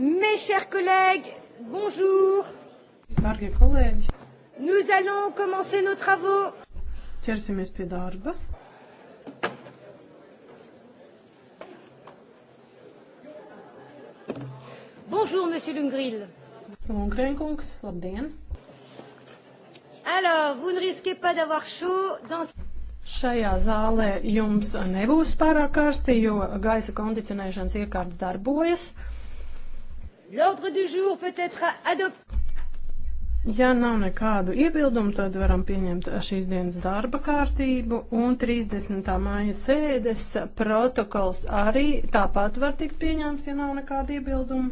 Mes chers collègues, bonjour. Dargie kolēģi. Nous allons commencer nos travaux. Ķersimies pie darba. Bonjour, monsieur Lungril. Lungrenkungs, labdien. Alors, vous ne risquez pas d'avoir chaud dans... Šajā zālē jums nebūs pārāk karsti, jo gaisa kondicionēšanas iekārtas darbojas. Uh, L'ordre du jour peut être adopté. Ja nav nekādu iebildumu, tad varam pieņemt šīs dienas darba kārtību un 30. māja sēdes protokols arī tāpat var tikt pieņemts, ja nav nekādu iebildumu.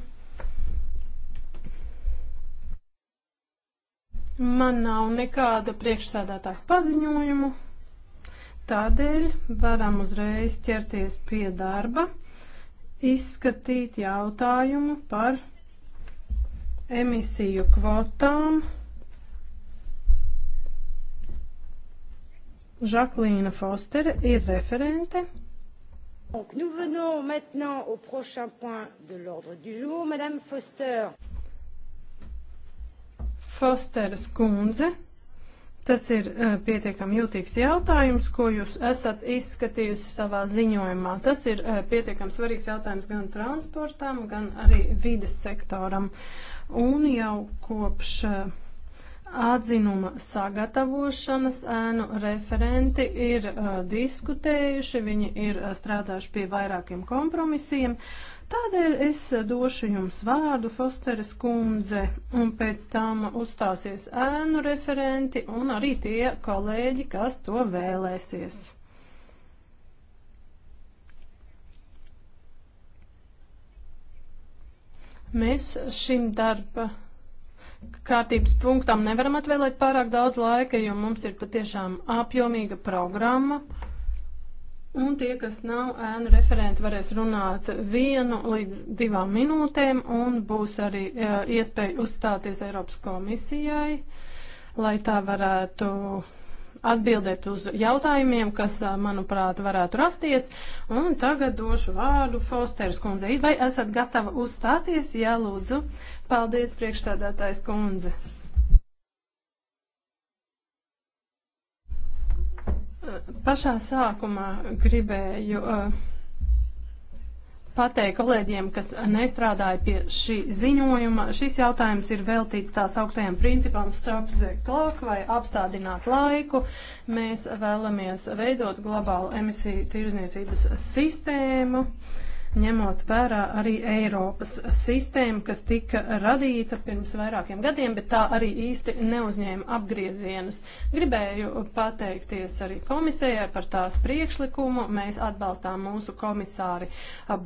Man nav nekāda priekšsēdētājs paziņojumu, tādēļ varam uzreiz ķerties pie darba izskatīt jautājumu par emisiju kvotām. Žaklīna Fostere ir referente. Donc, nous venons maintenant au prochain point de l'ordre du jour, Madame Foster. Fosteres kundze, Tas ir eh, pietiekami jūtīgs jautājums, ko jūs esat izskatījusi savā ziņojumā. Tas ir eh, pietiekami svarīgs jautājums gan transportam, gan arī vides sektoram. Un jau kopš eh, atzinuma sagatavošanas ēnu referenti ir diskutējuši, viņi ir strādājuši pie vairākiem kompromisiem. Uh, Tādēļ es došu jums vārdu, Fosteres kundze, un pēc tam uzstāsies ēnu referenti un arī tie kolēģi, kas to vēlēsies. Mēs šim darba kārtības punktam nevaram atvēlēt pārāk daudz laika, jo mums ir patiešām apjomīga programma. Un tie, kas nav ēnu referenti, varēs runāt vienu līdz divām minūtēm un būs arī uh, iespēja uzstāties Eiropas komisijai, lai tā varētu atbildēt uz jautājumiem, kas, manuprāt, varētu rasties. Un tagad došu vārdu Fosteras kundzei. Vai esat gatava uzstāties? Jā, lūdzu. Paldies, priekšsēdētājs kundze. Pašā sākumā gribēju uh, pateikt kolēģiem, kas nestrādāja pie šī ziņojuma. Šis jautājums ir veltīts tās augstajām principām stop the clock vai apstādināt laiku. Mēs vēlamies veidot globālu emisiju tirzniecības sistēmu. Uh, ņemot vērā arī Eiropas sistēmu, kas tika radīta pirms vairākiem gadiem, bet tā arī īsti neuzņēma apgriezienus. Gribēju pateikties arī komisējai par tās priekšlikumu. Mēs atbalstām mūsu komisāri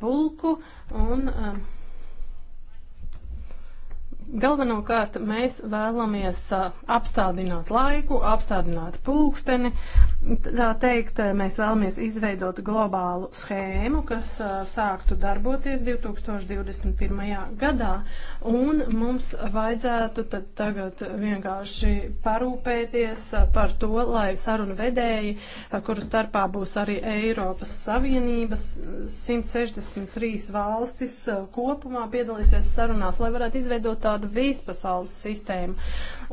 Bulku un. Uh, Galvenokārt mēs vēlamies apstādināt laiku, apstādināt pulksteni. Tā teikt, mēs vēlamies izveidot globālu schēmu, kas sāktu darboties 2021. gadā. Un mums vajadzētu tad tagad vienkārši parūpēties par to, lai sarunu vedēji, kuru starpā būs arī Eiropas Savienības 163 valstis kopumā piedalīsies sarunās, lai varētu izveidot tādu tādu vispasaules sistēmu.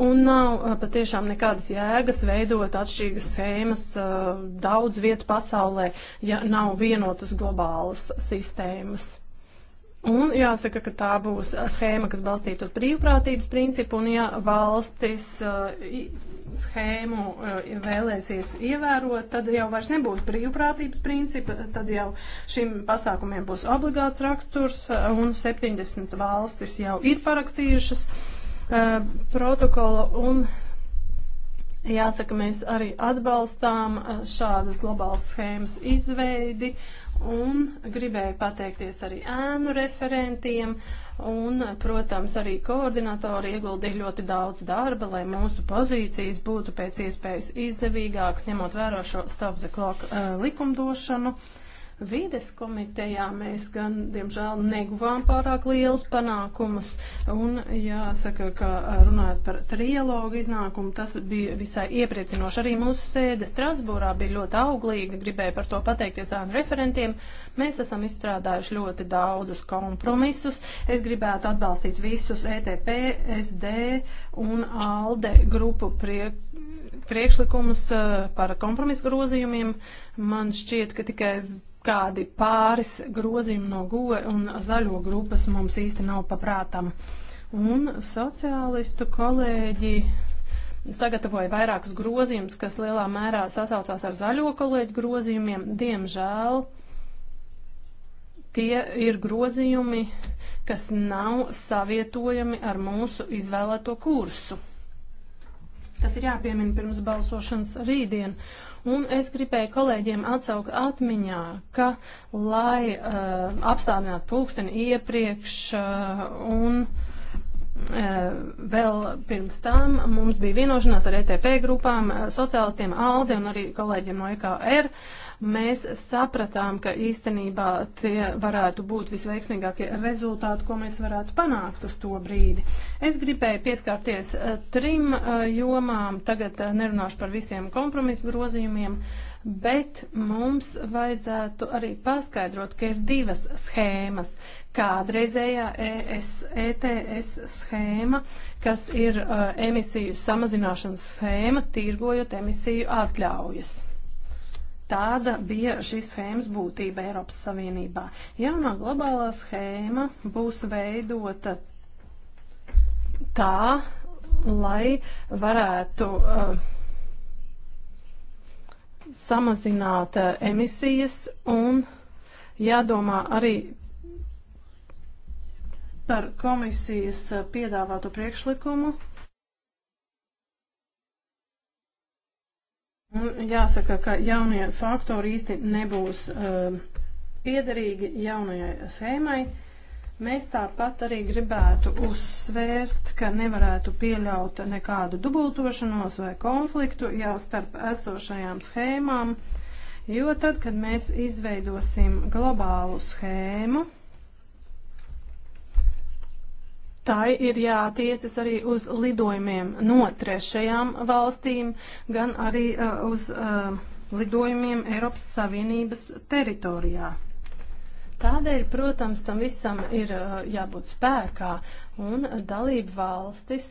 Un nav uh, patiešām nekādas jēgas veidot atšķirīgas schēmas uh, daudz vietu pasaulē, ja nav vienotas globālas sistēmas. Un jāsaka, ka tā būs schēma, kas balstīta uz brīvprātības principu, un ja valstis uh, schēmu eh, vēlēsies ievērot, tad jau vairs nebūs brīvprātības principa, tad jau šim pasākumiem būs obligāts raksturs, eh, un 70 valstis jau ir parakstījušas eh, protokolu, un Jāsaka, mēs arī atbalstām eh, šādas globālas schēmas izveidi un gribēju pateikties arī ēnu referentiem un, protams, arī koordinatori ieguldīja ļoti daudz darba, lai mūsu pozīcijas būtu pēc iespējas izdevīgākas, ņemot vērā šo Stavza Kloka uh, eh, likumdošanu. Uh, Vides komitejā mēs gan, diemžēl, neguvām pārāk liels panākumus, un jāsaka, ka runājot par trialogu iznākumu, tas bija visai iepriecinoši. Arī mūsu sēde Strasbūrā bija ļoti auglīga, gribēju par to pateikties ānu referentiem. Mēs esam izstrādājuši ļoti daudzus kompromisus. Es gribētu atbalstīt visus ETP, SD un ALDE grupu prie, priekšlikumus eh, par kompromisu grozījumiem. Man šķiet, ka tikai kādi pāris grozījumi no goja e un zaļo grupas mums īsti nav paprātam. Un sociālistu kolēģi sagatavoja vairākus grozījumus, kas lielā mērā sasaucās ar zaļo kolēģu grozījumiem. Diemžēl tie ir grozījumi, kas nav savietojami ar mūsu izvēlēto kursu. Tas ir jāpiemina pirms balsošanas rītdien. Uh, Un es gribēju kolēģiem atsaukt atmiņā, ka, lai uh, apstādinātu pulksteni iepriekš uh, un vēl pirms tam mums bija vienošanās ar ETP grupām, sociālistiem, ALDE un arī kolēģiem no EKR. Mēs sapratām, ka īstenībā tie varētu būt visveiksmīgākie rezultāti, ko mēs varētu panākt uz to brīdi. Es gribēju pieskārties trim jomām, tagad nerunāšu par visiem kompromisu grozījumiem. Uh, bet mums vajadzētu arī paskaidrot, ka ir divas schēmas. Kādreizējā ES, ETS schēma, kas ir uh, emisiju samazināšanas schēma, tirgojot emisiju atļaujas. Tāda bija šīs schēmas būtība Eiropas Savienībā. Jaunā globālā schēma būs veidota tā, lai varētu uh, samazināt eh, emisijas un jādomā arī par komisijas eh, piedāvāto priekšlikumu. Un jāsaka, ka jaunie faktori īsti nebūs uh, piederīgi jaunajai schēmai. Uh, Mēs tāpat arī gribētu uzsvērt, ka nevarētu pieļaut nekādu dubultošanos vai konfliktu jau starp esošajām schēmām, jo tad, kad mēs izveidosim globālu schēmu, Tai ir jātiecas arī uz lidojumiem no trešajām valstīm, gan arī uh, uz uh, lidojumiem Eiropas Savienības teritorijā. Tādēļ, protams, tam visam ir uh, jābūt spēkā un dalību valstis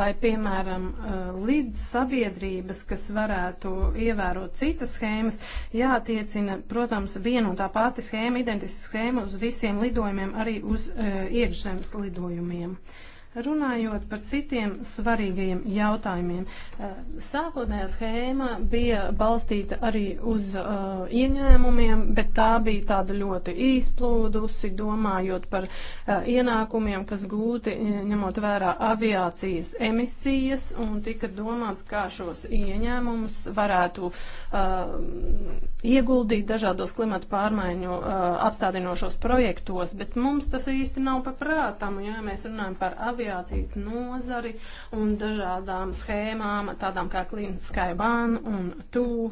vai, piemēram, uh, līdz sabiedrības, kas varētu ievērot citas schēmas, jātiecina, protams, viena un tā pati schēma, identiska schēma uz visiem lidojumiem, arī uz uh, iekšzemes lidojumiem. Uh, Runājot par citiem svarīgajiem jautājumiem, eh, sākotnējā schēma bija balstīta arī uz uh, ieņēmumiem, bet tā bija tāda ļoti izplūdusi, domājot par uh, ienākumiem, kas gūti ņemot vērā aviācijas emisijas, un tika domāts, kā šos ieņēmumus varētu uh, ieguldīt dažādos klimata pārmaiņu uh, apstādinošos projektos, bet mums tas īsti nav paprātam, ja mēs runājam par aviāciju aviācijas nozari un dažādām schēmām, tādām kā Clean Sky Ban un TU.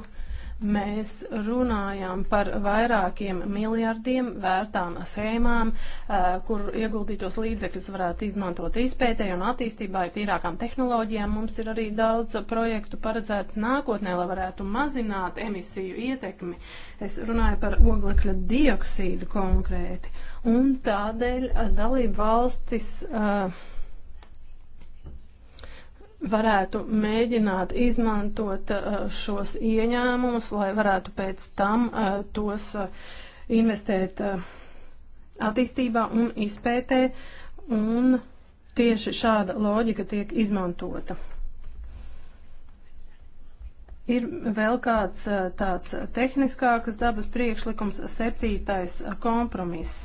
Mēs runājām par vairākiem miljardiem vērtām schēmām, eh, kur ieguldītos līdzekļus varētu izmantot izpētē un attīstībai, tīrākām tehnoloģijām. Mums ir arī daudz projektu paredzēts nākotnē, lai varētu mazināt emisiju ietekmi. Es runāju par oglekļa dioksīdu konkrēti. Un tādēļ dalību valstis. Uh, varētu mēģināt izmantot uh, šos ieņēmumus, lai varētu pēc tam uh, tos uh, investēt attīstībā un izpētē, un tieši šāda loģika tiek izmantota. Ir vēl kāds tāds tehniskākas dabas priekšlikums, septītais kompromiss.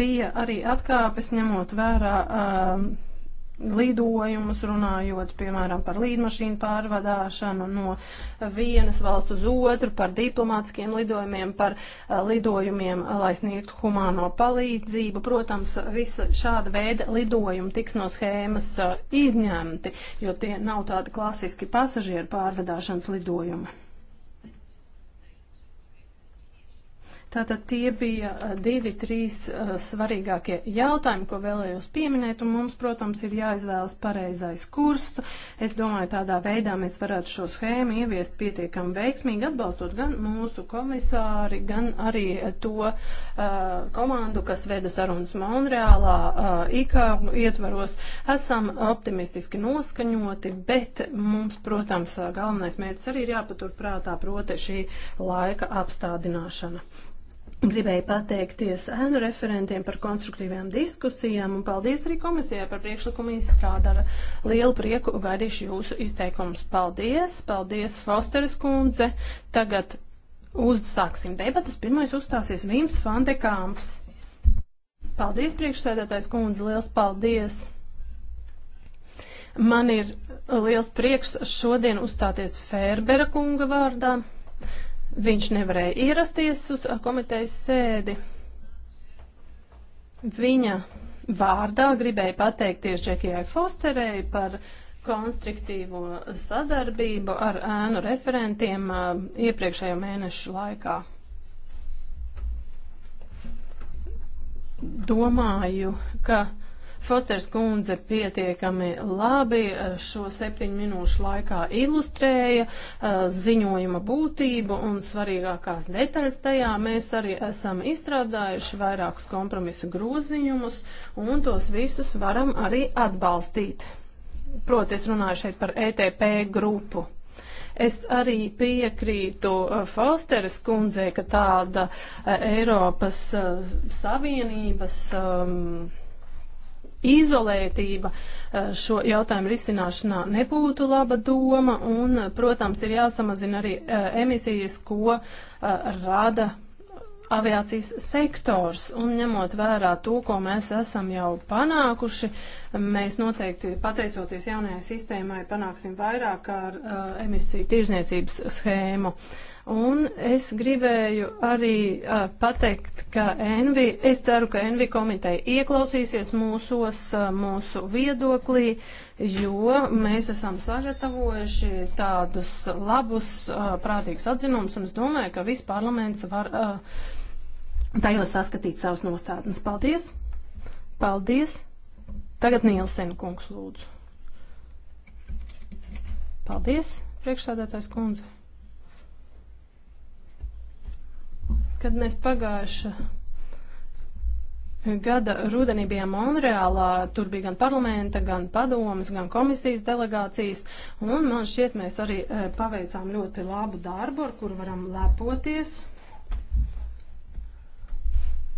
Bija arī atkāpes ņemot vērā uh, lidojumus, runājot, piemēram, par līdmašīnu pārvadāšanu no vienas valsts uz otru, par diplomātiskiem lidojumiem, par eh, lidojumiem, eh, lai sniegtu humāno palīdzību. Protams, visa šāda veida lidojumi tiks no schēmas eh, izņemti, jo tie nav tādi klasiski pasažieru pārvadāšanas lidojumi. Tātad tie bija eh, divi, trīs eh, svarīgākie jautājumi, ko vēlējos pieminēt, un mums, protams, ir jāizvēlas pareizais kurs. Es domāju, tādā veidā mēs varētu šo schēmu ieviest pietiekami veiksmīgi, atbalstot gan mūsu komisāri, gan arī to uh, komandu, kas veda sarunas Monreālā, uh, IKA ietvaros. Esam optimistiski noskaņoti, bet mums, protams, galvenais mērķis arī ir jāpatur prātā, proti šī laika apstādināšana. Gribēju pateikties ēnu referentiem par konstruktīvām diskusijām un paldies arī komisijai par priekšlikumu izstrādi. Ar lielu prieku gaidīšu jūsu izteikumus. Paldies, paldies Fosteris kundze. Tagad uzsāksim debatas. Pirmais uzstāsies Vīms Fandekāms. Paldies, priekšsēdētājs kundze, liels paldies. Man ir liels prieks šodien uzstāties Fērbera kunga vārdā. Viņš nevarēja ierasties uz komitejas sēdi. Viņa vārdā gribēja pateikties Džekijai Fosterei par konstruktīvo sadarbību ar ēnu referentiem uh, iepriekšējo mēnešu laikā. Domāju, ka Fosters kundze pietiekami labi eh, šo septiņu minūšu laikā ilustrēja eh, ziņojuma būtību un svarīgākās detaļas tajā. Mēs arī esam izstrādājuši vairākus kompromisu groziņumus un tos visus varam arī atbalstīt. Proti, es runāju šeit par ETP grupu. Es arī piekrītu eh, Fosteres kundzei, ka tāda Eiropas Savienības um, izolētība eh, šo jautājumu risināšanā nebūtu laba doma, un, eh, protams, ir jāsamazina arī eh, emisijas, ko rada aviācijas sektors, un ņemot vērā to, ko mēs esam jau panākuši, mēs noteikti, pateicoties jaunajai sistēmai, panāksim vairāk ar uh, emisiju tirzniecības schēmu. Uh, Un es gribēju arī uh, pateikt, ka Envi, es ceru, ka Envi komiteja ieklausīsies mūsos, uh, mūsu viedoklī, jo mēs esam sagatavojuši tādus labus, uh, prātīgus atzinumus, un es domāju, ka viss parlaments var. Uh, tajos saskatīt savus nostādnes. Paldies! Paldies! Tagad Nielsen kungs lūdzu. Paldies, priekšsādātājs kundze. Kad mēs pagājuši Gada rudenī bija Monreālā, tur bija gan parlamenta, gan padomas, gan komisijas delegācijas, un man šķiet mēs arī eh, paveicām ļoti labu darbu, ar kuru varam lepoties.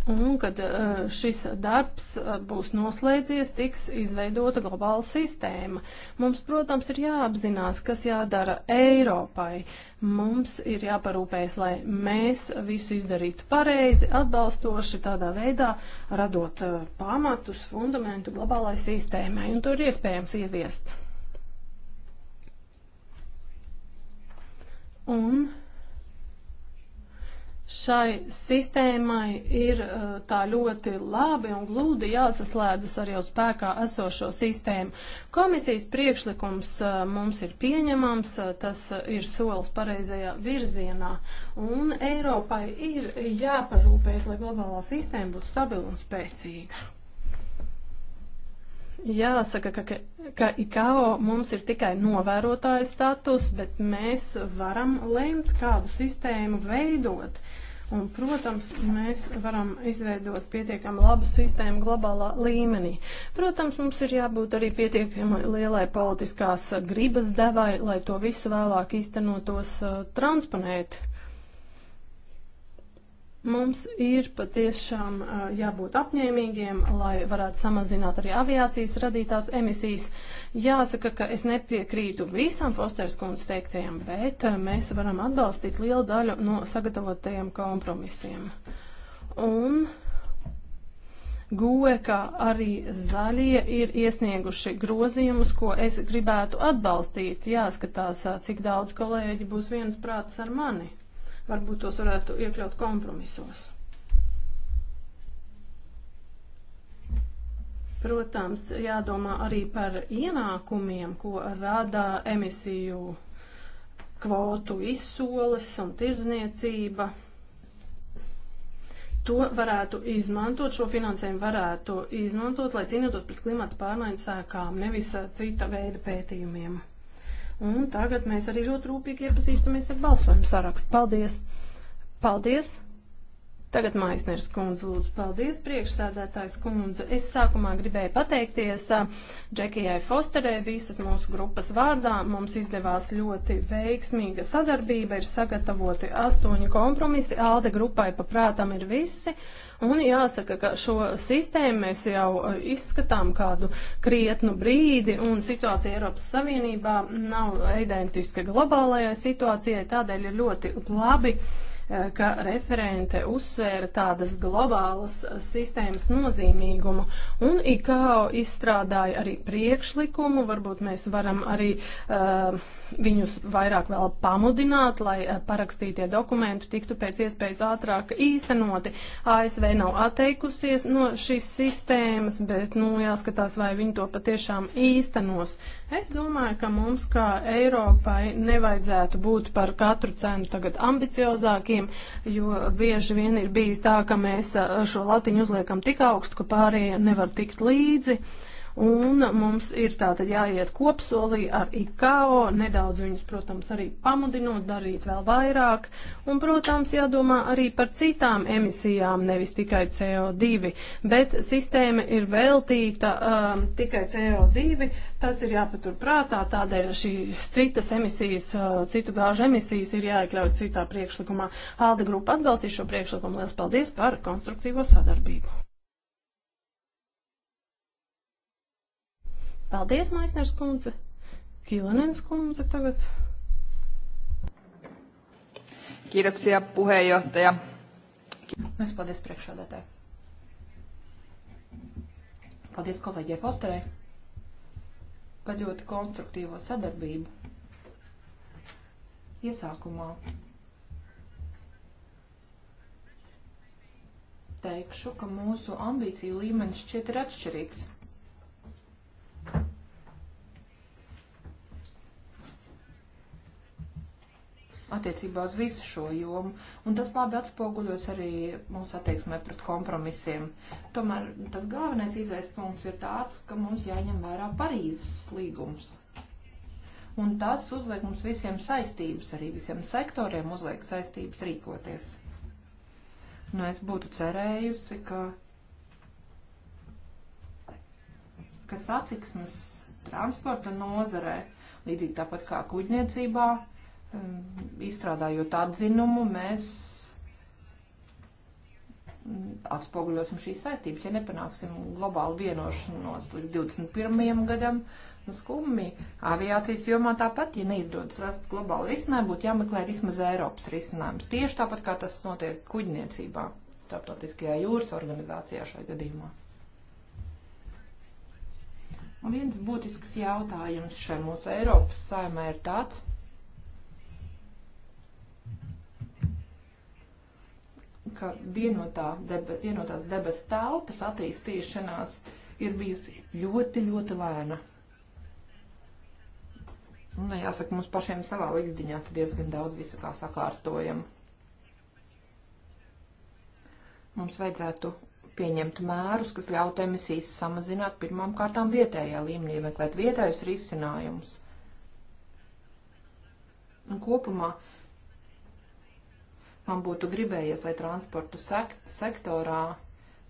Un, kad e, šis darbs e, būs noslēdzies, tiks izveidota globāla sistēma. Mums, protams, ir jāapzinās, kas jādara Eiropai. Mums ir jāparūpējas, lai mēs visu izdarītu pareizi, atbalstoši tādā veidā, radot e, pamatus, fundamentu globālai sistēmai. Un to ir iespējams ieviest. Un šai sistēmai ir uh, tā ļoti labi un glūdi jāsaslēdzas ar jau spēkā esošo sistēmu. Komisijas priekšlikums uh, mums ir pieņemams, uh, tas ir solis pareizajā virzienā, un Eiropai ir jāparūpēs, lai globālā sistēma būtu stabila un spēcīga. Jāsaka, ka, ka IKO mums ir tikai novērotāja status, bet mēs varam lemt, kādu sistēmu veidot. Uh, Un, protams, mēs varam izveidot pietiekami labu sistēmu globālā līmenī. Protams, mums ir jābūt arī pietiekami lielai politiskās gribas devai, lai to visu vēlāk īstenotos uh, transponēt. Uh, Mums ir patiešām jābūt apņēmīgiem, lai varētu samazināt arī aviācijas radītās emisijas. Jāsaka, ka es nepiekrītu visam Fosters kundzes teiktajam, bet mēs varam atbalstīt lielu daļu no sagatavotajiem kompromisiem. Un GUE, kā arī zaļie, ir iesnieguši grozījumus, ko es gribētu atbalstīt. Jāskatās, cik daudz kolēģi būs viensprāts ar mani varbūt tos varētu iekļaut kompromisos. Protams, jādomā arī par ienākumiem, ko rada emisiju kvotu izsoles un tirdzniecība. To varētu izmantot, šo finansējumu varētu izmantot, lai cīnītos pret klimata pārmaiņu sākām, nevis cita veida pētījumiem. Un tagad mēs arī ļoti rūpīgi iepazīstamies ar balsojumu sarakstu. Paldies! Paldies! Tagad Maisners kundze lūdzu paldies, priekšsēdētājs kundze. Es sākumā gribēju pateikties Džekijai Fosterē visas mūsu grupas vārdā. Mums izdevās ļoti veiksmīga sadarbība, ir sagatavoti astoņi kompromisi, ALDE grupai paprātam ir visi. Uh, Un jāsaka, ka šo sistēmu mēs jau e, izskatām kādu krietnu brīdi, un situācija Eiropas Savienībā nav identiska globālajai situācijai, tādēļ ir ļoti labi ka referente uzsvēra tādas globālas sistēmas nozīmīgumu. Un IKO izstrādāja arī priekšlikumu, varbūt mēs varam arī uh, viņus vairāk vēl pamudināt, lai uh, parakstītie dokumenti tiktu pēc iespējas ātrāk īstenoti. ASV nav atteikusies no šīs sistēmas, bet nu, jāskatās, vai viņi to patiešām īstenos. Es domāju, ka mums kā Eiropai nevajadzētu būt par katru cenu tagad ambiciozākiem valstīm, jo bieži vien ir bijis tā, ka mēs šo latiņu uzliekam tik augstu, ka pārējie nevar tikt līdzi. Uh, Un mums ir tātad jāiet kopsolī ar IKO, nedaudz viņus, protams, arī pamudinot, darīt vēl vairāk. Un, protams, jādomā arī par citām emisijām, nevis tikai CO2. Bet sistēma ir veltīta um, tikai CO2. Tas ir jāpatur prātā, tādēļ šīs citas emisijas, uh, citu gāžu emisijas ir jāiekļauj citā priekšlikumā. Alde grupa atbalstīs šo priekšlikumu. Lielas paldies par konstruktīvo sadarbību. Paldies, Maisners kundze. Kilanens kundze tagad. Kiitoksia puheenjohtaja. Mēs paldies priekšādātāji. Paldies kolēģiem Fosterē par ļoti konstruktīvo sadarbību. Iesākumā teikšu, ka mūsu ambīciju līmenis šķiet ir atšķirīgs. attiecībā uz visu šo jomu, un tas labi atspoguļos arī mūsu attieksmē pret kompromisiem. Tomēr tas galvenais izvēles punkts ir tāds, ka mums jāņem vērā Parīzes līgums. Un tas uzliek mums visiem saistības, arī visiem sektoriem uzliek saistības rīkoties. Nu, es būtu cerējusi, ka, ka satiksmes transporta nozarē, līdzīgi tāpat kā kuģniecībā, Ehm, izstrādājot atzinumu, mēs mm, atspoguļosim šīs saistības, ja nepanāksim globālu vienošanos līdz 21. gadam. Skumji aviācijas jomā tāpat, ja neizdodas rast globālu risinājumu, būtu jāmeklē vismaz Eiropas risinājums. Tieši tāpat kā tas notiek kuģniecībā, starptautiskajā jūras organizācijā šajā gadījumā. Un viens būtisks jautājums šai mūsu Eiropas saimē ir tāds, ka vienotā deba, vienotās debes telpas attīstīšanās ir bijusi ļoti, ļoti lēna. Un, jāsaka, mums pašiem savā līgzdiņā diezgan daudz visu kā sakārtojam. Mums vajadzētu pieņemt mērus, kas ļautu emisijas samazināt pirmām kārtām vietējā līmenī, meklēt vietējus risinājumus. Un kopumā Man būtu gribējies, lai transportu sekt sektorā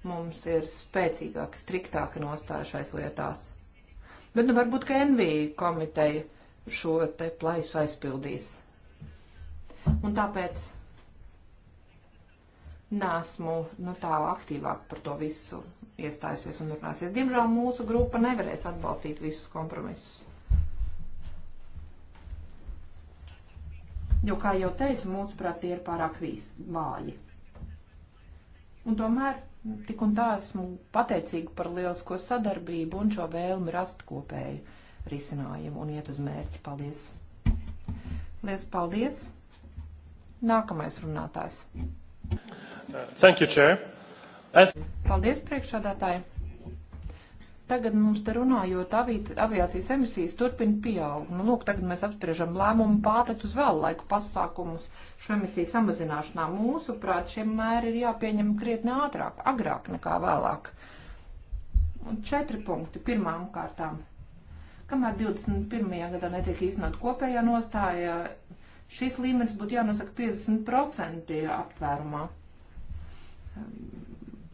mums ir spēcīgāka, striktāka nostāja šais lietās. Bet nu varbūt, ka NV komiteja šo te plaisu aizpildīs. Un tāpēc nesmu nu, tā aktīvāk par to visu iestājusies un runāsies. Diemžēl mūsu grupa nevarēs atbalstīt visus kompromisus. jo, kā jau teicu, mūsuprāt, tie ir pārāk vīs, vāji. Un tomēr tik un tā esmu pateicīga par lielisko sadarbību un šo vēlmi rast kopēju risinājumu un iet uz mērķi. Paldies! Lies paldies! Nākamais runātājs. Thank you, Chair. As... Paldies, priekšādātāji! Tagad mums te runājot, avi, aviācijas emisijas turpina pieaugt. Nu, lūk, tagad mēs apspriežam lēmumu pārlikt uz vēl laiku pasākumus šo emisiju samazināšanā. Mūsuprāt, šie mēri ir jāpieņem krietni ātrāk, agrāk nekā vēlāk. Un četri punkti pirmām kārtām. Kamēr 21. gadā netiek īstenot kopējā nostāja, šis līmenis būtu jānosaka 50% aptvērumā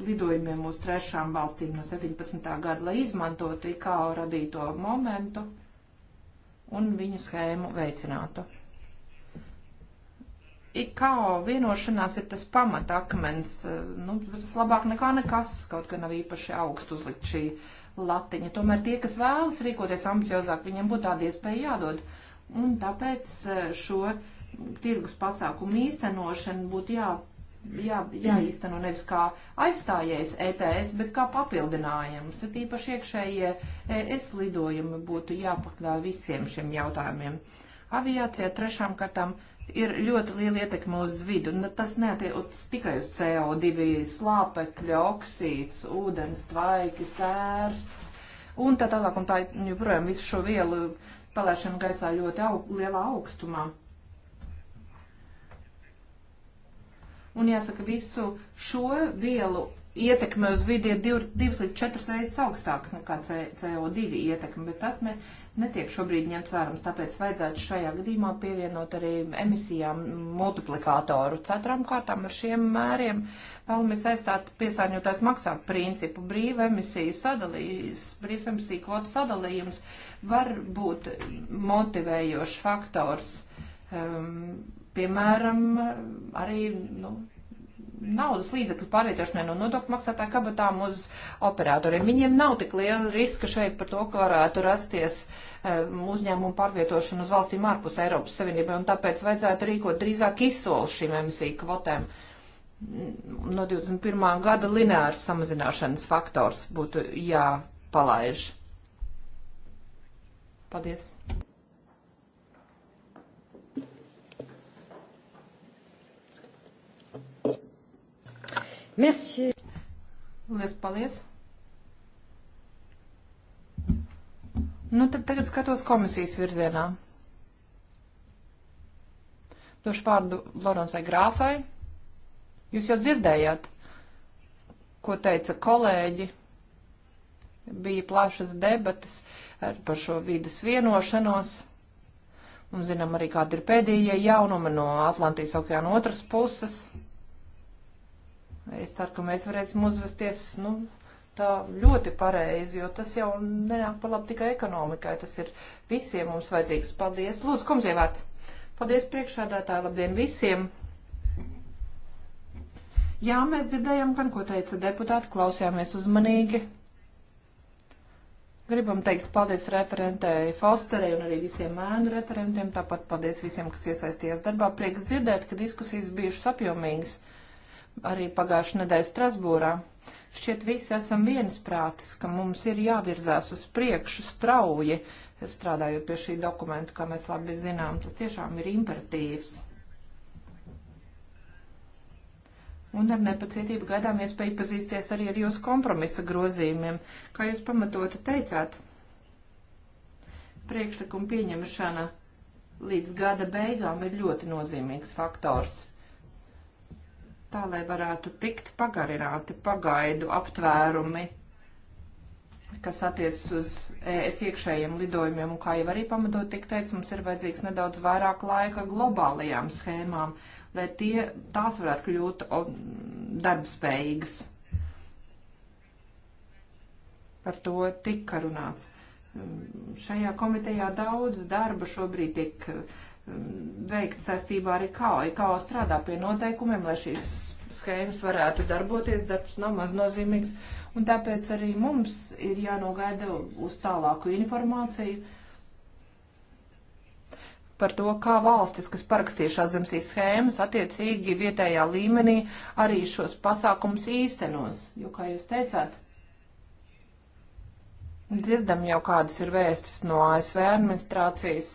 lidojumiem uz trešām valstīm no 17. gada, lai izmantotu IKO radīto momentu un viņu schēmu veicinātu. IKO vienošanās ir tas pamatakmens, eh, nu, tas labāk nekā nekas, kaut gan nav īpaši augstu uzlikt šī latiņa. Tomēr tie, kas vēlas rīkoties ambiciozāk, viņiem būtu tāda iespēja jādod. Un tāpēc eh, šo tirgus pasākumu īstenošanu būtu jā, jā, jāīsteno nevis kā aizstājies ETS, bet kā papildinājums. Ir īpaši iekšējie ES lidojumi būtu jāpakļauj visiem šiem jautājumiem. Aviācijā trešām kārtām ir ļoti liela ietekme uz vidu. Nu, tas neatiec tikai uz CO2, slāpekļa, oksīds, ūdens, tvaiki, sērs un tā tālāk un tā joprojām visu šo vielu palaišana gaisā ļoti aug, lielā augstumā. Un jāsaka, visu šo vielu ietekme uz vidi ir 2 līdz 4 reizes augstāks nekā CO2 ietekme, bet tas ne, netiek šobrīd ņemts vērams. Tāpēc vajadzētu šajā gadījumā pievienot arī emisijām multiplikātoru. Ceturām kārtām ar šiem mēriem vēlamies aizstāt piesārņotājs maksāt principu. Brīva emisiju sadalījums, brīva emisiju kvotu sadalījums var būt motivējošs faktors. Um, piemēram, arī nu, naudas līdzekļu pārvietošanai no nodokļu maksātāju kabatām uz operatoriem. Viņiem nav tik liela riska šeit par to, ka varētu rasties um, uzņēmumu pārvietošanu uz valstīm ārpus Eiropas Savienībai, un tāpēc vajadzētu rīkot drīzāk izsoli šīm emisiju kvotēm. Mm, no 21. gada lineārs samazināšanas faktors būtu jāpalaiž. Paldies! Merci. Lies paldies. Nu, tad tagad skatos komisijas virzienā. Došu vārdu Lorenzai Grāfai. Jūs jau dzirdējāt, ko teica kolēģi. Bija plašas debatas par šo vidas vienošanos. Un zinām arī, kāda ir pēdējie jaunumi no Atlantijas okeāna otras puses. Es ceru, ka mēs varēsim uzvesties nu, tā ļoti pareizi, jo tas jau nenāk par labu tikai ekonomikai. Tas ir visiem mums vajadzīgs. Paldies. Lūdzu, komisija vārds. Paldies priekšādātāji. Labdien visiem. Jā, mēs dzirdējām gan, ko teica deputāti, klausījāmies uzmanīgi. Gribam teikt paldies referentēji Falsterei un arī visiem mēnu referentiem, tāpat paldies visiem, kas iesaistījās darbā. Prieks dzirdēt, ka diskusijas bijušas apjomīgas. Uh, arī pagājušajā nedēļā Strasbūrā. Šķiet, visi esam viensprātis, ka mums ir jāvirzās uz priekšu strauji, strādājot pie šī dokumenta, kā mēs labi zinām. Tas tiešām ir imperatīvs. un ar nepacietību gaidām iespēju pazīsties arī ar jūsu kompromisa grozījumiem, kā jūs pamatoti teicāt. Priekšlikuma pieņemšana līdz gada beigām ir ļoti nozīmīgs faktors tā lai varētu tikt pagarināti pagaidu aptvērumi, kas attiecas uz ES iekšējiem lidojumiem, un kā jau arī pamatot tik teica, mums ir vajadzīgs nedaudz vairāk laika globālajām schēmām, lai tie, tās varētu kļūt darbspējīgas. Par to tika runāts. Šajā komitejā daudz darba šobrīd tiek uh, veikt saistībā ar IKO. IKO strādā pie noteikumiem, lai šīs schēmas varētu darboties, darbs nav maznozīmīgs, un tāpēc arī mums ir jānogaida uz tālāku informāciju par to, kā valstis, kas parakstīja šās zemesīs schēmas, attiecīgi vietējā līmenī arī šos pasākumus īstenos. Jo, kā jūs teicāt, dzirdam jau kādas ir vēstis no ASV administrācijas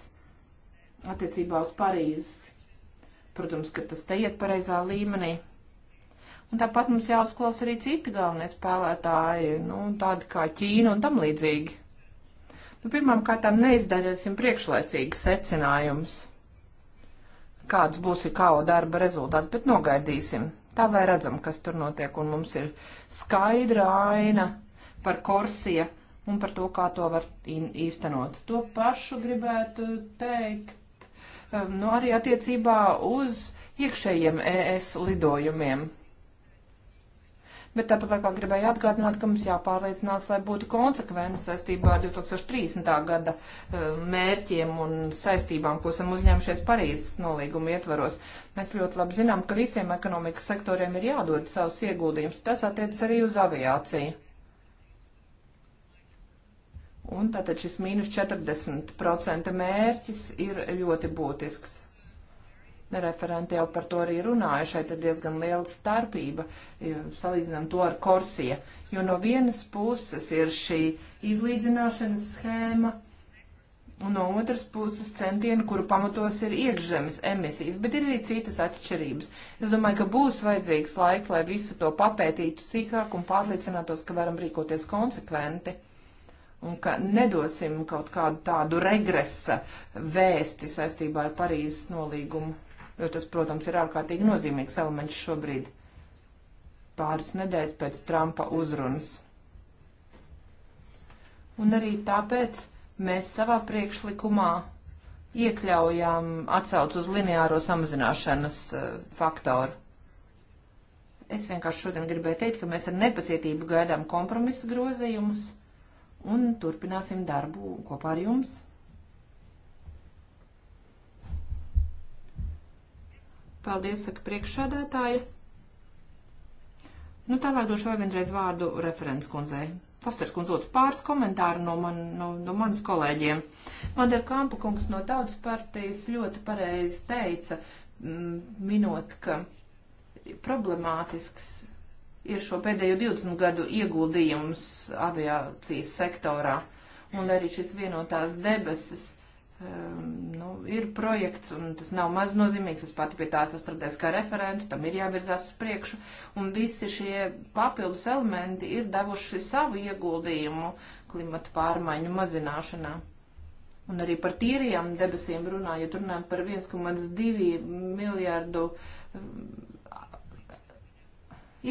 attiecībā uz Parīzes. Protams, ka tas te iet pareizā līmenī. Un tāpat mums jāuzklausa arī citi galvenie spēlētāji, nu, tādi kā Ķīna un tam līdzīgi. Nu, pirmām kārtām neizdarīsim priekšlaicīgi secinājumus, kāds būs ir kāda darba rezultāts, bet nogaidīsim. Tā lai redzam, kas tur notiek, un mums ir skaidra aina par Korsija un par to, kā to var īstenot. To pašu gribētu teikt Ehm, nu, arī attiecībā uz iekšējiem ES lidojumiem. Bet tāpat laikā gribēju atgādināt, ka mums jāpārliecinās, lai būtu konsekvence saistībā ar 2030. gada ehm, mērķiem un saistībām, ko esam uzņēmušies Parīzes nolīguma ietvaros. Mēs ļoti labi zinām, ka visiem ekonomikas sektoriem ir jādod savus ieguldījumus. Tas attiecas arī uz aviāciju. Un tātad šis mīnus 40% mērķis ir ļoti būtisks. Referenti jau par to arī runāja. Šeit ir diezgan liela starpība, salīdzinām to ar Korsija. Jo no vienas puses ir šī izlīdzināšanas schēma, un no otras puses centieni, kuru pamatos ir iekšzemes emisijas, bet ir arī citas atšķirības. Es domāju, ka būs vajadzīgs laiks, lai visu to papētītu sīkāk un pārliecinātos, ka varam rīkoties konsekventi un ka nedosim kaut kādu tādu regresa vēsti saistībā ar Parīzes nolīgumu, jo tas, protams, ir ārkārtīgi nozīmīgs elements šobrīd pāris nedēļas pēc Trumpa uzrunas. Un arī tāpēc mēs savā priekšlikumā iekļaujām atsauc uz lineāro samazināšanas eh, faktoru. Es vienkārši šodien gribēju teikt, ka mēs ar nepacietību gaidām kompromisu grozījumus un turpināsim darbu kopā ar jums. Paldies, saka priekšsādātāja. Nu, tālāk došu vēl vienreiz vārdu referents kundzei. Fosters kundz lūdzu pāris komentāru no, man, no, no manas kolēģiem. Mandar Kampa kungs no tautas partijas ļoti pareizi teica, mm, minot, ka problemātisks ir šo pēdējo 20 gadu ieguldījums aviācijas sektorā. Un arī šis vienotās debesis um, nu, ir projekts, un tas nav maz nozīmīgs. Es pati pie tā sastrādājos kā referentu, tam ir jāvirzās uz priekšu. Un visi šie papildus elementi ir devuši savu ieguldījumu klimata pārmaiņu mazināšanā. Un arī par tīrajām debesīm runājot, runājot par 1,2 miljārdu um,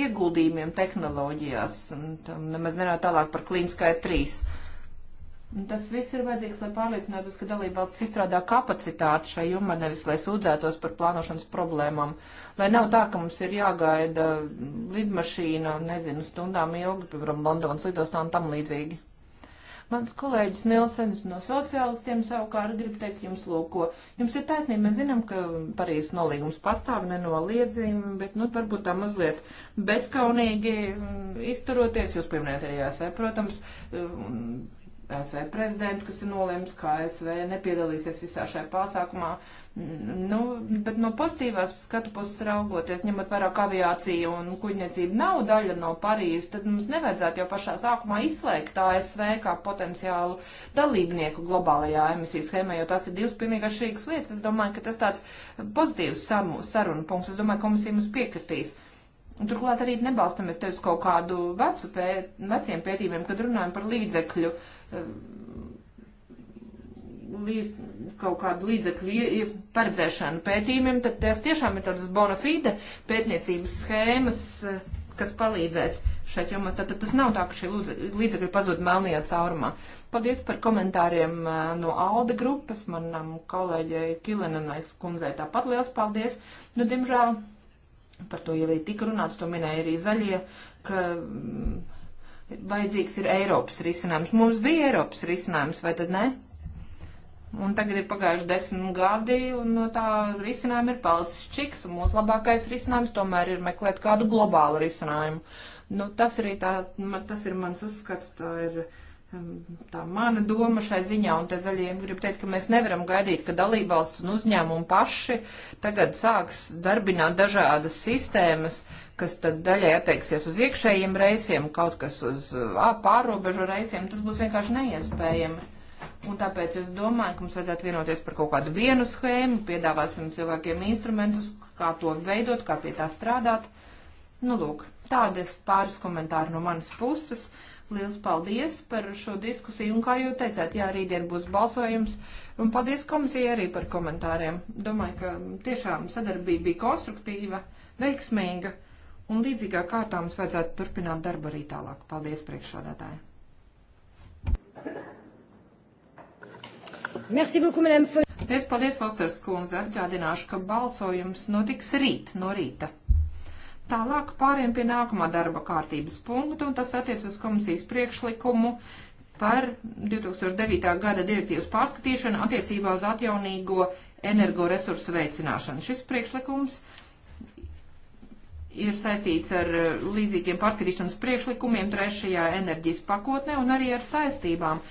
ieguldījumiem tehnoloģijās, un nemaz nerunā tālāk par klīniskai trīs. Tas viss ir vajadzīgs, lai pārliecinātos, ka dalībvalsts izstrādā kapacitāti šai jomā, nevis lai sūdzētos par plānošanas problēmām. Lai nav tā, ka mums ir jāgaida lidmašīna, nezinu, stundām ilgi, piemēram, Londonas lidostā un tam līdzīgi. Mans kolēģis Nilsens no sociālistiem savukārt grib teikt jums lūko. Jums ir taisnība, mēs zinām, ka Parīzes nolīgums pastāv nenoliedzīgi, bet, nu, varbūt tā mazliet bezkaunīgi mm, izturoties. Jūs pieminējat arī jāsē, e, protams, mm, ASV prezidentu, kas ir nolēmis, ka ASV nepiedalīsies visā šajā pasākumā. Nu, bet no pozitīvās skatu puses raugoties, ņemot vērā, ka aviācija un kuģniecība nav daļa no Parīzes, tad mums nevajadzētu jau pašā sākumā izslēgt ASV kā potenciālu dalībnieku globālajā emisiju schēmā, jo tās ir divas pilnīgi atšķirīgas lietas. Es domāju, ka tas tāds pozitīvs sarunu punkts. Es domāju, komisija mums piekritīs. Un turklāt arī nebalstamies te uz kaut kādu vecu pē, veciem pētījumiem, kad runājam par līdzekļu uh, Um, kaut kādu līdzekļu paredzēšanu pētījumiem, tad tās tiešām ir tādas bona fide pētniecības schēmas, eh, kas palīdzēs šais jomās. Tad tas nav tā, ka šie līdzekļi pazūd melnajā caurumā. Paldies par komentāriem eh, no Alde grupas, manam kolēģei Kilenanai kundzei tāpat liels paldies. Nu, diemžēl, par to jau arī tika runāts, to minēja arī zaļie, ka mm, vajadzīgs ir Eiropas risinājums. Mums bija Eiropas risinājums, vai tad ne? Un tagad ir pagājuši desmit gadi, un no tā risinājuma ir palicis čiks, un mūsu labākais risinājums tomēr ir meklēt kādu globālu risinājumu. Nu, tas arī tā, man, tas ir mans uzskats, tā ir um, tā mana doma šai ziņā, un te zaļiem gribu teikt, ka mēs nevaram gaidīt, ka dalībvalsts un uzņēmumi paši tagad sāks darbināt dažādas sistēmas, uh, kas tad daļai attieksies uz iekšējiem reisiem, kaut kas uz ā, pārobežu reisiem, tas būs vienkārši neiespējami. Un tāpēc es domāju, ka mums vajadzētu vienoties par kaut kādu vienu schēmu, piedāvāsim cilvēkiem instrumentus, kā to veidot, kā pie tā strādāt. Nu, lūk, tādas pāris komentāri no manas puses. Liels paldies par šo diskusiju, un kā jau teicāt, jā, rītdien būs balsojums, un paldies komisijai arī par komentāriem. Domāju, ka tiešām sadarbība bija konstruktīva, veiksmīga Un līdzīgā kārtā mums vajadzētu turpināt darbu arī tālāk. Paldies, priekšsādātāji! Merci beaucoup, madame Foy. Es paldies, Fosters kundze. Atgādināšu, ka balsojums notiks rīt no rīta. Tālāk pāriem pie nākamā darba kārtības punkta, un tas attiec uz komisijas priekšlikumu par 2009. gada direktīvas pārskatīšanu attiecībā uz atjaunīgo energoresursu veicināšanu. Šis priekšlikums uh, ir saistīts ar eh, līdzīgiem pārskatīšanas priekšlikumiem trešajā enerģijas pakotnē un arī ar saistībām,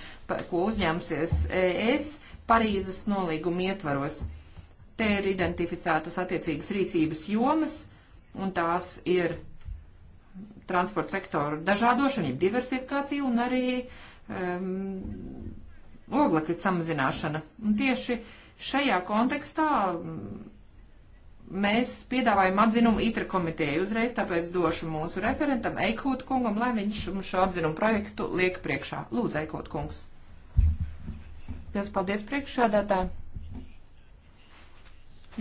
ko uzņemsies ES Parīzes nolīguma ietvaros. Te ir identificētas attiecīgas rīcības jomas, un tās ir transporta sektora dažādošana, diversifikācija un arī um, oglekļa samazināšana. Un tieši šajā kontekstā um, mēs piedāvājam atzinumu ITRA komitejai uzreiz, tāpēc došu mūsu referentam Eikot kungam, lai viņš šo atzinumu projektu liek priekšā. Lūdzu, Eikot kungs. Liels paldies priekšādātāji.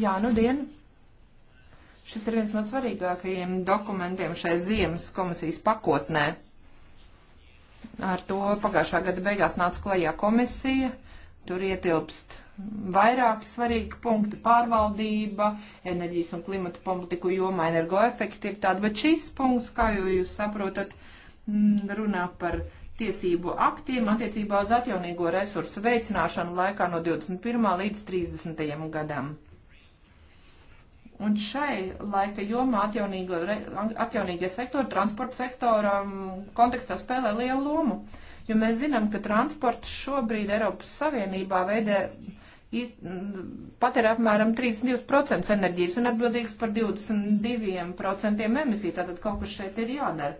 Jā, nu dien. Šis ir viens no svarīgākajiem dokumentiem šai ziemas komisijas pakotnē. Ar to pagājušā gada beigās nāca klajā komisija. Tur ietilpst vairāki svarīgi punkti - pārvaldība, enerģijas un klimata politiku jomā, energoefektivitāte, bet šis punkts, kā jau jūs saprotat, mm, runā par tiesību aktiem attiecībā uz atjaunīgo resursu veicināšanu laikā no 21. līdz 30. gadam. Un šai laika jomā re, atjaunīgie sektori, transporta sektoram kontekstā spēlē lielu lomu, jo mēs zinām, ka transports šobrīd Eiropas Savienībā veidē patērē apmēram 32% enerģijas un atbildīgs par 22% emisiju. Tātad kaut kas šeit ir jādara.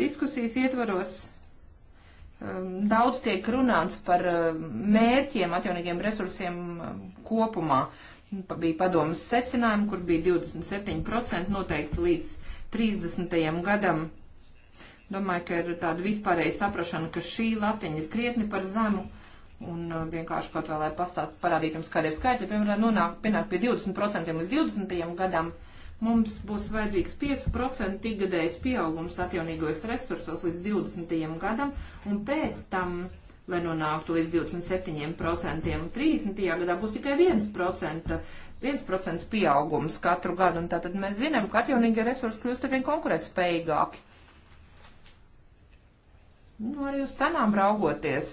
Diskusijas ietvaros um, daudz tiek runāts par um, mērķiem atjaunīgiem resursiem um, kopumā. Bija padomas secinājumi, kur bija 27% noteikti līdz 30. gadam Domāju, ka ir tāda vispārēja saprašana, ka šī latiņa ir krietni par zemu. Un uh, vienkārši kaut vēl, lai pastāst, parādīt jums, kāda ir skaita, piemēram, nonāk pienāk pie 20% līdz 20. gadam, mums būs vajadzīgs 5% ikgadējs pieaugums atjaunīgos resursos līdz 20. gadam, un pēc tam, lai nonāktu līdz 27%, 30. gadā būs tikai 1%, 1 pieaugums katru gadu, un tātad mēs zinām, ka atjaunīgie resursi kļūst arvien konkurētspējīgāki. Nu, arī uz cenām raugoties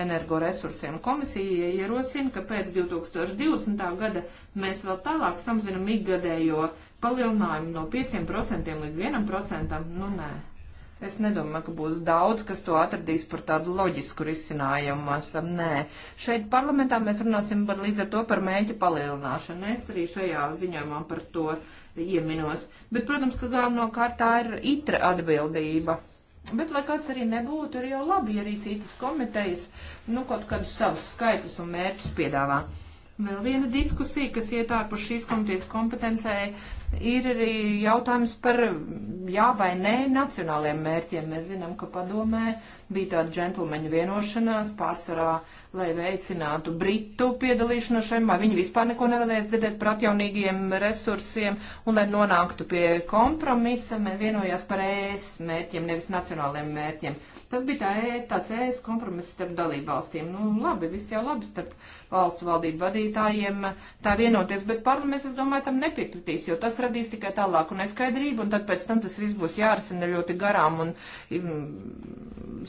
energoresursiem. Komisija ierosina, ka pēc 2020. gada mēs vēl tālāk samazinam ikgadējo palielinājumu no 5% līdz 1%. Nu, nē. Es nedomāju, ka būs daudz, kas to atradīs par tādu loģisku risinājumu. Esam. Nē, šeit parlamentā mēs runāsim par līdz ar to par mēģu palielināšanu. Es arī šajā ziņojumā par to ieminos. Bet, protams, ka galvenokārt tā ir itra atbildība Bet, lai kāds arī nebūtu, ir jau labi, ja arī citas komitejas, nu, kaut kādus savus skaitļus un mērķus piedāvā. Vēl viena diskusija, kas iet ārpus šīs komitejas kompetencē, ir arī jautājums par jā vai nē nacionāliem mērķiem. Mēs zinām, ka padomē bija tāda džentlmeņu vienošanās pārsvarā lai veicinātu Britu piedalīšanos šajā. Viņi vispār neko nevēlēja dzirdēt par atjaunīgiem resursiem, un lai nonāktu pie kompromisa, mēs vienojās par ES mērķiem, nevis nacionāliem mērķiem. Tas bija tā, tāds ES kompromiss starp dalībvalstīm. Nu, labi, viss jau labi starp valstu valdību vadītājiem tā vienoties, bet parlaments, es domāju, tam nepiekritīs, jo tas radīs tikai tālāku neskaidrību, un tad pēc tam tas viss būs jārisina ļoti garām un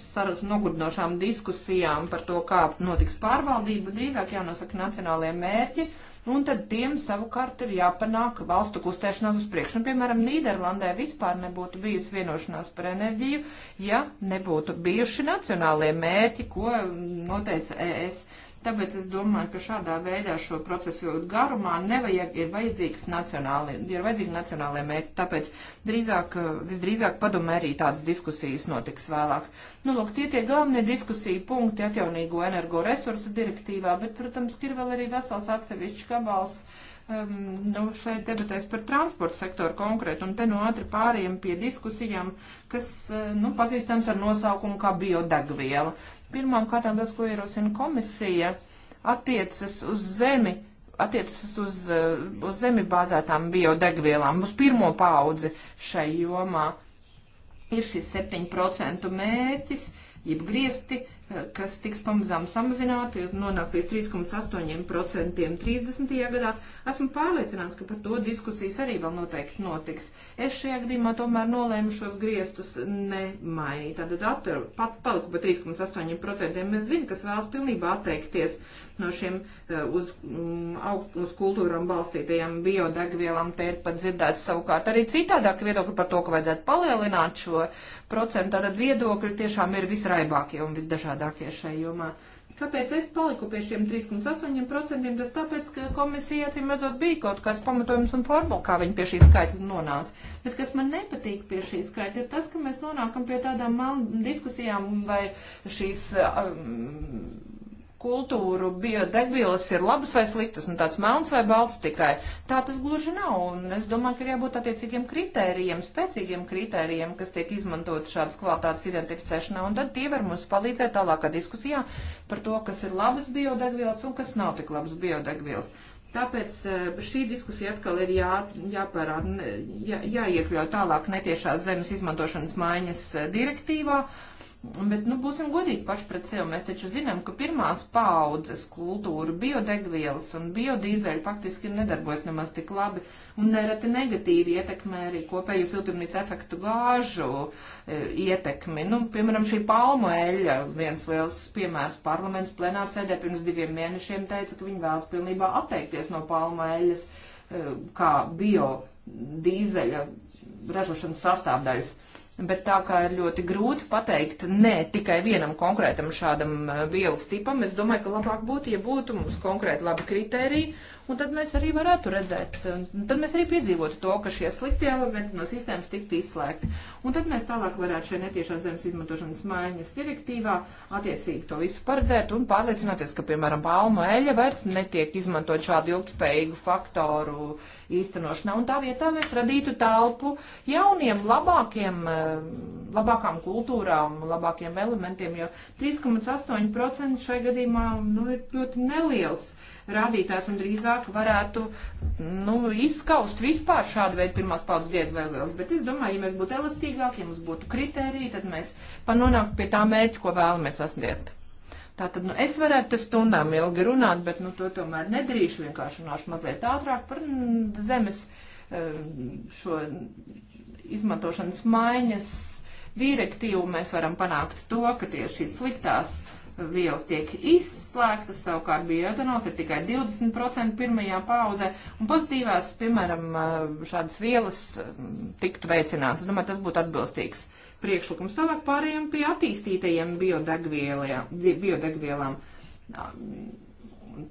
saras nogurdinošām diskusijām par to, kā notiks pārvaldība, drīzāk jānosaka nacionālajie mērķi. Un tad tiem savukārt ir jāpanāk valstu kustēšanās uz priekšu. Un, piemēram, Nīderlandē vispār nebūtu bijusi vienošanās par enerģiju, ja nebūtu bijuši nacionālie mērķi, ko mm, noteica ES. Tāpēc es domāju, ka šādā veidā šo procesu garumā nevajag, ir vajadzīgs nacionāli, ir vajadzīgi nacionālajie mērķi, tāpēc drīzāk, visdrīzāk padomē arī tādas diskusijas notiks vēlāk. Nu, lūk, tie tie galvenie diskusija punkti atjaunīgo energoresursu direktīvā, bet, protams, ir vēl arī vesels atsevišķi kabals um, nu, šeit debatēs par transporta sektoru konkrēti, un te no ātri pāriem pie diskusijām, kas, uh, nu, pazīstams ar nosaukumu kā biodegviela. Pirmām kārtām tas, ko ierosina komisija, attiecas uz zemi, attiecas uz, uh, uz zemi bāzētām biodegvielām, uz pirmo paudzi šai jomā. Ir šis 7% mērķis, jeb griezti, kas tiks pamazām samazināti, nonāks līdz 3,8% 30. gadā. Esmu pārliecināts, ka par to diskusijas arī vēl noteikti notiks. Es šajā gadījumā tomēr nolēmu šos griestus nemainīt. Tātad pat paliku par 3,8%. Es zinu, kas vēlas pilnībā atteikties no šiem eh, uz, mm, uz kultūram balstītajām biodegvielām. Te ir pat dzirdēts savukārt arī citādāk viedokļi par to, ka vajadzētu palielināt šo procentu. Tātad viedokļi tiešām ir visraibākie un visdažādākie šai jomā. Kāpēc es paliku pie šiem 3,8%? Tas tāpēc, ka komisija acīm redzot bija kaut kāds pamatojums un formula, kā viņi pie šī skaitļa nonāca. Bet kas man nepatīk pie šī skaitļa, ir tas, ka mēs nonākam pie tādām diskusijām vai šīs um, kultūru biodegvielas ir labas vai sliktas, un tāds melns vai balts tikai. Tā tas gluži nav, un es domāju, ka ir jābūt attiecīgiem kritērijiem, spēcīgiem kritērijiem, kas tiek izmantot šādas kvalitātes identificēšanā, un tad tie var mums palīdzēt tālākā diskusijā par to, kas ir labas biodegvielas un kas nav tik labas biodegvielas. Tāpēc eh, šī diskusija atkal ir jā, jāpārāda, jā, jāiekļaut tālāk netiešās zemes izmantošanas maiņas eh, direktīvā. Uh, Bet, nu, būsim godīgi paši pret sevi. Mēs taču zinām, ka pirmās paaudzes kultūra biodegvielas un biodīzeļi faktiski nedarbojas nemaz tik labi un nereti negatīvi ietekmē arī kopēju siltumnīca efektu gāžu e, ietekmi. Nu, piemēram, šī palmu eļļa, viens liels piemērs parlaments plenārsēdē pirms diviem mēnešiem teica, ka viņi vēlas pilnībā atteikties no palmu eļļas e, kā biodīzeļa ražošanas sastāvdaļas. Bet tā kā ir ļoti grūti pateikt ne tikai vienam konkrētam šādam eh, vielas tipam, es domāju, ka labāk būtu, ja būtu mums konkrēti labi kriteriji un tad mēs arī varētu redzēt, tad mēs arī piedzīvotu to, ka šie sliktie elementi no sistēmas tiktu izslēgti. Un tad mēs tālāk varētu šajā netiešā zemes izmantošanas maiņas direktīvā attiecīgi to visu paredzēt un pārliecināties, ka, piemēram, palmu eļa vairs netiek izmantot šādu ilgspējīgu faktoru īstenošanā. Un tā vietā mēs radītu telpu jauniem, labākiem, eh, labākām kultūrām, labākiem elementiem, jo 3,8% šai gadījumā nu, ir ļoti neliels. Uh, rādītājs un drīzāk varētu nu, izskaust vispār šādu veidu pirmās paudzes diētvēlēs. Bet es domāju, ja mēs būtu elastīgāki, ja mums būtu kritēriji, tad mēs panonāktu pie tā mērķa, ko vēlamies sasniegt. Tātad, nu, es varētu te stundām ilgi runāt, bet, nu, to tomēr nedrīkšu vienkārši runāšu mazliet ātrāk par mm, zemes šo izmantošanas maiņas direktīvu mēs varam panākt to, ka tieši šīs sliktās uh, vielas tiek izslēgtas, savukārt bioetanols ir tikai 20% pirmajā paudzē, un pozitīvās, piemēram, eh, šādas vielas eh, tiktu veicināts. Es domāju, tas būtu atbilstīgs priekšlikums. Tālāk pārējiem pie attīstītajiem biodegvielām.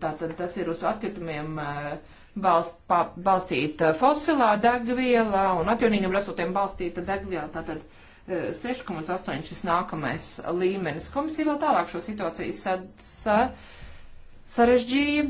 Tātad tas ir uz atkritumiem eh, balst, pa, balstīta fosilā degviela un atjaunīgiem resursiem balstīta degviela. Tātad, uh, 6,8 šis nākamais līmenis. Komisija vēl tālāk šo situāciju sa, sa, sarežģīja,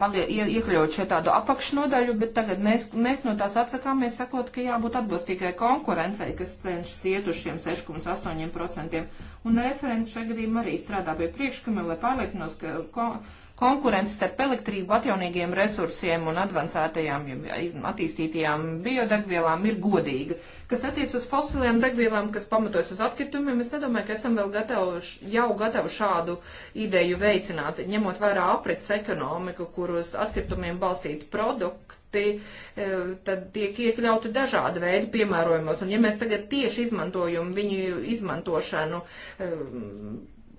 palie, ie, iekļaut šeit tādu apakšnodaļu, bet tagad mēs, mēs no tās atsakāmies, sakot, ka jābūt atbilstīgai konkurencei, kas cenšas iet uz šiem 6,8%. Un referents šajā gadījumā arī strādā pie priekškama, lai pārliecinos, ka. Kon Konkurence starp elektrību, atjaunīgiem resursiem un advancētajām, attīstītajām biodegvielām ir godīga. Kas attiec uz fosiliem degvielām, kas pamatojas uz atkritumiem, es nedomāju, ka esam vēl gatavi, jau gatavi šādu ideju veicināt, ņemot vērā aprits ekonomiku, kur uz atkritumiem balstīti produkti, e, tad tiek iekļauti dažādi veidi piemērojumos. Un ja mēs tagad tieši izmantojam viņu izmantošanu, e,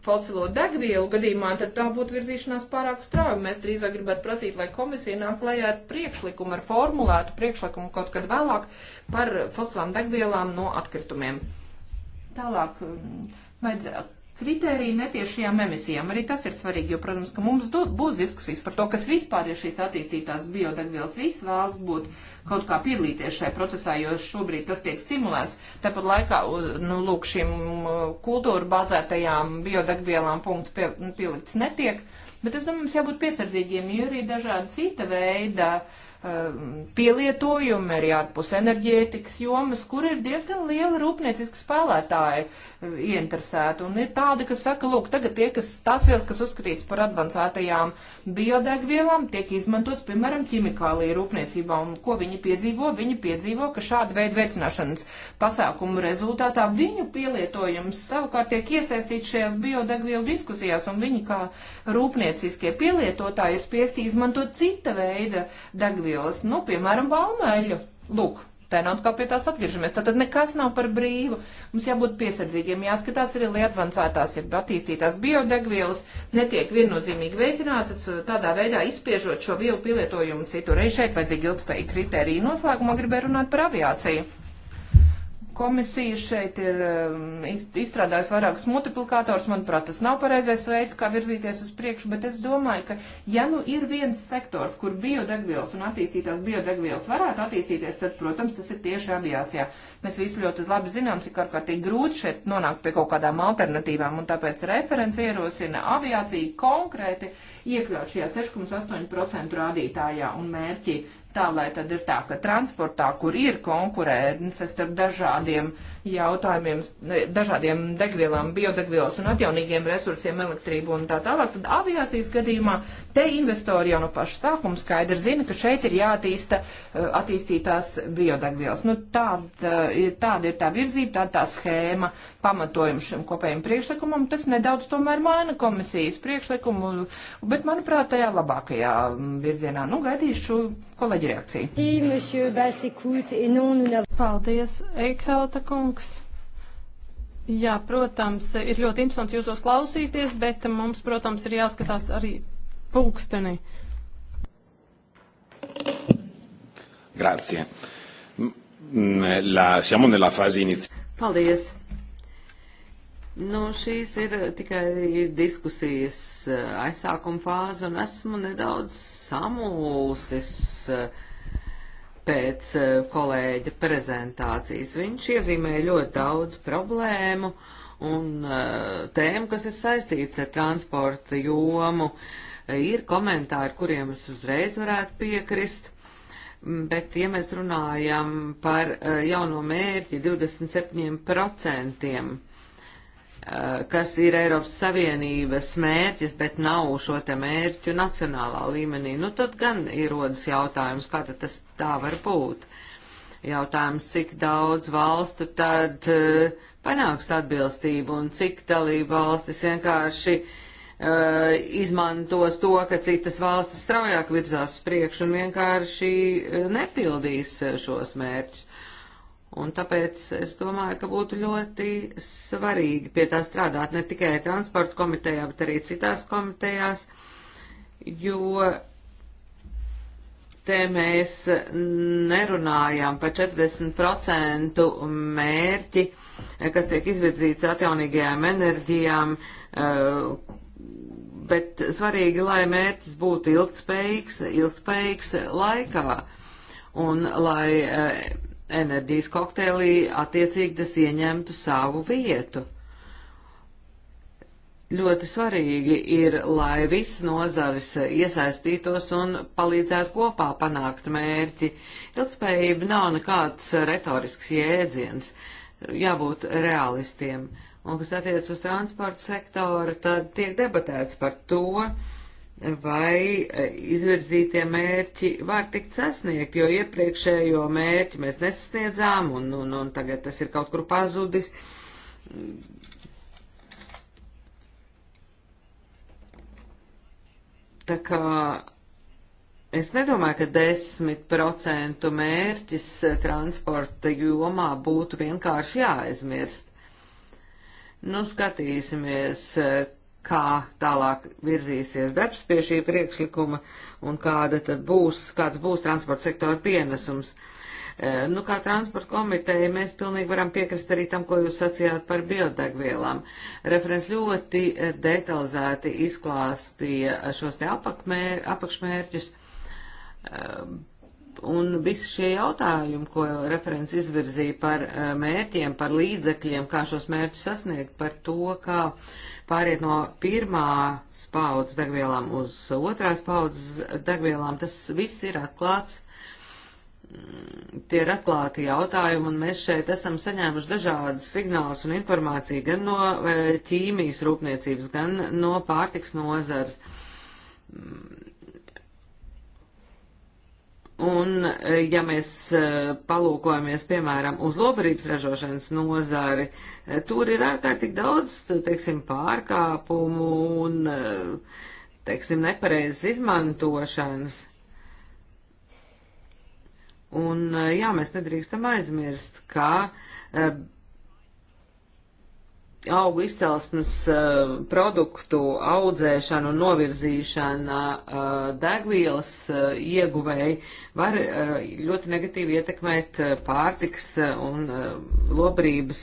fosilo degvielu gadījumā, tad tā būtu virzīšanās pārāk strauja. Mēs drīzāk gribētu prasīt, lai komisija nāk klajā ar priekšlikumu, ar formulētu priekšlikumu kaut kad vēlāk par fosilām degvielām no atkritumiem. Tālāk mm, vajadzētu kritēriju netiešajām emisijām. Arī tas ir svarīgi, jo, protams, ka mums do, būs diskusijas par to, kas vispār ir šīs attīstītās biodegvielas. Visi vēlas būt kaut kā piedalīties šajā procesā, jo šobrīd tas tiek stimulēts. Tāpat laikā, nu, lūk, šīm kultūra bazētajām biodegvielām punktu pie, nu, pielikts netiek. Bet es domāju, mums jābūt piesardzīgiem, jo ir arī dažādi cita veida. Uh, Um, pielietojumi, arī ārpus enerģētikas jomas, kur ir diezgan liela rūpnieciska spēlētāja uh, ieinteresēta. Un ir tādi, kas saka, lūk, tagad tie, kas tās vielas, kas uzskatīts par advancētajām biodegvielām, tiek izmantots, piemēram, ķimikālija rūpniecībā. Un ko viņi piedzīvo? Viņi piedzīvo, ka šāda veida veicināšanas pasākumu rezultātā viņu pielietojums savukārt tiek iesaistīts šajās biodegvielu diskusijās, un viņi kā rūpnieciskie pielietotāji ir spiesti izmantot cita veida degvielu degvielas, nu, piemēram, balmeļu. Lūk, te nav nu atkal pie tās atgriežamies. Tad nekas nav par brīvu. Mums jābūt piesardzīgiem, jāskatās arī, lai advancētās, ja attīstītās biodegvielas netiek viennozīmīgi veicinātas, eh, tādā veidā izspiežot šo vielu pielietojumu citur. Arī šeit vajadzīgi ilgspējīgi kriteriji. Noslēgumā gribēju runāt par aviāciju. Komisija šeit ir um, izstrādājusi vairākus multiplikātors, manuprāt, tas nav pareizais veids, kā virzīties uz priekšu, bet es domāju, ka ja nu ir viens sektors, kur biodegvielas un attīstītās biodegvielas varētu attīstīties, tad, protams, tas ir tieši aviācijā. Mēs visi ļoti labi zinām, cik ārkārtīgi grūti šeit nonākt pie kaut kādām alternatīvām, un tāpēc referents ierosina aviāciju konkrēti iekļaut šajā 6,8% rādītājā un mērķī Tā lai tad ir tā, ka transportā, kur ir konkurence starp dažādiem jautājumiem, dažādiem degvielām, biodegvielas un atjaunīgiem resursiem, elektrību un tā tālāk, tad aviācijas gadījumā te investori jau no paša sākuma skaidri zina, ka šeit ir jātīsta eh, attīstītās biodegvielas. Nu, tāda, eh, tāda ir tā virzība, tāda tā schēma, pamatojumu šim kopējam priekšlikumam. Tas nedaudz tomēr maina komisijas priekšlikumu, bet, manuprāt, tajā labākajā virzienā. Nu, gaidīšu kolēģi reakciju. Paldies, Eikhauta kungs. Jā, protams, ir ļoti interesanti jūsos klausīties, bet mums, protams, ir jāskatās arī pulksteni. Grazie. La, siamo nella fase iniziale. Paldies. Nu, šīs ir tikai diskusijas eh, aizsākuma fāze, un esmu nedaudz samulsis eh, pēc eh, kolēģa prezentācijas. Viņš iezīmēja ļoti daudz problēmu un tēmu, kas ir saistīts ar transporta jomu. Ir komentāri, kuriem es uzreiz varētu piekrist. Bet, ja mēs runājam par jauno mērķi 27%, Eh, kas ir Eiropas Savienības mērķis, bet nav šo te mērķu nacionālā līmenī, nu tad gan ierodas jautājums, kā tad tas tā var būt. Jautājums, cik daudz valstu tad uh, panāks atbilstību un cik dalība valstis vienkārši uh, izmantos to, ka citas valstis straujāk virzās priekšu un vienkārši nepildīs šos mērķus. Un tāpēc es domāju, ka būtu ļoti svarīgi pie tā strādāt ne tikai transporta komitejā, bet arī citās komitejās, jo te mēs nerunājām par 40% mērķi, kas tiek izvirzīts atjaunīgajām enerģijām, eh, bet svarīgi, lai mērķis būtu ilgspējīgs, ilgspējīgs laikā un lai eh, enerģijas kokteilī, attiecīgi tas ieņemtu savu vietu. Ļoti svarīgi ir, lai viss nozaris iesaistītos un palīdzētu kopā panākt mērķi. Ilgspējība nav nekāds retorisks jēdziens, jābūt realistiem. Un, kas attiec uz transporta sektoru, tad tiek debatēts par to, uh, vai e, izvirzītie mērķi var tikt sasniegt, jo iepriekšējo mērķi mēs nesasniedzām, un, un, un tagad tas ir kaut kur pazudis. Tā kā es nedomāju, ka 10% mērķis transporta jomā būtu vienkārši jāaizmirst. Nu, skatīsimies, kā tālāk virzīsies darbs pie šī priekšlikuma un kāda tad būs, kāds būs transporta sektora pienesums. E, nu, kā transporta komiteja mēs pilnīgi varam piekrist arī tam, ko jūs sacījāt par biodegvielām. Referents ļoti e, detalizēti izklāstīja šos te apakmēr, apakšmērķus, e, Un visi šie jautājumi, ko referents izvirzīja par eh, mērķiem, par līdzekļiem, kā šos mērķus sasniegt, par to, kā pāriet no pirmās paudzes degvielām uz otrās paudzes degvielām, tas viss ir atklāts. Mm, tie ir atklāti jautājumi, un mēs šeit esam saņēmuši dažādas signālus un informāciju gan no eh, ķīmijas rūpniecības, gan no pārtiks nozares mm, Un, e, ja mēs e, palūkojamies, piemēram, uz lobarības ražošanas nozari, e, tur ir ārkārtīgi daudz, teiksim, pārkāpumu un, teiksim, nepareizas izmantošanas. Un, jā, mēs nedrīkstam aizmirst, ka augu izcelsmes uh, produktu audzēšana un novirzīšana uh, degvielas uh, ieguvēji var ļoti negatīvi ietekmēt pārtiks un lobrības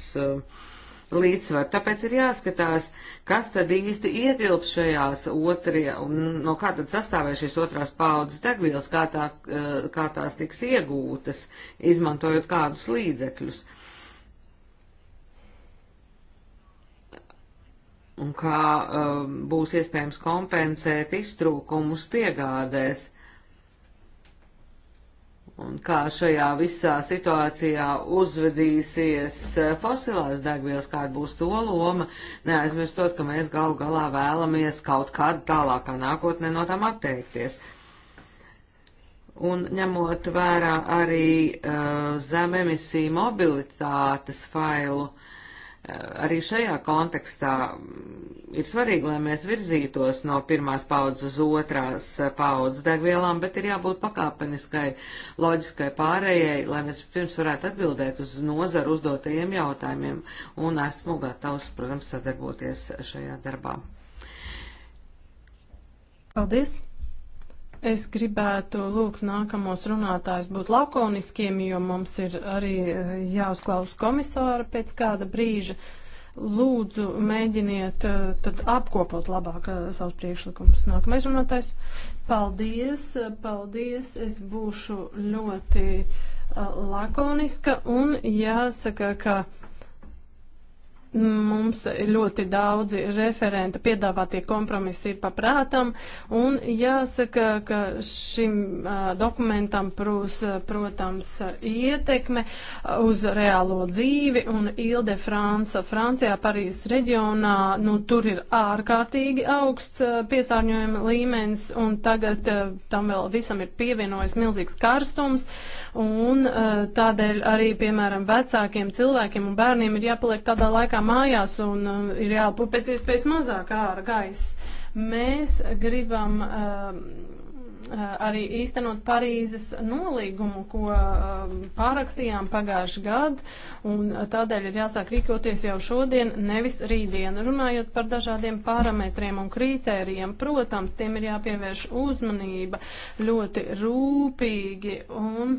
līdzsvaru. Tāpēc ir jāskatās, kas tad īsti ietilp šajās otrie, un no kā tad sastāvē šīs otrās paudzes degvielas, kā, tā, kā tās tiks iegūtas, izmantojot kādus līdzekļus. Uh, un kā uh, būs iespējams kompensēt iztrūkumus piegādēs. Un kā šajā visā situācijā uzvedīsies uh, fosilās degvielas, kāda būs to loma, neaizmirstot, ka mēs galu galā vēlamies kaut kādu tālākā nākotnē no tām atteikties. Un ņemot vērā arī uh, zememisī mobilitātes failu, uh, arī šajā kontekstā mm, ir svarīgi, lai mēs virzītos no pirmās paudzes uz otrās paudzes degvielām, bet ir jābūt pakāpeniskai, loģiskai pārējai, lai mēs pirms varētu atbildēt uz nozaru uzdotajiem jautājumiem, un esmu gatavs, protams, sadarboties šajā darbā. Paldies! Es gribētu lūgt nākamos runātājus būt lakoniskiem, jo mums ir arī eh, jāuzklaus komisāra pēc kāda brīža. Lūdzu, mēģiniet eh, tad apkopot labāk eh, savus priekšlikumus. Nākamais runātājs. Paldies, paldies. Es būšu ļoti lakoniska un jāsaka, ka Mums ļoti daudzi referenta piedāvātie kompromisi ir paprātam, un jāsaka, ka šim uh, dokumentam, prūs, protams, ietekme uz reālo dzīvi, un Ilde Franca, Francijā, Parīzes reģionā, nu, tur ir ārkārtīgi augsts uh, piesārņojuma līmenis, un tagad uh, tam vēl visam ir pievienojas milzīgs karstums, Un eh, tādēļ arī, piemēram, vecākiem cilvēkiem un bērniem ir jāpaliek tādā laikā mājās un eh, ir jāpūp pēc iespējas mazāk ārā gaisa. Mēs gribam. Uh, arī īstenot Parīzes nolīgumu, ko pārakstījām pagājuši gadu, un tādēļ ir jāsāk rīkoties jau šodien, nevis rītdien. Runājot par dažādiem parametriem un kritērijiem, protams, tiem ir jāpievērš uzmanība ļoti rūpīgi un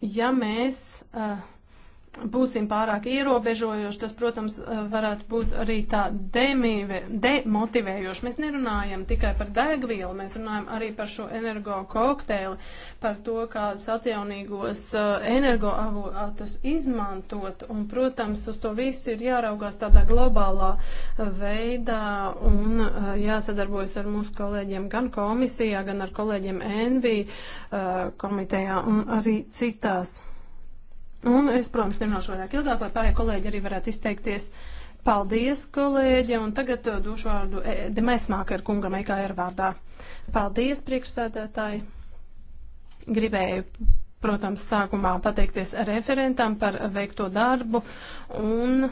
ja mēs uh, būsim pārāk ierobežojoši, tas, protams, eh, varētu būt arī tā demīve, demotivējoši. Mēs nerunājam tikai par degvielu, mēs runājam arī par šo energo kokteili, par to, kādus atjaunīgos eh, energoavotus izmantot. Un, protams, uz to visu ir jāraugās tādā globālā eh, veidā un jāsadarbojas ar mūsu kolēģiem gan komisijā, gan ar kolēģiem NV komitejā un arī citās. Un es, protams, nerunāšu vairāk ilgāk, lai pārējie kolēģi arī varētu izteikties. Paldies, kolēģi, un tagad uh, došu vārdu e, Demēsmākar kungam EKR vārdā. Paldies, priekšsēdētāji. Gribēju, protams, sākumā pateikties referentam par veikto darbu un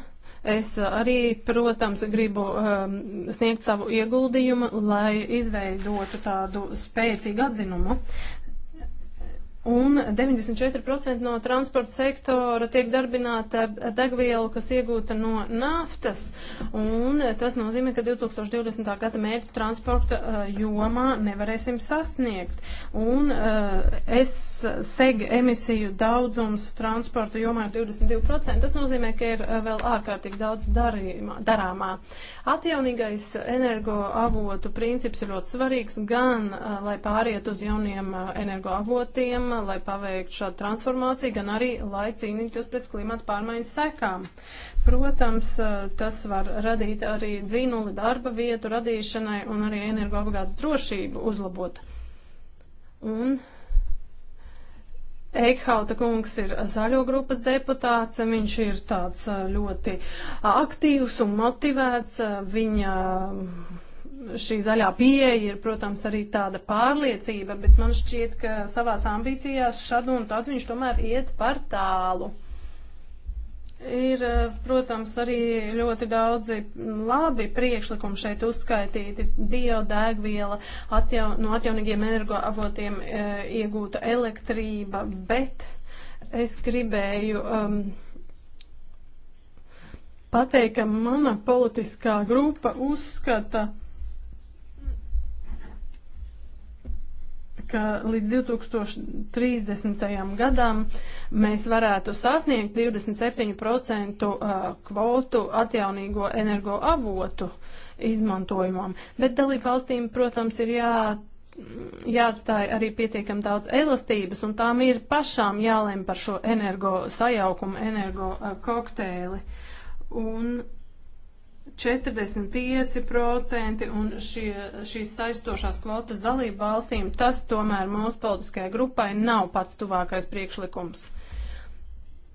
es arī, protams, gribu um, sniegt savu ieguldījumu, lai izveidotu tādu spēcīgu atzinumu. Un 94% no transporta sektora tiek darbināta ar degvielu, kas iegūta no naftas. Un tas nozīmē, ka 2020. gada mērķu transporta eh, jomā nevarēsim sasniegt. Un eh, es seg emisiju daudzums transporta jomā ir 22%. Tas nozīmē, ka ir eh, vēl ārkārtīgi daudz darījumā, darāmā. Atjaunīgais energoavotu princips ir ļoti svarīgs gan, lai pāriet uz jauniem energoavotiem, lai paveiktu šādu transformāciju, gan arī, lai cīnītos pret klimatu pārmaiņu sekām. Protams, eh, tas var radīt arī dzīnuli darba vietu radīšanai un arī energoapgādes drošību uzlabot. Un Eikhauta kungs ir zaļo grupas deputāts, viņš ir tāds eh, ļoti aktīvs un motivēts, viņa šī zaļā pieeja ir, protams, arī tāda pārliecība, bet man šķiet, ka savās ambīcijās šad un tad viņš tomēr iet par tālu. Ir, eh, protams, arī ļoti daudzi labi priekšlikumi šeit uzskaitīti - biodēgviela, atjaun, no atjaunīgiem energoavotiem e, iegūta elektrība, bet es gribēju. Um, pateikt, ka mana politiskā grupa uzskata, ka līdz 2030. gadam mēs varētu sasniegt 27% kvotu atjaunīgo energoavotu izmantojumam. Bet dalību valstīm, protams, ir jā jāatstāja arī pietiekam daudz elastības, un tām ir pašām jālem par šo energo sajaukumu, energo kokteili. Un 45% un šie, šīs saistošās kvotas dalību valstīm, tas tomēr mūsu politiskajai grupai nav pats tuvākais priekšlikums.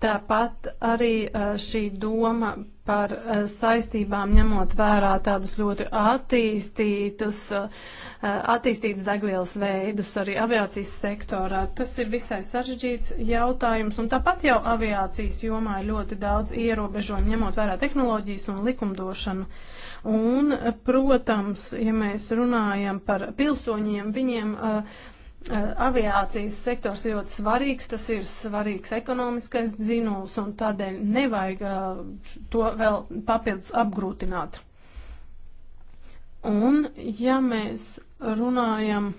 Tāpat arī eh, šī doma par eh, saistībām ņemot vērā tādus ļoti attīstītus, eh, attīstītus degvielas veidus arī aviācijas sektorā. Tas ir visai sarežģīts jautājums, un tāpat jau aviācijas jomā ir ļoti daudz ierobežojumu, ņemot vērā tehnoloģijas un likumdošanu. Un, protams, ja mēs runājam par pilsoņiem, viņiem uh, aviācijas sektors ļoti svarīgs, tas ir svarīgs ekonomiskais dzinums, un tādēļ nevajag to vēl papildus apgrūtināt. Un, ja mēs runājam.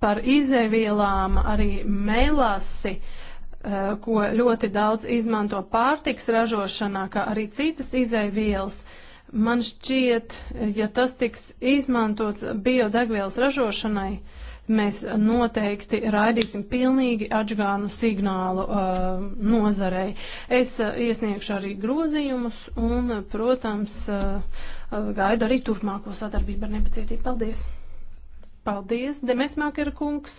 Par izēvielām arī melasi uh, ko ļoti daudz izmanto pārtiks ražošanā, kā arī citas izēvielas. vielas Man šķiet, ja tas tiks izmantots biodegvielas ražošanai, mēs noteikti raidīsim pilnīgi atžgānu signālu uh, nozarei. Es uh, iesniegšu arī grozījumus un, protams, uh, uh gaidu arī turpmāko sadarbību ar nepacietību. Paldies! Paldies, Demesmākera kungs!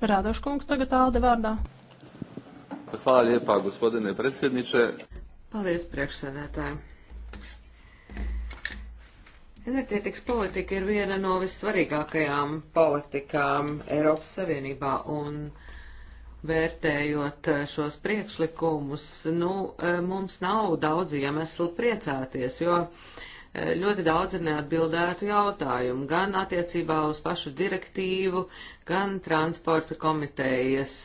Radoš kungs tagad tāda vārdā. Hvala lijepa, gospodine predsjedniče. Paldies, priekšsēdētāji. Enerģētikas politika ir viena no vissvarīgākajām politikām Eiropas Savienībā, un vērtējot eh, šos priekšlikumus, nu, eh, mums nav daudz iemeslu priecāties, jo eh, ļoti daudz ir neatbildētu jautājumu gan attiecībā uz pašu direktīvu, gan transporta komitejas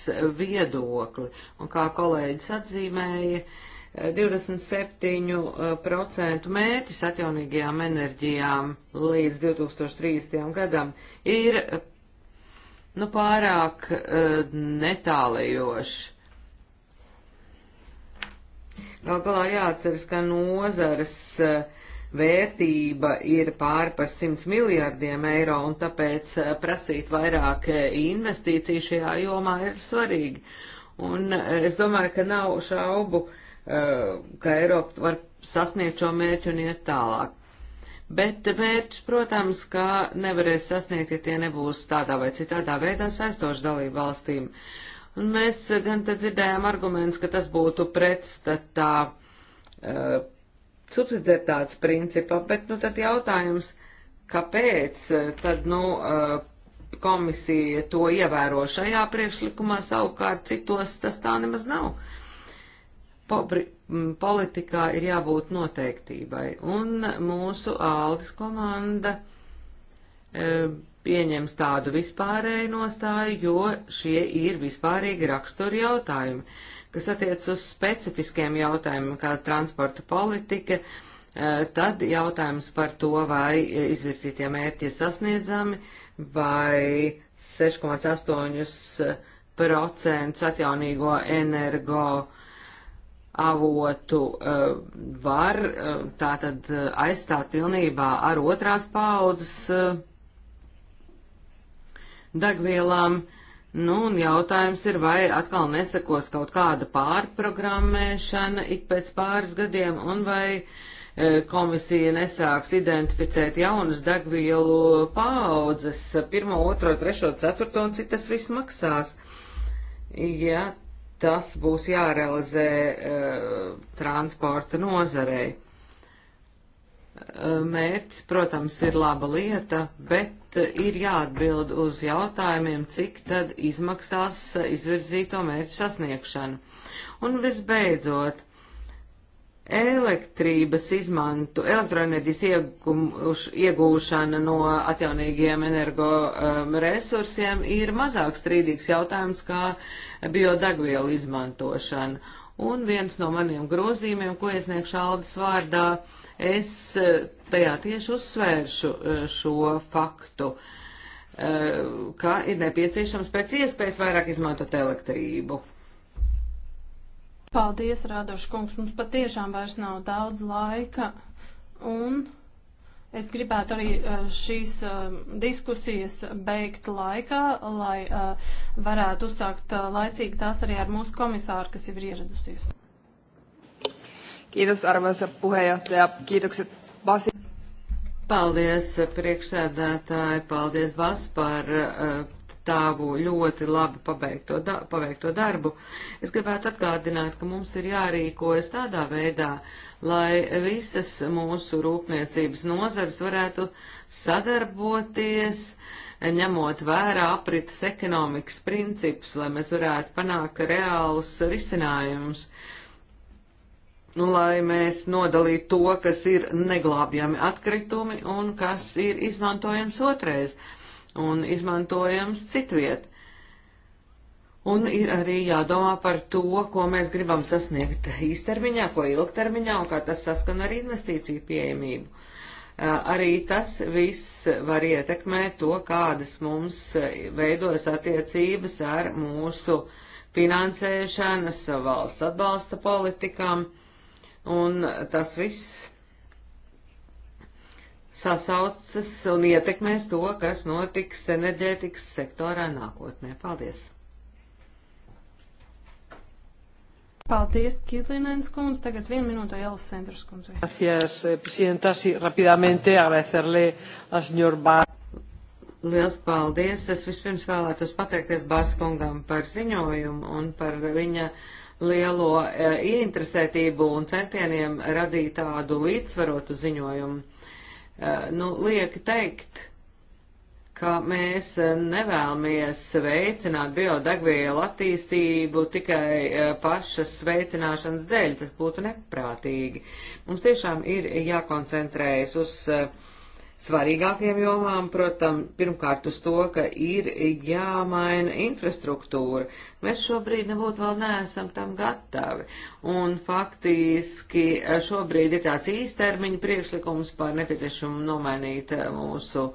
viedokli. Un kā kolēģis atzīmēja, uh, 27% eh, mērķis atjaunīgajām enerģijām līdz 2030. gadam ir eh, nu, pārāk uh, eh, netālējošs. Gal galā jāatceras, ka nozares uh, vērtība ir pāri par 100 miljārdiem eiro, un tāpēc uh, prasīt vairāk investīciju šajā jomā ir svarīgi. Un es domāju, ka nav šaubu, uh, Eh, ka Eiropa var sasniegt šo mērķu un iet tālāk. Bet mērķis, protams, ka nevarēs sasniegt, ja tie nebūs tādā vai citādā veidā saistoši dalību valstīm. Un mēs gan tad dzirdējām arguments, ka tas būtu pretstatā uh, subsidiaritātes principam, bet nu tad jautājums, kāpēc eh, tad, nu, uh, komisija to ievēro šajā priekšlikumā, savukārt citos tas tā nemaz nav. Popri, politikā ir jābūt noteiktībai, un mūsu Aldis komanda e, pieņems tādu vispārēju nostāju, jo šie ir vispārīgi raksturi jautājumi, kas attiec uz specifiskiem jautājumiem, kā transporta politika, e, tad jautājums par to, vai izvirzītie mērķi ir sasniedzami, vai 6,8% atjaunīgo energo uh, avotu eh, var eh, tātad eh, aizstāt pilnībā ar otrās paaudzes degvielām. Nu, un jautājums ir, vai atkal nesakos kaut kāda pārprogrammēšana ik pēc pāris gadiem, un vai komisija nesāks identificēt jaunas degvielu paaudzes, pirmo, otro, trešo, ceturto, un cik tas viss maksās. Ja tas būs jārealizē uh, transporta nozarei. Uh, mērķis, protams, ir laba lieta, bet ir jāatbild uz jautājumiem, cik tad izmaksās izvirzīto mērķu sasniegšanu. Un visbeidzot, elektrības izmantu, elektroenerģijas iegūš, iegūšana no atjaunīgiem energoresursiem um, ir mazāk strīdīgs jautājums kā biodegvielu izmantošana. Un viens no maniem grozījumiem, ko iesniegšu Aldas vārdā, es uh, tajā tieši uzsvēršu uh, šo faktu, uh, ka ir nepieciešams pēc iespējas vairāk izmantot elektrību. Paldies, Rādošs kungs. Mums patiešām vairs nav daudz laika. Un es gribētu arī eh, šīs eh, diskusijas beigt laikā, lai eh, varētu uzsākt laicīgi tās arī ar mūsu komisāru, kas jau ir ieradusies. Kiitos, arvoisa puheenjohtaja. Kiitokset Basi. Paldies, priekšsēdētāji. Paldies, Bas, par uh, tavu ļoti labi pabeigto, da paveikto darbu. Es gribētu atgādināt, ka mums ir jārīkojas tādā veidā, lai visas mūsu rūpniecības nozars varētu sadarboties, ņemot vērā aprites ekonomikas principus, lai mēs varētu panākt reālus risinājumus nu, lai mēs nodalītu to, kas ir neglābjami atkritumi un kas ir izmantojams otrais un izmantojams citviet. Un ir arī jādomā par to, ko mēs gribam sasniegt īstermiņā, ko ilgtermiņā, un kā tas saskan ar investīciju pieejamību. Arī tas viss var ietekmēt to, kādas mums veidojas attiecības ar mūsu finansēšanas, valsts atbalsta politikām, un tas viss sasaucas un ietekmēs to, kas notiks enerģētikas sektorā nākotnē. Paldies! Paldies, Kirlinēns kundze. Tagad vienu minūtu Jālis Centras kundze. Gracias, eh, presidenta. Sí, rapidamente agradecerle al señor Bār. Liels paldies. Es vispirms vēlētos pateikties Bāskungam par ziņojumu un par viņa lielo e, ieinteresētību un centieniem radīt tādu līdzsvarotu ziņojumu. Eh, nu, lieki teikt, ka mēs eh, nevēlamies veicināt biodegvielu attīstību tikai eh, pašas veicināšanas dēļ. Tas būtu neprātīgi. Mums tiešām ir jākoncentrējas uz uh, svarīgākajām jomām, protams, pirmkārt uz to, ka ir jāmaina infrastruktūra. Mēs šobrīd nebūtu vēl neesam tam gatavi. Un faktiski eh, šobrīd ir tāds īstermiņa priekšlikums par nepieciešamu nomainīt eh, mūsu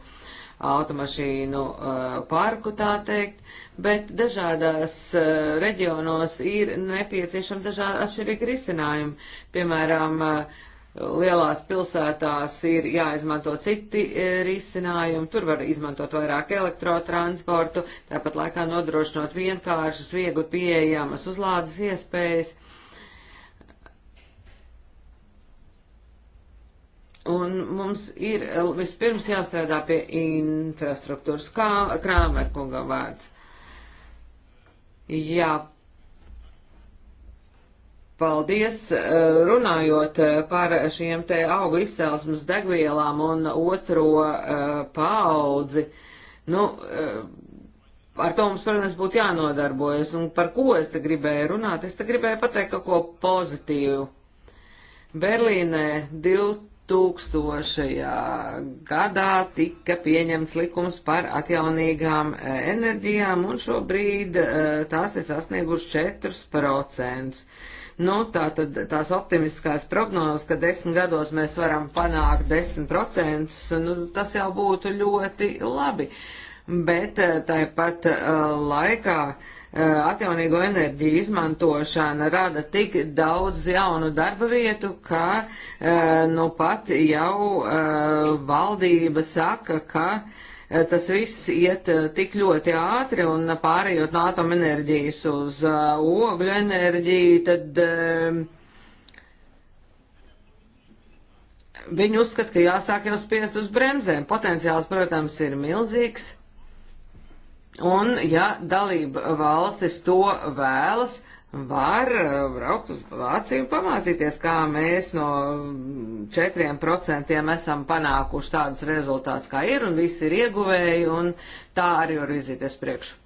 automašīnu eh, parku, tā teikt, bet dažādās reģionos ir nepieciešami dažādi atšķirīgi risinājumi. Piemēram, uh, lielās pilsētās ir jāizmanto citi e, risinājumi, tur var izmantot vairāk elektrotransportu, tāpat laikā nodrošinot vienkāršas, viegli pieejamas uzlādes iespējas. Un mums ir e, vispirms jāstrādā pie infrastruktūras, kā Krāmerkungam vārds. Jā, Paldies, eh, runājot eh, par šiem te augu izcelsmes degvielām un otro uh, paudzi. Nu, uh, ar to mums, protams, būtu jānodarbojas. Un par ko es te gribēju runāt? Es te gribēju pateikt kaut ko pozitīvu. Berlīnē 2000. gadā tika pieņemts likums par atjaunīgām enerģijām, un šobrīd uh, tās ir sasniegušas 4%. Nu, tā tad tās optimistiskās prognozes, ka desmit gados mēs varam panākt desmit procentus, nu, tas jau būtu ļoti labi. Bet eh, tāpat uh, laikā uh, atjaunīgo enerģiju izmantošana rada tik daudz jaunu darba vietu, ka nu pat jau valdība saka, ka Eh, tas viss iet eh, tik ļoti ātri un pārējot no atomenerģijas uz eh, ogļu enerģiju, tad viņi uzskata, ka jāsāk jau spiest uz bremzēm. Potenciāls, protams, ir milzīgs. Un, ja dalība valstis to vēlas, var eh, braukt uz Vāciju un pamācīties, kā mēs no 4% esam panākuši tādus rezultātus, kā ir, un visi ir ieguvēji, un tā arī var virzīties priekšu.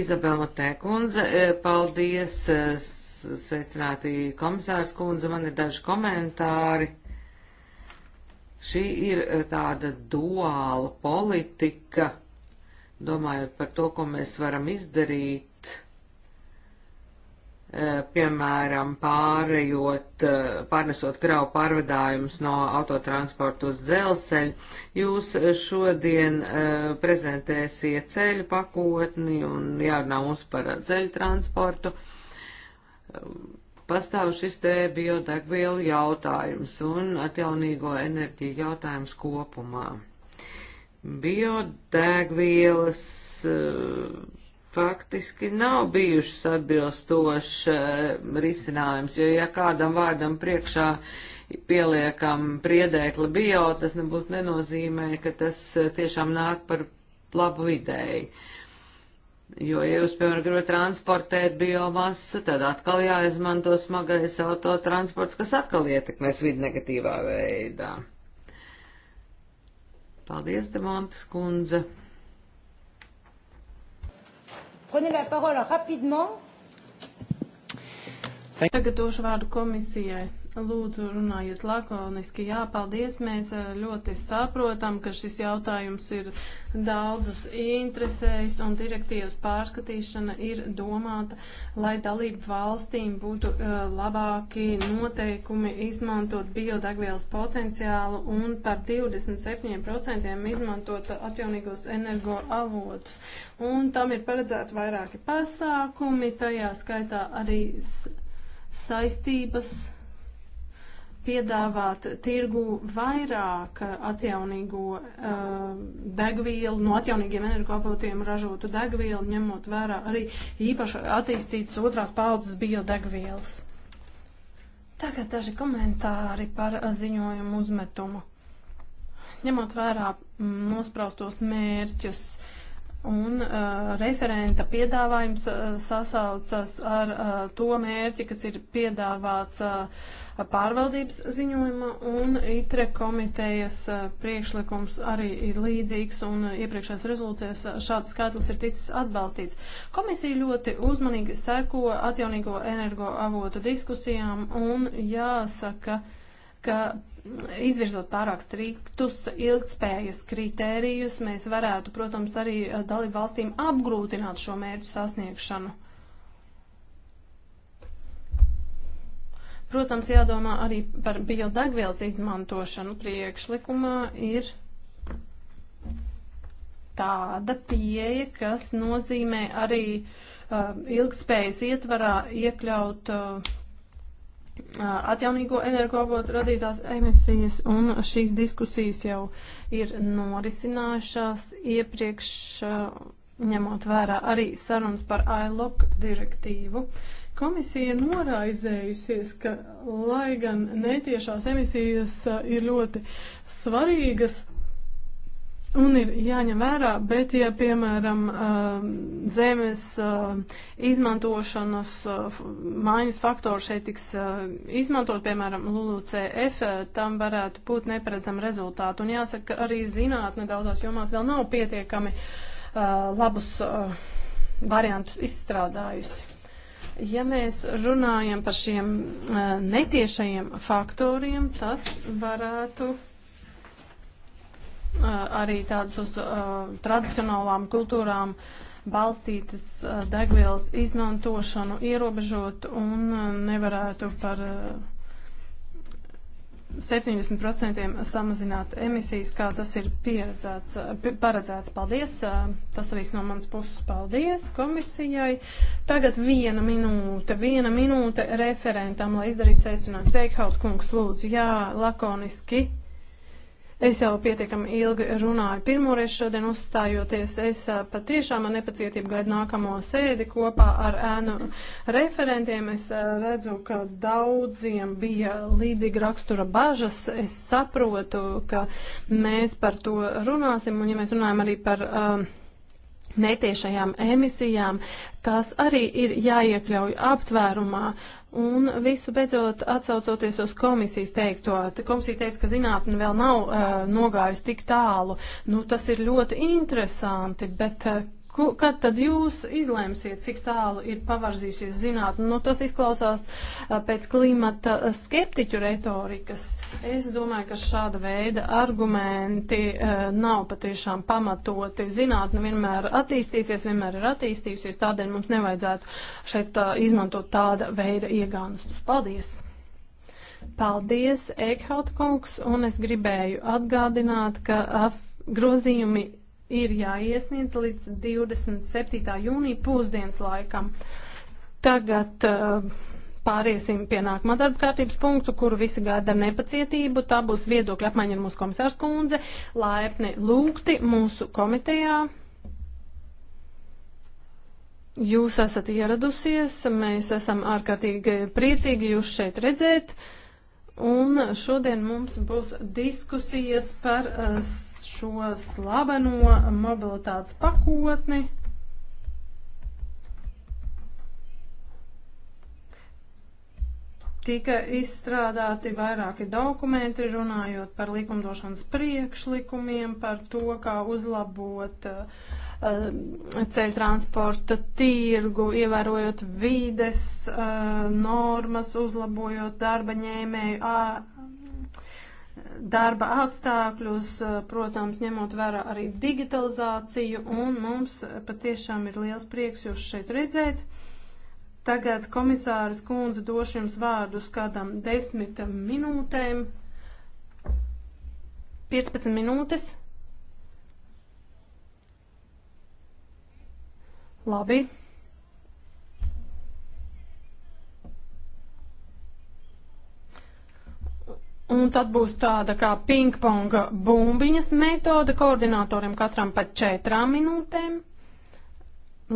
Izabela Tēkundze, eh, paldies, eh, sveicināti komisārs kundze, man ir daži komentāri. Šī ir e, tāda duāla politika, domājot par to, ko mēs varam izdarīt, e, piemēram, pārējot, e, pārnesot kravu pārvadājumus no autotransporta uz dzelzceļu. Jūs šodien prezentēsiet ceļu pakotni un jārunā mums par ceļu transportu pastāv šis te biodegvielu jautājums un atjaunīgo enerģiju jautājums kopumā. Biodegvielas eh, faktiski nav bijušas atbilstošs eh, risinājums, jo ja kādam vārdam priekšā pieliekam priedēkli bio, tas nebūtu nenozīmē, ka tas eh, tiešām nāk par labu vidēji. Uh, Jo, ja jūs, piemēram, gribat transportēt biomasu, tad atkal jāizmanto smagais autotransports, kas atkal ietekmēs vidi negatīvā veidā. Paldies, Demontas kundze. Tagad došu vārdu komisijai. Lūdzu, runājiet lakoniski. Jā, paldies. Mēs eh, ļoti saprotam, ka šis jautājums ir daudzus interesējis un direktīvas pārskatīšana ir domāta, lai dalību valstīm būtu eh, labāki noteikumi izmantot biodegvielas potenciālu un par 27% izmantot atjaunīgos energoavotus. Un tam ir paredzēti vairāki pasākumi, tajā skaitā arī saistības piedāvāt tirgu vairāk atjaunīgo uh, degvielu, no atjaunīgiem energoavotiem ražotu degvielu, ņemot vērā arī īpaši attīstītas otrās paudzes biodegvielas. Tagad daži komentāri par eh, ziņojumu uzmetumu. Ņemot vērā mm, nospraustos mērķus, Un uh, referenta piedāvājums uh, sasaucas ar uh, to mērķi, kas ir piedāvāts uh, pārvaldības ziņojuma, un ITRE komitejas uh, priekšlikums arī ir līdzīgs, un uh, iepriekšējās rezolūcijas uh, šāds skaitlis ir ticis atbalstīts. Komisija ļoti uzmanīgi seko atjaunīgo energoavotu diskusijām, un jāsaka, uh, ka izvirzot pārāk striktus ilgspējas kritērijus, mēs varētu, protams, arī dalību valstīm apgrūtināt šo mērķu sasniegšanu. Protams, jādomā arī par biodegvielas izmantošanu. Priekšlikumā ir tāda pieeja, kas nozīmē arī uh, ilgspējas ietvarā iekļaut uh, atjaunīgo energoavotu radītās emisijas, un šīs diskusijas jau ir norisinājušās iepriekš, ņemot vērā arī sarunas par ILOC direktīvu. Komisija ir noraizējusies, ka, lai gan netiešās emisijas ir ļoti svarīgas, Un ir jāņem vērā, bet ja, piemēram, um, zemes um, izmantošanas uh, mājas faktori šeit tiks uh, izmantot, piemēram, LULUCF, uh, tam varētu būt neparedzama rezultāta. Un jāsaka, arī zinātne daudzās jomās vēl nav pietiekami labus variantus izstrādājusi. Ja mēs runājam par šiem netiešajiem faktoriem, tas varētu Eh, arī tādas uz uh, tradicionālām kultūrām balstītas uh, degvielas izmantošanu ierobežot un uh, nevarētu par uh, 70% samazināt emisijas, kā tas ir pieredzēts, paredzēts. Paldies! Tas viss no manas puses. Paldies komisijai. Tagad viena minūte, viena minūte referentam, lai izdarītu secinājumu. Seikhaut kungs, lūdzu, jā, lakoniski. Es jau pietiekami ilgi runāju pirmoreiz šodien uzstājoties. Es patiešām ar nepacietību gaidu nākamo sēdi kopā ar ēnu referentiem. Es redzu, ka daudziem bija līdzīga rakstura bažas. Es saprotu, ka mēs par to runāsim, un ja mēs runājam arī par. Uh, netiešajām emisijām, tās arī ir jāiekļauj aptvērumā. Uh, Un visu beidzot, atsaucoties uz komisijas teikto, komisija teica, ka zinātne vēl nav uh, nogājusi tik tālu. Nu, tas ir ļoti interesanti, bet uh, Kad tad jūs izlēmsiet, cik tālu ir pavarzījusies zinātne? Nu, tas izklausās pēc klimata skeptiķu retorikas. Es domāju, ka šāda veida argumenti nav patiešām pamatoti. Zinātne vienmēr attīstīsies, vienmēr ir attīstījusies, tādēļ mums nevajadzētu šeit izmantot tāda veida iegānstus. Paldies! Paldies, Eikhaut kungs, un es gribēju atgādināt, ka grozījumi ir jāiesniedz līdz 27. jūnija pusdienas laikam. Tagad uh, pāriesim pie nākamā darba kārtības punktu, kuru visi gaida ar nepacietību. Tā būs viedokļa apmaiņa ar mūsu komisārs kundze. Laipni lūgti mūsu komitejā. Jūs esat ieradusies, mēs esam ārkārtīgi priecīgi jūs šeit redzēt. Un šodien mums būs diskusijas par uh, šo slaveno mobilitātes pakotni. Tika izstrādāti vairāki dokumenti, runājot par likumdošanas priekšlikumiem, par to, kā uzlabot uh, eh, ceļu transporta tirgu, ievērojot vides uh, normas, uzlabojot darba ņēmēju uh, darba apstākļus, eh, protams, ņemot vērā arī digitalizāciju, un mums patiešām ir liels prieks jūs šeit redzēt. Tagad komisāras kundze došu jums vārdus kādam desmit minūtēm. 15 minūtes. Labi. Un tad būs tāda kā pingponga bumbiņas metode koordinatoriem katram par četrām minūtēm,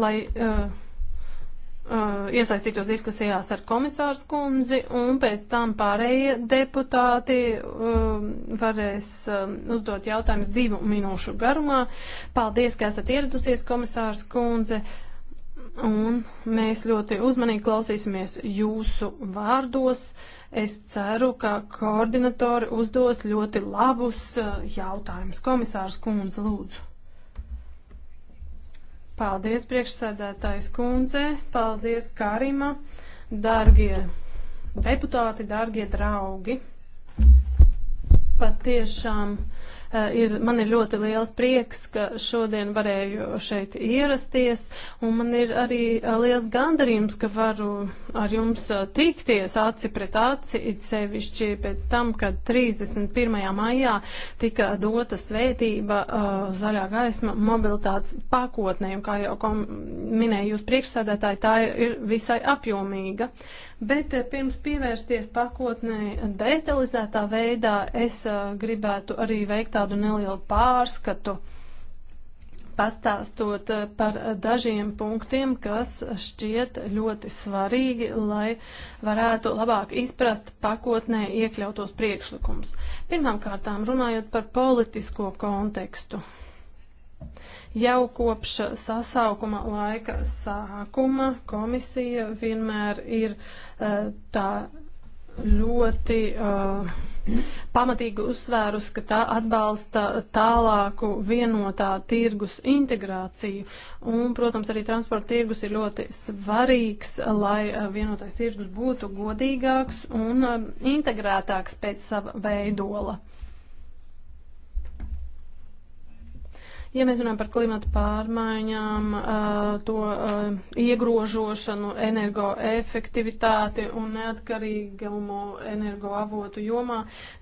lai uh, uh, iesaistītos diskusijās ar komisārs kundzi, un pēc tam pārējie deputāti uh, varēs uh, uzdot jautājumus divu minūšu garumā. Paldies, ka esat ieradusies, komisārs kundze. Uh, Un mēs ļoti uzmanīgi klausīsimies jūsu vārdos. Es ceru, ka koordinatori uzdos ļoti labus uh, jautājumus. Komisārs Kundze, lūdzu. Paldies, priekšsēdētājs Kundze. Paldies, Karima. Dargie deputāti, dargie draugi. Patiešām Eh, ir, man ir ļoti liels prieks, ka šodien varēju šeit ierasties, un man ir arī eh, liels gandarījums, ka varu ar jums eh, tikties aci pret aci, it sevišķi pēc tam, kad 31. maijā tika dota svētība uh, zaļā gaisma mobilitātes pakotnēm, kā jau minēju jūs priekšsēdētāji, tā ir visai apjomīga. Uh, Bet eh, pirms pievērsties pakotnē detalizētā veidā, es eh, gribētu arī veikt tādu nelielu pārskatu, pastāstot eh, par dažiem punktiem, kas šķiet ļoti svarīgi, lai varētu labāk izprast pakotnē iekļautos priekšlikumus. Pirmkārtām runājot par politisko kontekstu. Jau kopš sasaukuma laika sākuma komisija vienmēr ir uh, tā ļoti uh, pamatīgi uzsvērus, ka tā atbalsta tālāku vienotā tirgus integrāciju. Un, protams, arī transporta tirgus ir ļoti svarīgs, lai eh, vienotais tirgus būtu godīgāks un integrētāks pēc sava veidola. Uh, Ja mēs runājam par klimatu pārmaiņām, to iegrožošanu, energoefektivitāti un neatkarīgumu energoavotu jomā,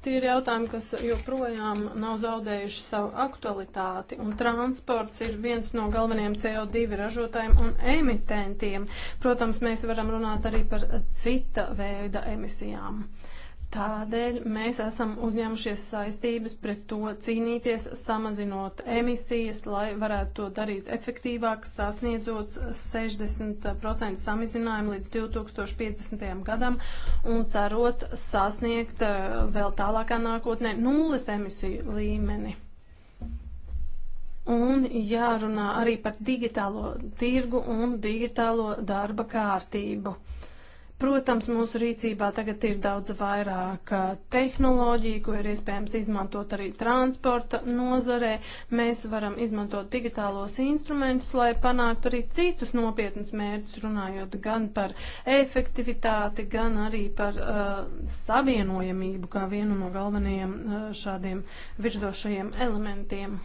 tie ir jautājumi, kas joprojām nav zaudējuši savu aktualitāti. Un transports ir viens no galvenajiem CO2 ražotājiem un emitentiem. Protams, mēs varam runāt arī par cita veida emisijām. Uh, Tādēļ mēs esam uzņēmušies saistības pret to cīnīties, samazinot emisijas, lai varētu to darīt efektīvāk, sasniedzot 60% samazinājumu līdz 2050. gadam un cerot sasniegt eh, vēl tālākā nākotnē nulles emisiju līmeni. Un jārunā arī par digitālo tirgu un digitālo darba kārtību. Protams, mūsu rīcībā tagad ir daudz vairāk uh, tehnoloģiju, ko ir iespējams izmantot arī transporta nozarē. Mēs varam izmantot digitālos instrumentus, lai panāktu arī citus nopietnus mērķus, runājot gan par efektivitāti, gan arī par uh, savienojamību kā vienu no galvenajiem uh, šādiem virzošajiem elementiem.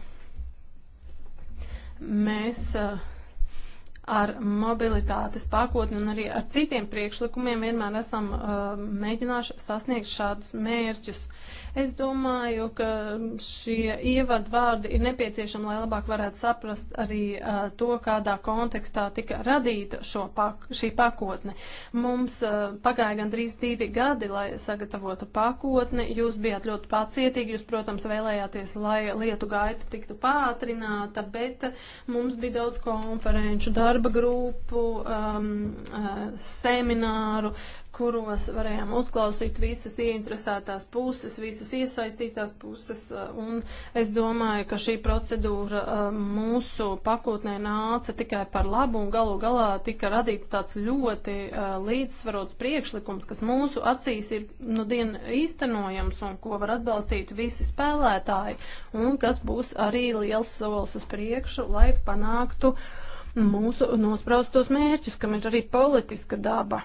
Mēs uh, ar mobilitātes pakotni un arī ar citiem priekšlikumiem vienmēr esam uh, mēģinājuši sasniegt šādus mērķus. Es domāju, ka šie ievadvārdi ir nepieciešami, lai labāk varētu saprast arī uh, to, kādā kontekstā tika radīta pak šī pakotne. Mums uh, pagāja gandrīz divi gadi, lai sagatavotu pakotni. Jūs bijat ļoti pacietīgi, jūs, protams, vēlējāties, lai lietu gaita tiktu pātrināta, bet mums bija daudz konferenču, darba grupu, um, semināru, kuros varējām uzklausīt visas ieinteresētās puses, visas iesaistītās puses, uh, un es domāju, ka šī procedūra uh, mūsu pakotnē nāca tikai par labu, un galu galā tika radīts tāds ļoti uh, līdzsvarots priekšlikums, kas mūsu acīs ir nu dien īstenojams, un ko var atbalstīt visi spēlētāji, un kas būs arī liels solis uz priekšu, lai panāktu mūsu nospraustos mērķus, kam ir arī politiska daba.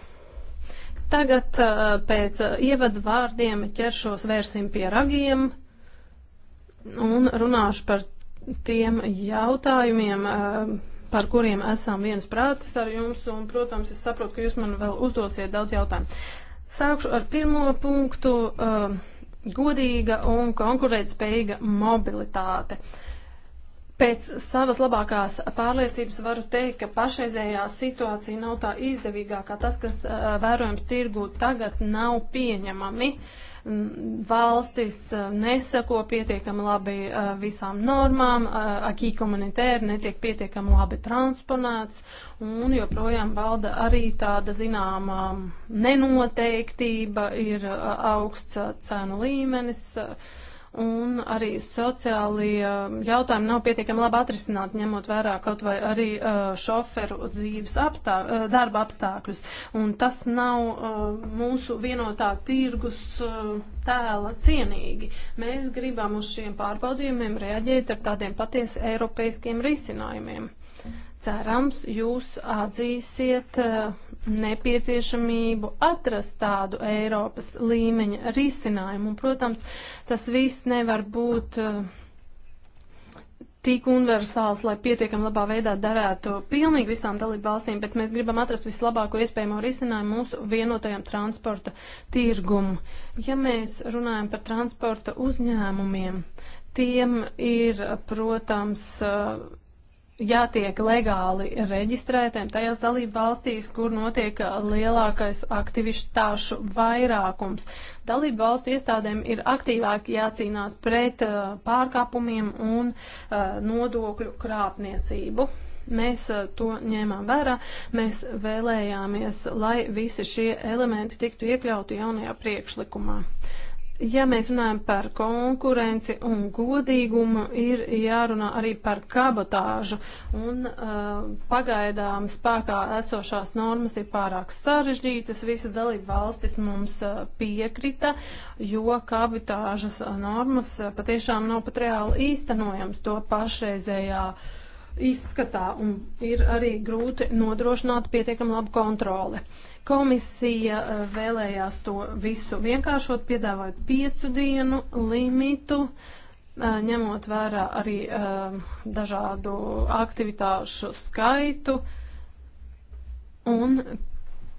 Tagad uh, pēc uh, ievadu vārdiem ķeršos vērsim pie ragiem un runāšu par tiem jautājumiem, uh, par kuriem esam viens prātis ar jums, un, protams, es saprotu, ka jūs man vēl uzdosiet daudz jautājumu. Sākšu ar pirmo punktu uh, - godīga un konkurētspējīga mobilitāte. Uh, Pēc savas labākās pārliecības varu teikt, ka pašreizējā situācija nav tā izdevīgākā. Tas, kas vērojams tirgu tagad, nav pieņemami. Valstis nesako pietiekami labi visām normām, akī komunitēri netiek pietiekami labi transponēts un joprojām valda arī tāda zināmā nenoteiktība, ir augsts cenu līmenis un arī sociālie um, jautājumi nav pietiekami labi atrisināti, ņemot vērā kaut vai arī uh, šoferu dzīves apstāk, uh, darba apstākļus. Un tas nav uh, mūsu vienotā tirgus tēla cienīgi. Mēs gribam uz šiem pārbaudījumiem reaģēt ar tādiem patiesi eiropeiskiem risinājumiem. Cerams, jūs atzīsiet nepieciešamību atrast tādu Eiropas līmeņa risinājumu. Un, protams, tas viss nevar būt eh, tik universāls, lai pietiekam labā veidā darētu pilnīgi visām dalību valstīm, bet mēs gribam atrast vislabāko iespējamo risinājumu mūsu vienotajam transporta tirgumu. Ja mēs runājam par transporta uzņēmumiem, tiem ir, protams, eh, jātiek legāli reģistrētiem tajās dalību valstīs, kur notiek uh, lielākais aktivitāšu vairākums. Dalību valstu iestādēm ir aktīvāk jācīnās pret uh, pārkāpumiem un uh, nodokļu krāpniecību. Mēs uh, to ņēmām vērā, mēs vēlējāmies, lai visi šie elementi tiktu iekļauti jaunajā priekšlikumā. Uh, Ja mēs runājam par konkurenci un godīgumu, ir jārunā arī par kabotāžu. Un uh, pagaidām spēkā esošās normas ir pārāk sarežģītas. Visas dalība valstis mums uh, piekrita, jo kabotāžas normas uh, patiešām nav pat reāli īstenojams to pašreizējā. Uh, izskatā un ir arī grūti nodrošināt pietiekam labu kontroli. Komisija eh, vēlējās to visu vienkāršot, piedāvājot piecu dienu limitu, eh, ņemot vērā arī eh, dažādu aktivitāšu skaitu un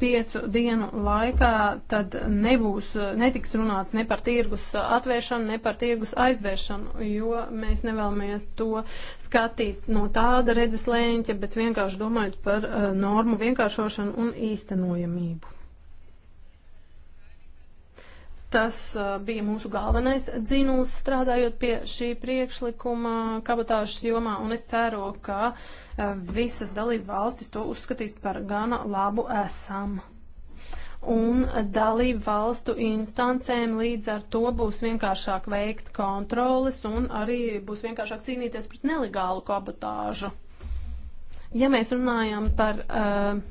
piecu dienu laikā, tad nebūs, netiks runāts ne par tirgus atvēršanu, ne par tirgus aizvēršanu, jo mēs nevēlamies to skatīt no tāda redzes lēņķa, bet vienkārši domājot par eh, normu vienkāršošanu un īstenojamību. Tas uh, bija mūsu galvenais dzinums strādājot pie šī priekšlikuma kabotāžas jomā, un es ceru, ka uh, visas dalību valstis to uzskatīs par gana labu esam. Un dalību valstu instancēm līdz ar to būs vienkāršāk veikt kontroles un arī būs vienkāršāk cīnīties pret nelegālu kabotāžu. Ja mēs runājam par uh,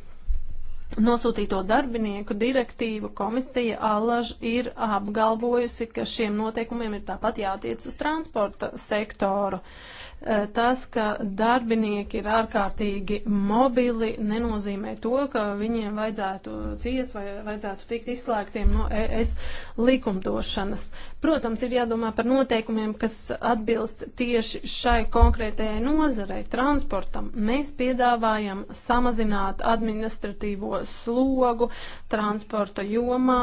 nosūtīto darbinieku direktīvu komisija allaž ir apgalvojusi, ka šiem noteikumiem ir tāpat jātiec uz transporta sektoru. Uh, Eh, tas, ka darbinieki ir ārkārtīgi mobili, nenozīmē to, ka viņiem vajadzētu ciest vai vajadzētu tikt izslēgtiem no ES likumdošanas. Protams, ir jādomā par noteikumiem, kas atbilst tieši šai konkrētajai nozarei, transportam. Mēs piedāvājam samazināt administratīvo slogu transporta jomā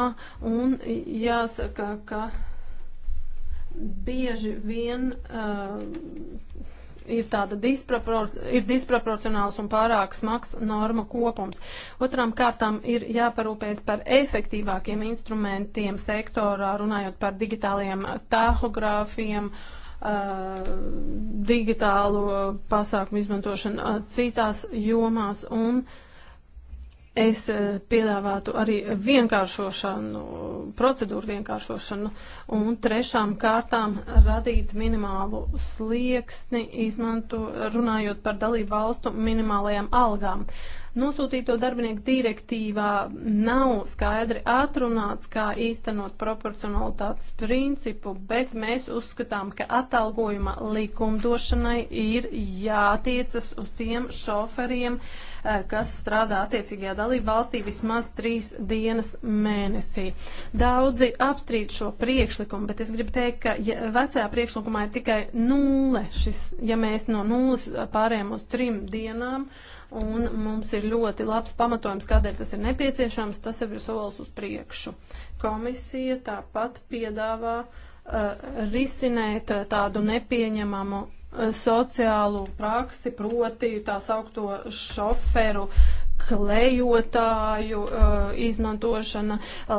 un jāsaka, ka bieži vien uh, ir tāda disprapor ir disproporcionāls un pārāk smags norma kopums. Otram kārtām ir jāparūpējas par efektīvākiem instrumentiem sektorā, runājot par digitāliem tahogrāfiem, uh, digitālu pasākumu izmantošanu uh, citās jomās un uh, Es eh, piedāvātu arī vienkāršošanu, procedūru vienkāršošanu un trešām kārtām radīt minimālu slieksni, izmanto, runājot par dalību valstu minimālajām algām. Uh, Nosūtīto darbinieku direktīvā nav skaidri atrunāts, kā īstenot proporcionalitātes principu, bet mēs uzskatām, ka atalgojuma likumdošanai ir jātiecas uz tiem šoferiem, eh, kas strādā attiecīgajā dalība valstī vismaz trīs dienas mēnesī. Daudzi apstrīd šo priekšlikumu, bet es gribu teikt, ka ja vecajā priekšlikumā ir tikai nulle. Šis, ja mēs no nulles pārējām uz trim dienām, un mums ir ļoti labs pamatojums, kādēļ tas ir nepieciešams. Tas jau ir solis uz priekšu. Komisija tāpat piedāvā uh, risinēt eh, tādu nepieņemamu eh, sociālu praksi, proti tā saukto šoferu klejotāju uh, izmantošana,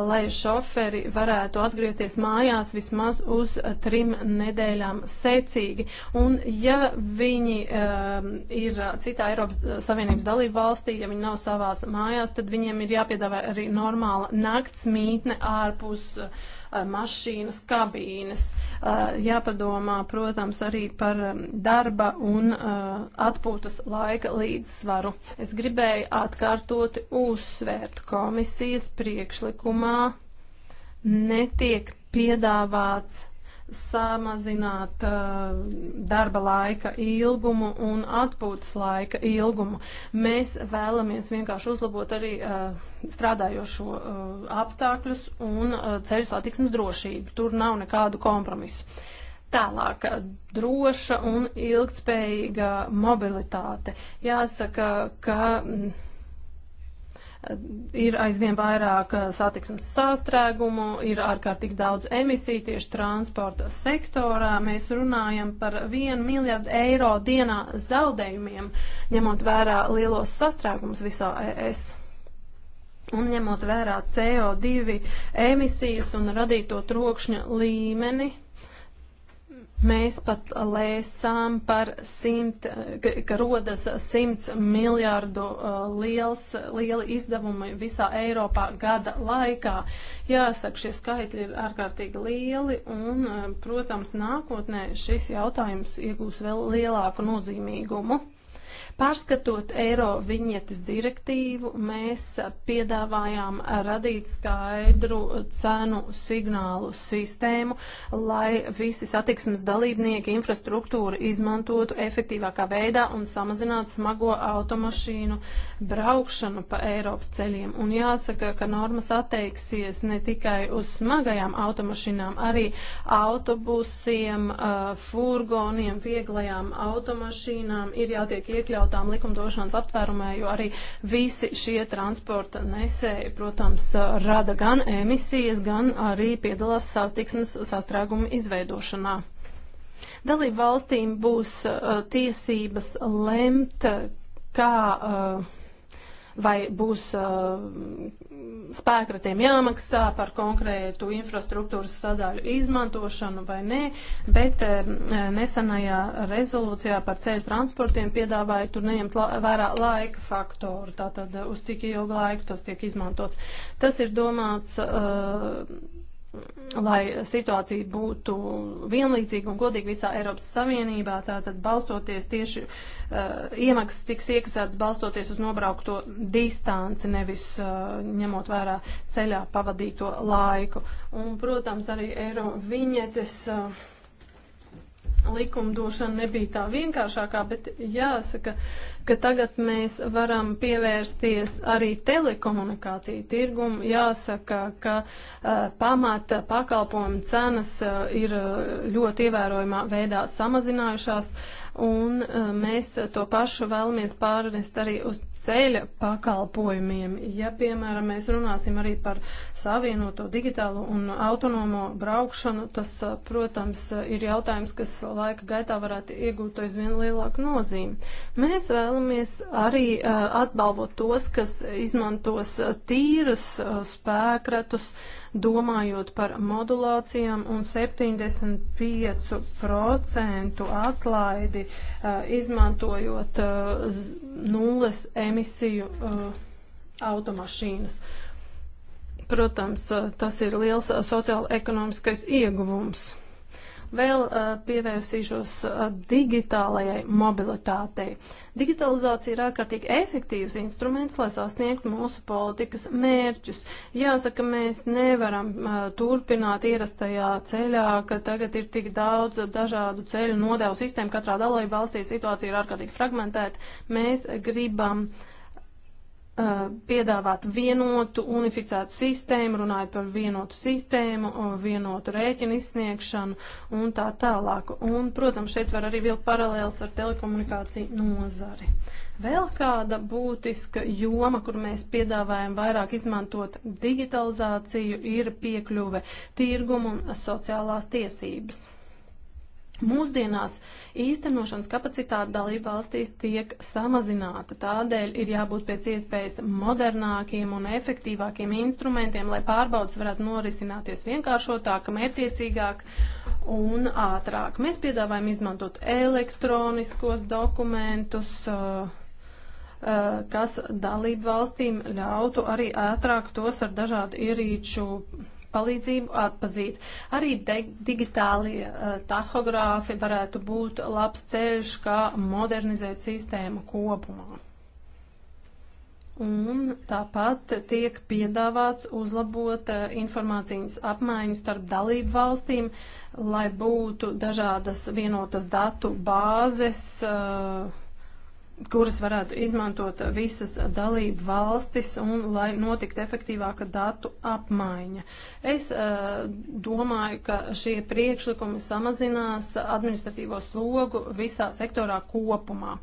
lai šoferi varētu atgriezties mājās vismaz uz trim nedēļām secīgi. Un ja viņi uh, ir citā Eiropas Savienības dalība valstī, ja viņi nav savās mājās, tad viņiem ir jāpiedāvā arī normāla nakts mītne ārpus. Uh, mašīnas kabīnes. Eh, jāpadomā, protams, arī par eh, darba un eh, atpūtas laika līdzsvaru. Es gribēju atkārtoti uzsvērt komisijas priekšlikumā netiek piedāvāts samazināt uh, darba laika ilgumu un atpūtas laika ilgumu. Mēs vēlamies vienkārši uzlabot arī uh, strādājošo uh, apstākļus un uh, ceļu satiksmes drošību. Tur nav nekādu kompromisu. Tālāk, droša un ilgtspējīga mobilitāte. Jāsaka, ka. Mm, ir aizvien vairāk eh, satiksmes sāstrēgumu, ir ārkārtīgi daudz emisiju tieši transporta sektorā. Mēs runājam par 1 miljardu eiro dienā zaudējumiem, ņemot vērā lielos sastrēgumus visā ES. Un ņemot vērā CO2 emisijas un radīto trokšņa līmeni, Mēs pat lēsām par simt, ka, ka rodas simts miljārdu uh, liels, lieli izdevumi visā Eiropā gada laikā. Jāsaka, šie skaitļi ir ārkārtīgi lieli un, uh, protams, nākotnē šis jautājums iegūs vēl lielāku nozīmīgumu. Pārskatot eiro viņietes direktīvu, mēs piedāvājām radīt skaidru cenu signālu sistēmu, lai visi satiksmes dalībnieki infrastruktūru izmantotu efektīvākā veidā un samazinātu smago automašīnu braukšanu pa Eiropas ceļiem. Un jāsaka, ka normas attieksies ne tikai uz smagajām automašīnām, arī autobusiem, uh, furgoniem, vieglajām automašīnām ir jātiek iekļauts iekļautām likumdošanas aptvērumē, jo arī visi šie transporta nesēji, protams, rada gan emisijas, gan arī piedalās satiksmes sastrēgumu izveidošanā. Dalību valstīm būs uh, tiesības lemt, kā uh, vai būs uh, spēkratiem jāmaksā par konkrētu infrastruktūras sadaļu izmantošanu vai nē, bet uh, nesenajā rezolūcijā par ceļu transportiem piedāvāja tur neņemt la vērā laika faktoru, tātad uh, uz cik ilgu laiku tas tiek izmantots. Tas ir domāts. Uh, lai situācija būtu vienlīdzīga un godīga visā Eiropas Savienībā, tātad balstoties tieši uh, iemaksas tiks iekasētas balstoties uz nobraukto distanci, nevis uh, ņemot vērā ceļā pavadīto laiku. Un, protams, arī eiro viņetes uh, likumdošana nebija tā vienkāršākā, bet jāsaka, ka tagad mēs varam pievērsties arī telekomunikāciju tirgumu. Jāsaka, ka uh, pamata pakalpojumu cenas uh, ir ļoti ievērojumā veidā samazinājušās. Uh, un uh, mēs to pašu vēlamies pārnest arī uz ceļa pakalpojumiem. Ja, piemēram, mēs runāsim arī par savienoto digitālu un autonomo braukšanu, tas, uh, protams, ir jautājums, kas laika gaitā varētu iegūt aizvien lielāku nozīmi. Mēs vēlamies arī uh, atbalvot tos, kas izmantos tīrus spēkratus, uh, domājot par modulācijām un 75% atlaidi, eh, izmantojot eh, nulles emisiju eh, automašīnas. Protams, tas ir liels sociāla ekonomiskais ieguvums. Vēl uh, pievērsīšos uh, digitālajai mobilitātei. Digitalizācija ir ārkārtīgi efektīvs instruments, lai sasniegtu mūsu politikas mērķus. Jāsaka, mēs nevaram uh, turpināt ierastajā ceļā, ka tagad ir tik daudz dažādu ceļu nodevu sistēmu. Katrā dalība valstī situācija ir ārkārtīgi fragmentēta. Mēs gribam uh, Uh, piedāvāt vienotu, unificētu sistēmu, runājot par vienotu sistēmu, uh, vienotu rēķinu izsniegšanu un tā tālāk. Un, protams, šeit var arī vilkt paralēls ar telekomunikāciju nozari. Vēl kāda būtiska joma, kur mēs piedāvājam vairāk izmantot digitalizāciju, ir piekļuve tirgumu un sociālās tiesības. Mūsdienās īstenošanas kapacitāte dalību valstīs tiek samazināta, tādēļ ir jābūt pēc iespējas modernākiem un efektīvākiem instrumentiem, lai pārbaudas varētu norisināties vienkāršotāk, mērķiecīgāk un ātrāk. Mēs piedāvājam izmantot elektroniskos dokumentus, eh, eh, kas dalību valstīm ļautu arī ātrāk tos ar dažādu ierīču palīdzību atpazīt. Arī digitāli uh, eh, tahogrāfi varētu būt labs ceļš, kā modernizēt sistēmu kopumā. Un tāpat tiek piedāvāts uzlabot uh, informācijas apmaiņu starp dalību valstīm, lai būtu dažādas vienotas datu bāzes. Uh, kuras varētu izmantot visas dalību valstis un lai notiktu efektīvāka datu apmaiņa. Es uh, domāju, ka šie priekšlikumi samazinās administratīvo slogu visā sektorā kopumā.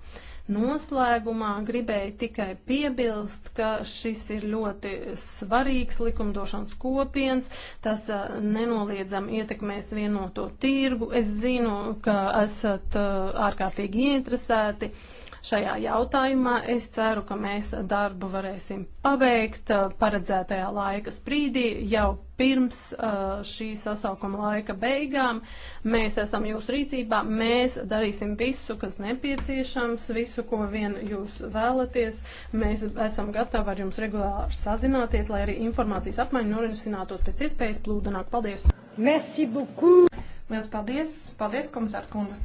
Noslēgumā gribēju tikai piebilst, ka šis ir ļoti svarīgs likumdošanas kopiens, tas eh, nenoliedzam ietekmēs vienoto tirgu. Es zinu, ka esat eh, ārkārtīgi ieinteresēti. Uh, šajā jautājumā. Es ceru, ka mēs darbu varēsim pabeigt uh, paredzētajā laika sprīdī jau pirms uh, šī sasaukuma laika beigām. Mēs esam jūsu rīcībā, mēs darīsim visu, kas nepieciešams, visu, ko vien jūs vēlaties. Mēs esam gatavi ar jums regulāri sazināties, lai arī informācijas apmaiņa norisinātos pēc iespējas plūdenāk. Paldies! Merci beaucoup! Liels paldies! Paldies, komisārs kundze!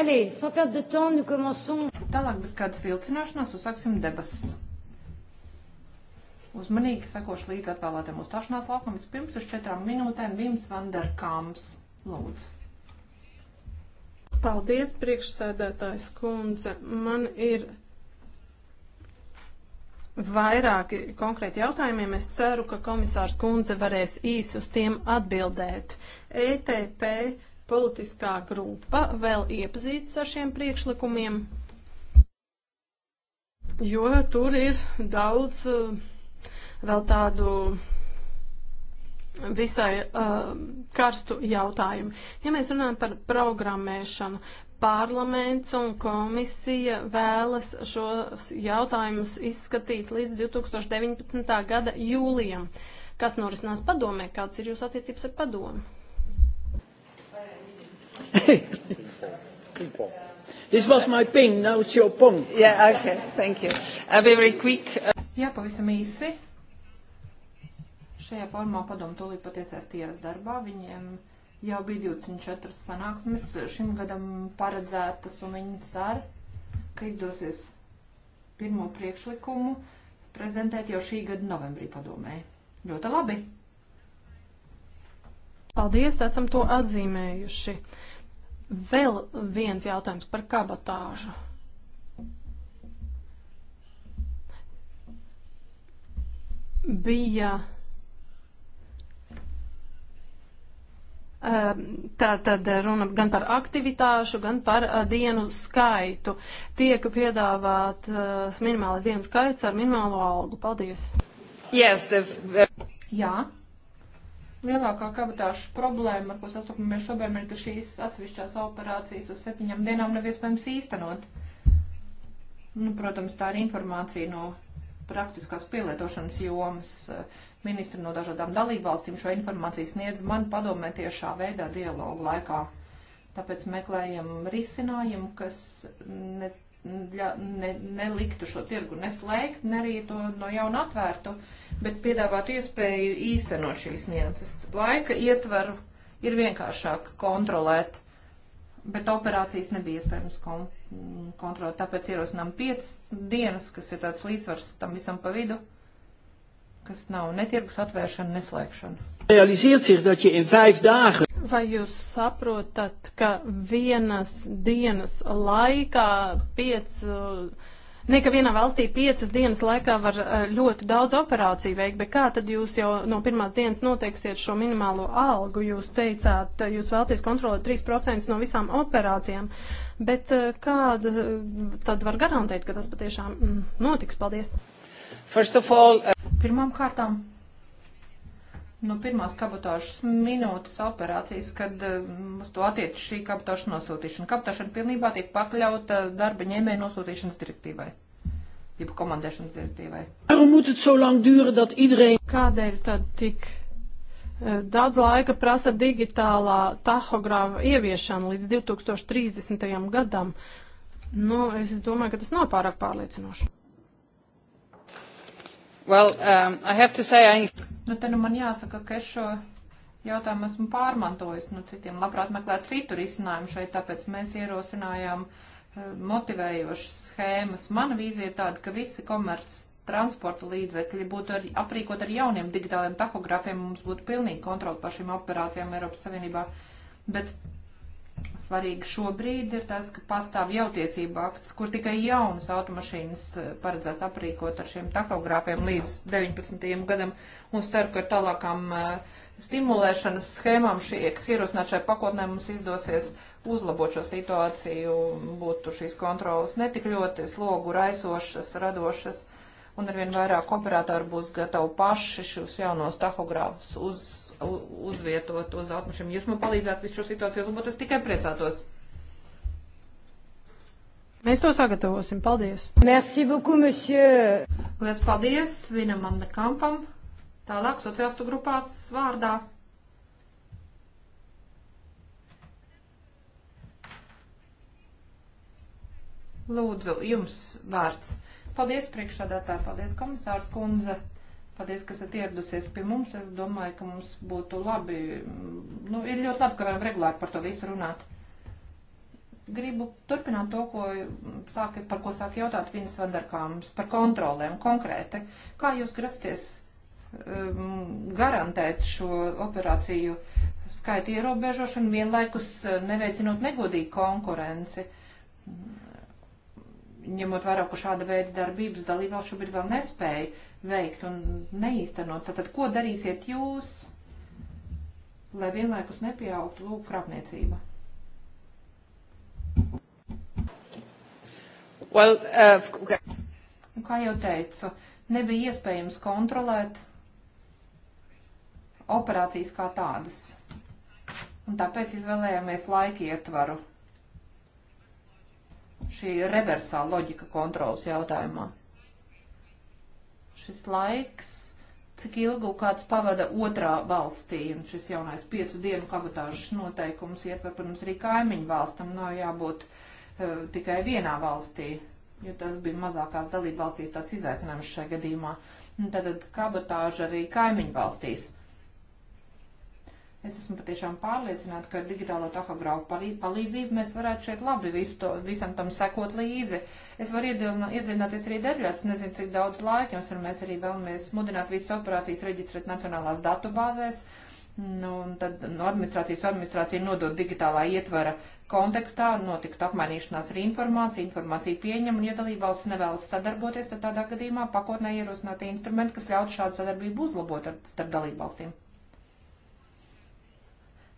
Allez, sans perdre de temps, nous commençons. Tālāk bez kādas vilcināšanās uzsāksim debasis. Uzmanīgi sakošu līdz atvēlētiem uzstāšanās laukam. Vispirms uz četrām minūtēm Vims Vanderkāms. Lūdzu. Paldies, priekšsēdētājs kundze. Man ir vairāki konkrēti jautājumiem. Es ceru, ka komisārs kundze varēs īsi uz tiem atbildēt. ETP Politiskā grupa vēl iepazīstas ar šiem priekšlikumiem, jo tur ir daudz eh, vēl tādu visai uh, karstu jautājumu. Ja mēs runājam par programmēšanu, parlaments un komisija vēlas šos jautājumus izskatīt līdz 2019. gada jūlijam. Kas norisinās padomē? Kāds ir jūsu attiecības ar padomu? ping pong. Ping pong. This was my ping, now it's your pong. Yeah, okay, thank you. I'll be very quick. Jā, pavisam īsi. Šajā formā padomu tūlīt pat iesaistījās darbā. Viņiem jau bija 24 sanāksmes šim gadam paredzētas, un viņi cer, ka izdosies pirmo priekšlikumu prezentēt jau šī gada novembrī padomē. Ļoti labi! Paldies, esam to atzīmējuši. Vēl viens jautājums par kabatāžu. Bija eh, Tā tad runa gan par aktivitāšu, gan par eh, dienu skaitu. Tiek piedāvāts eh, minimālais dienu skaits ar minimālo algu. Paldies! Yes, the... Jā, Lielākā kabatāšu problēma, ar ko sastopamies šobrīd, ir, ka šīs atsevišķās operācijas uz septiņām dienām nav iespējams īstenot. Nu, protams, tā ir informācija no praktiskās pielietošanas jomas. Ministri no dažādām dalībvalstīm šo informāciju sniedz man padomē tiešā veidā dialogu laikā. Tāpēc meklējam risinājumu, kas ne ne, neliktu šo tirgu neslēgt, ne arī to no jauna atvērtu, bet piedāvātu iespēju īstenot šīs nianses. Laika ietvaru ir vienkāršāk kontrolēt, bet operācijas nebija iespējams kon kontrolēt, tāpēc ierosinām piecas dienas, kas ir tāds līdzsvars tam visam pa vidu, kas nav ne tirgus atvēršana, neslēgšana. Realiseert zich dat je in vijf dagen Vai jūs saprotat, ka vienas dienas laikā piecu. Ne, ka vienā valstī piecas dienas laikā var eh, ļoti daudz operāciju veikt, bet kā tad jūs jau no pirmās dienas noteiksiet šo minimālo algu? Jūs teicāt, eh, jūs vēlties kontrolēt 3% no visām operācijām, bet eh, kāda tad var garantēt, ka tas patiešām mm, notiks? Paldies! All, uh... Pirmām kārtām no nu, pirmās kabatāžas minūtes operācijas, kad eh, uz to attiec šī kabatāžas nosūtīšana. Kabatāšana pilnībā tiek pakļauta darba ņēmēja nosūtīšanas direktīvai. Jeb komandēšanas direktīvai. Kādēļ tad tik eh, daudz laika prasa digitālā tahogrāfa ieviešana līdz 2030. gadam? Nu, es domāju, ka tas nav pārāk pārliecinoši. Well, um, I have to say I... Nu, te nu man jāsaka, ka es šo jautājumu esmu pārmantojis. Nu, citiem labprāt meklēt citu risinājumu šeit, tāpēc mēs ierosinājām eh, motivējošas schēmas. Mana vīzija ir tāda, ka visi komerces transporta līdzekļi būtu ar, aprīkot ar jauniem digitāliem tahogrāfiem, mums būtu pilnīgi kontroli par šīm operācijām Eiropas Savienībā. Bet Svarīgi šobrīd ir tas, ka pastāv jau tiesība akts, kur tikai jaunas automašīnas eh, paredzēts aprīkot ar šiem tahogrāfiem līdz 19. gadam. Un ceru, ka ar tālākām eh, stimulēšanas schēmām, šie, kas ierosināt šai pakotnē, mums izdosies uzlabot šo situāciju, būtu šīs kontrolas netik ļoti slogu raisošas, radošas, un arvien vairāk operatori būs gatavi paši šos jaunos tahogrāfus uz uzvietot uz automašīnu. Jūs man palīdzētu visu šo situāciju uzlabot, es tikai priecātos. Mēs to sagatavosim. Paldies! Merci beaucoup, monsieur! Lielas paldies Vinam Annekampam. Tālāk sociālistu grupās vārdā. Lūdzu, jums vārds. Paldies priekšsādātāji, paldies komisārs kundze. Paldies, ka esat ieradusies pie mums. Es domāju, ka mums būtu labi, nu, ir ļoti labi, ka varam regulāri par to visu runāt. Gribu turpināt to, ko sāka, par ko sāka jautāt Vinas Vandarkāms, par kontrolēm konkrēti. Kā jūs grasties um, garantēt šo operāciju skaita ierobežošanu, vienlaikus uh, neveicinot negodīgu konkurenci? ņemot vērā, ka šāda veida darbības dalībvalsts šobrīd vēl nespēja veikt un neīstenot. Tātad, ko darīsiet jūs, lai vienlaikus nepieaugtu lūk krāpniecība? Well, uh, Kā jau teicu, nebija iespējams kontrolēt operācijas kā tādas. Un tāpēc izvēlējāmies laika ietvaru šī reversā loģika kontrolas jautājumā. Šis laiks, cik ilgu kāds pavada otrā valstī, un šis jaunais piecu dienu kabatāžas noteikums ietver, protams, arī kaimiņu valstam, nav jābūt uh, tikai vienā valstī, jo tas bija mazākās dalība valstīs tāds izaicinājums šajā gadījumā. Un tad kabatāža arī kaimiņu valstīs. Es esmu patiešām pārliecināta, ka ar digitālo tahografu palīdzību mēs varētu šeit labi visu to, visam tam sekot līdzi. Es varu iedziļināties arī detaļās, nezinu, cik daudz laika jums, un mēs arī vēlamies mudināt visas operācijas reģistrēt nacionālās datubāzēs. Nu, un tad no nu, administrācijas administrācija nodot digitālā ietvara kontekstā, notikt apmainīšanās ar informāciju, informāciju pieņem, un ja dalībvalsts nevēlas sadarboties, tad tādā gadījumā pakotnē ierosinātie instrumenti, kas ļautu šādu sadarbību uzlabot ar, starp dalībvalstīm.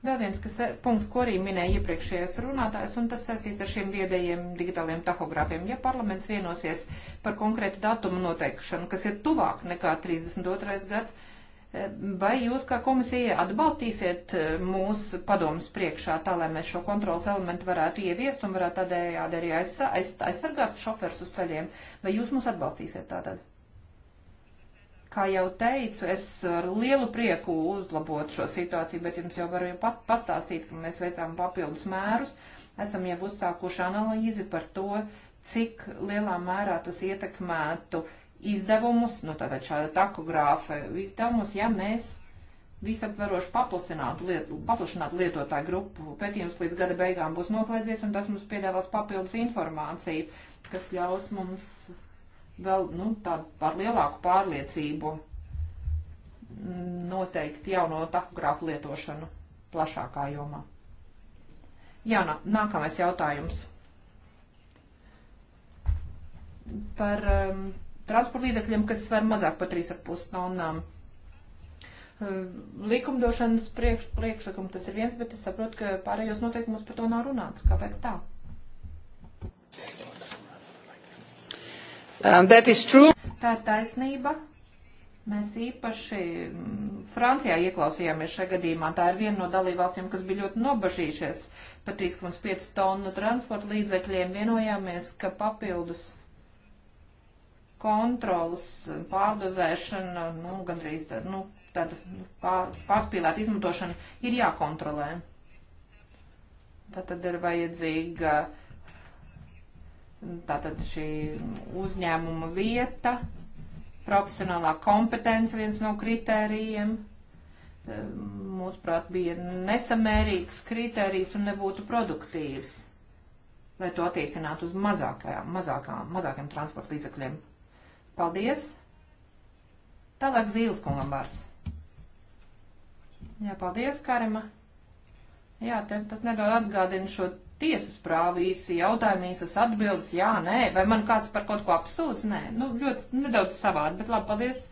Vēl viens kas, eh, punkts, ko arī minēja iepriekšējais runātājs, un tas saistīts ar šiem viedajiem digitāliem tahogrāfiem. Ja parlaments vienosies par konkrētu datumu noteikšanu, kas ir tuvāk nekā 32. gads, eh, vai jūs kā komisija atbalstīsiet eh, mūs padomus priekšā tā, lai mēs šo kontrols elementu varētu ieviest un varētu tādējādi arī aizsargāt šoferus uz ceļiem, vai jūs mūs atbalstīsiet tātad? Kā jau teicu, es ar lielu prieku uzlabotu šo situāciju, bet jums jau varu jau pat pastāstīt, ka mēs veicām papildus mērus. Esam jau uzsākuši analīzi par to, cik lielā mērā tas ietekmētu izdevumus, nu tātad šāda takogrāfa izdevumus, ja mēs visaptveroši paplašinātu, lietu, paplašinātu lietotāju grupu. Pētījums līdz gada beigām būs noslēdzies, un tas mums piedāvās papildus informāciju, kas ļaus mums vēl nu, tādu par lielāku pārliecību noteikti jauno tahografu lietošanu plašākā jomā. Jā, nā, nākamais jautājums. Par um, transporta līdzekļiem, kas sver mazāk par 3,5 tonnām. Um, likumdošanas priekš, priekšlikumu tas ir viens, bet es saprotu, ka pārējos noteikumos par to nav runāts. Kāpēc tā? Um, that is true. Tā ir taisnība. Mēs īpaši mm, Francijā ieklausījāmies šajā gadījumā. Tā ir viena no dalībvalstīm, kas bija ļoti nobažījušies par 3,5 tonu transporta līdzekļiem. Vienojāmies, ka papildus kontrolas pārdozēšana, nu, gandrīz tāda, nu, tāda pār, pārspīlēta izmantošana ir jākontrolē. Tad, tad ir vajadzīga uh, tātad šī uzņēmuma vieta, profesionālā kompetence viens no kritērijiem. Mūsuprāt, bija nesamērīgs kritērijs un nebūtu produktīvs, lai to attiecinātu uz mazākajām, mazākām, mazākiem transporta līdzakļiem. Paldies! Tālāk Zīles kungam vārds. Jā, paldies, Karima. Jā, te, tas nedaudz atgādina šo tiesas prāvu īsi jautājumi, īsas atbildes, jā, nē, vai man kāds par kaut ko apsūdz, nē, nu, ļoti nedaudz savādi, bet labi, paldies,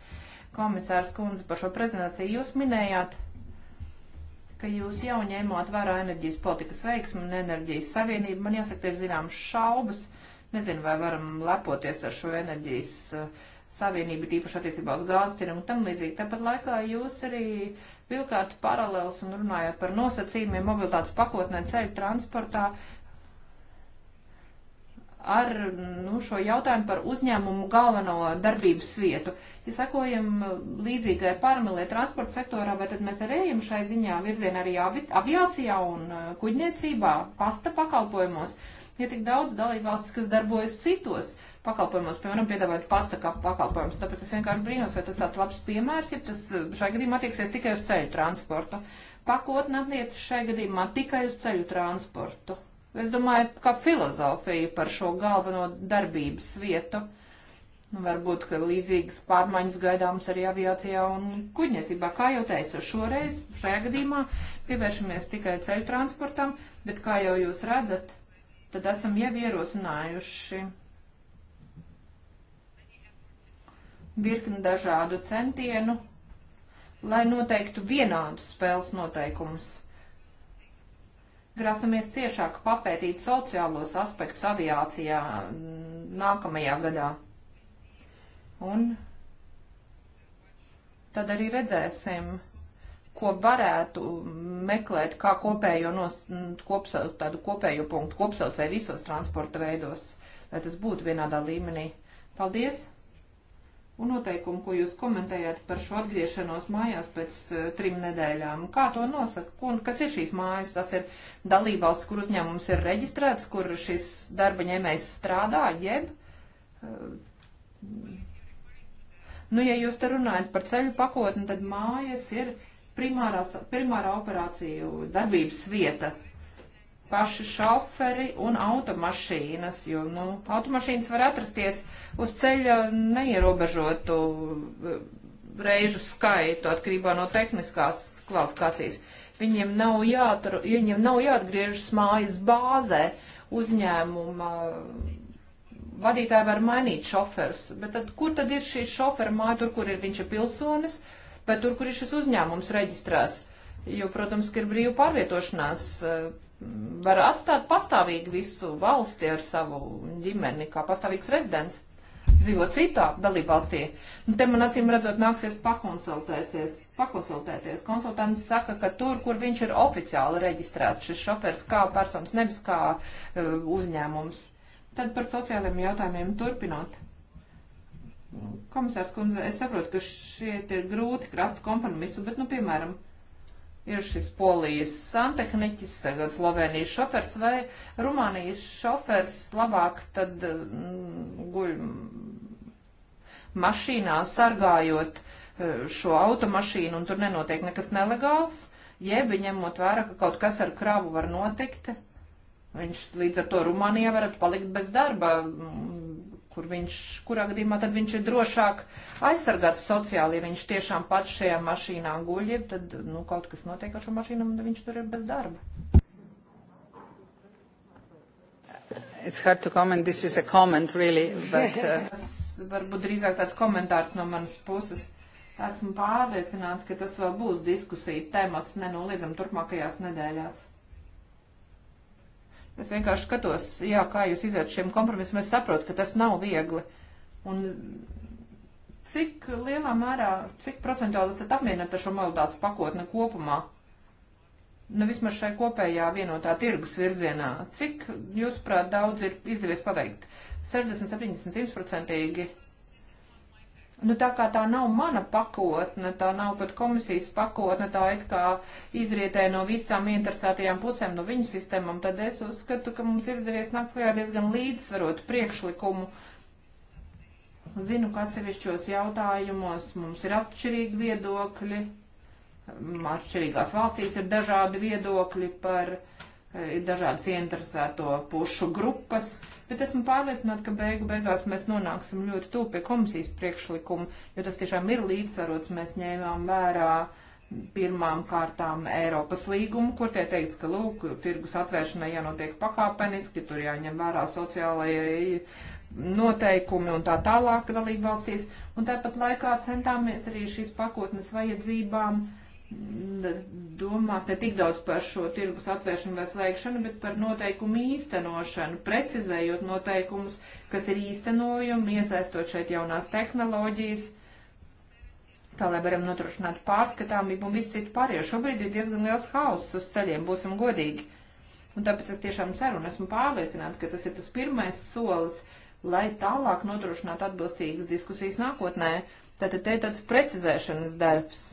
komisārs kundze, par šo prezentāciju. Jūs minējāt, ka jūs jau ņēmāt vērā enerģijas politikas veiksmu un enerģijas savienību. Man jāsaka, ir zināmas šaubas, nezinu, vai varam lepoties ar šo enerģijas uh, Savienība, tīpaši attiecībā uz gāzes cenām un tam līdzīgi. Tāpat laikā jūs arī vilkāt paralēlus un runājāt par nosacījumiem mobilitātes pakotnē ceļu transportā ar nu, šo jautājumu par uzņēmumu galveno darbības vietu. Ja sakojam līdzīgai paramilie transporta sektorā, vai tad mēs arī ejam šai ziņā virzienā arī avi, aviācijā un uh, kuģniecībā, pasta pakalpojumos? Uh, ir tik daudz dalībvalstis, kas darbojas citos pakalpojumos, piemēram, piedāvājot pasta pakalpojumus. Tāpēc es vienkārši brīnos, vai tas tāds labs piemērs, ja tas eh, šai gadījumā attieksies tikai uz ceļu transportu. Pakotne attiec šai gadījumā tikai uz ceļu transportu. Es domāju, kā filozofija par šo galveno darbības vietu. Nu, varbūt, ka līdzīgas pārmaiņas gaidāmas arī aviācijā un kuģniecībā. Kā jau teicu, šoreiz, šajā gadījumā pievēršamies tikai ceļu transportam, bet kā jau jūs redzat, tad esam jau ierosinājuši virkni dažādu centienu, lai noteiktu vienādus spēles noteikumus. Grasamies ciešāk papētīt sociālos aspektus aviācijā nākamajā gadā. Un tad arī redzēsim, ko varētu meklēt kā kopējo nos, kopsauc, tādu kopējo punktu, kopsaucēju visos transporta veidos, lai tas būtu vienādā līmenī. Paldies! Un noteikumu, ko jūs komentējāt par šo atgriešanos mājās pēc uh, trim nedēļām, kā to nosaka? Ko, kas ir šīs mājas? Tas ir dalībvalsts, kur uzņēmums ir reģistrēts, kur šis darba ņēmējs strādā, jeb. Uh, nu, ja jūs te runājat par ceļu pakotni, tad mājas ir primārās, primārā operāciju darbības vieta paši šoferi un automašīnas, jo nu, automašīnas var atrasties uz ceļa neierobežotu eh, reižu skaitu atkarībā no tehniskās kvalifikācijas. Viņiem nav, jāatru, viņiem nav jāatgriežas mājas bāzē uzņēmuma. Vadītāji var mainīt šoferus, bet tad, kur tad ir šī šofera māja, tur, kur ir viņš ir pilsonis, uh, vai tur, kur ir šis uzņēmums reģistrēts. Jo, protams, ka ir brīva pārvietošanās, eh, var atstāt pastāvīgi visu valsti ar savu ģimeni, kā pastāvīgs rezidents, dzīvo citā dalībvalstī. Nu, te man acīm redzot nāksies pakonsultēties. pakonsultēties. Konsultants saka, ka tur, kur viņš ir oficiāli reģistrēts, šis šofers kā personas, nevis kā uh, uzņēmums. Tad par sociālajiem jautājumiem turpinot. Komisārs kundze, es saprotu, ka šeit ir grūti krast kompromisu, bet, nu, piemēram, ir šis polijas santehniķis, tagad Slovenijas šofers vai Rumānijas šofers, labāk tad mm, guļ mašīnā sargājot e, šo automašīnu un tur nenotiek nekas nelegāls, jeb ņemot vērā, ka kaut kas ar kravu var notikt. Viņš līdz ar to Rumānijā varat palikt bez darba, kur viņš, kurā gadījumā tad viņš ir drošāk aizsargāts sociāli, ja viņš tiešām pats šajā mašīnā guļ, tad, nu, kaut kas notiek ar šo mašīnu, un viņš tur ir bez darba. It's hard to comment, this is a comment, really, but... Uh... Tas varbūt drīzāk tāds komentārs no manas puses. Esmu pārliecināts, ka tas vēl būs diskusija temats nenoliedzam turpmākajās nedēļās. Es vienkārši skatos, jā, kā jūs iziet šiem kompromisiem. Es saprotu, ka tas nav viegli. Un cik lielā mērā, cik procentuāli esat apmierināti ar šo mobilitātes pakotni kopumā? Nu, vismaz šai kopējā vienotā tirgus virzienā. Cik, jūsuprāt, daudz ir izdevies paveikt? 60, 70, 100 procentīgi Nu, tā kā tā nav mana pakotne, tā nav pat komisijas pakotne, tā it kā izrietē no visām interesētajām pusēm, no viņu sistēmām, tad es uzskatu, ka mums ir devies nākt klajā diezgan līdzsvarot priekšlikumu. Zinu, ka atsevišķos jautājumos mums ir atšķirīgi viedokļi, atšķirīgās valstīs ir dažādi viedokļi par uh, Eh, ir dažādas ieinteresēto pušu grupas, bet esmu pārliecināta, ka beigu beigās mēs nonāksim ļoti tuvu pie komisijas priekšlikuma, jo tas tiešām ir līdzsvarots. Mēs ņēmām vērā pirmām kārtām Eiropas līgumu, kur tie teikts, ka lūk, tirgus atvēršanai jānotiek pakāpeniski, tur jāņem vērā sociālajie noteikumi un tā tālāk dalību valstīs, un tāpat laikā centāmies arī šīs pakotnes vajadzībām uh, domāt ne tik daudz par šo tirgus atvēršanu vai slēgšanu, bet par noteikumu īstenošanu, precizējot noteikumus, kas ir īstenojumi, iesaistot šeit jaunās tehnoloģijas, tā lai varam nodrošināt pārskatāmību un viss citu pārējo. Šobrīd ir diezgan liels hauss uz ceļiem, būsim godīgi. Un tāpēc es tiešām ceru un esmu pārliecināta, ka tas ir tas pirmais solis, lai tālāk nodrošinātu atbilstīgas diskusijas nākotnē. Tātad te ir tāds precizēšanas darbs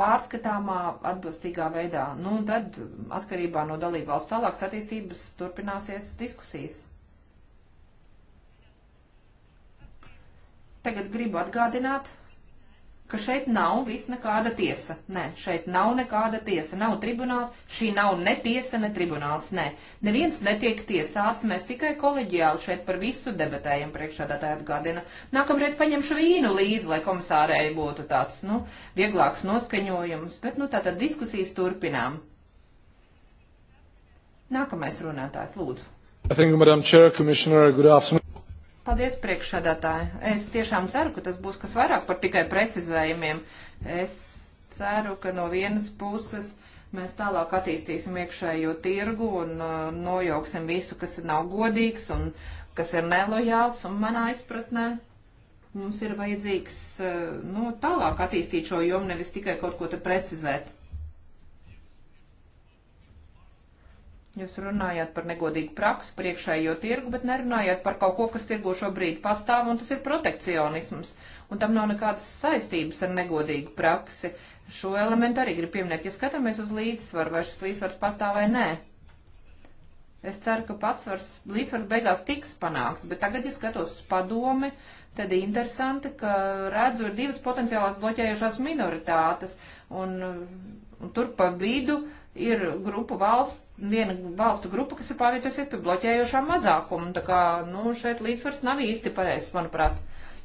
pārskatāmā, atbilstīgā veidā. Nu, un tad, atkarībā no dalību valsts tālākas attīstības, turpināsies diskusijas. Tagad gribu atgādināt, ka šeit nav viss nekāda tiesa. Nē, šeit nav nekāda tiesa, nav tribunāls, šī nav ne tiesa, ne tribunāls, nē. Neviens netiek tiesāts, mēs tikai koleģiāli šeit par visu debatējam priekšādātāju atgādina. Nākamreiz paņemšu vīnu līdzi, lai komisārēji būtu tāds, nu, vieglāks noskaņojums, bet, nu, tātad diskusijas turpinām. Nākamais runātājs, lūdzu. Thank you, Madam Chair, Commissioner, good afternoon. Paldies, priekšsēdētāji. Es tiešām ceru, ka tas būs kas vairāk par tikai precizējumiem. Es ceru, ka no vienas puses mēs tālāk attīstīsim iekšējo tirgu un uh, nojauksim visu, kas nav godīgs un kas ir nelojāls. Un manā izpratnē mums ir vajadzīgs uh, nu, tālāk attīstīt šo jomu, nevis tikai kaut ko te precizēt. Jūs runājāt par negodīgu praksu priekšējo tirgu, bet nerunājāt par kaut ko, kas tirgo šobrīd pastāv, un tas ir protekcionisms. Un tam nav nekādas saistības ar negodīgu praksi. Šo elementu arī gribu pieminēt. Ja skatāmies uz līdzsvaru, vai šis līdzsvars pastāv vai nē, es ceru, ka pats vars, līdzsvars beigās tiks panākts. Bet tagad, ja skatos uz padomi, tad interesanti, ka redzu ir divas potenciālās bloķējušās minoritātes, un, un tur pa vidu ir grupu valsts, viena valstu grupa, kas ir pārvietojusies pie bloķējošā mazākuma. Tā kā, nu, šeit līdzsvars nav īsti pareizs, manuprāt.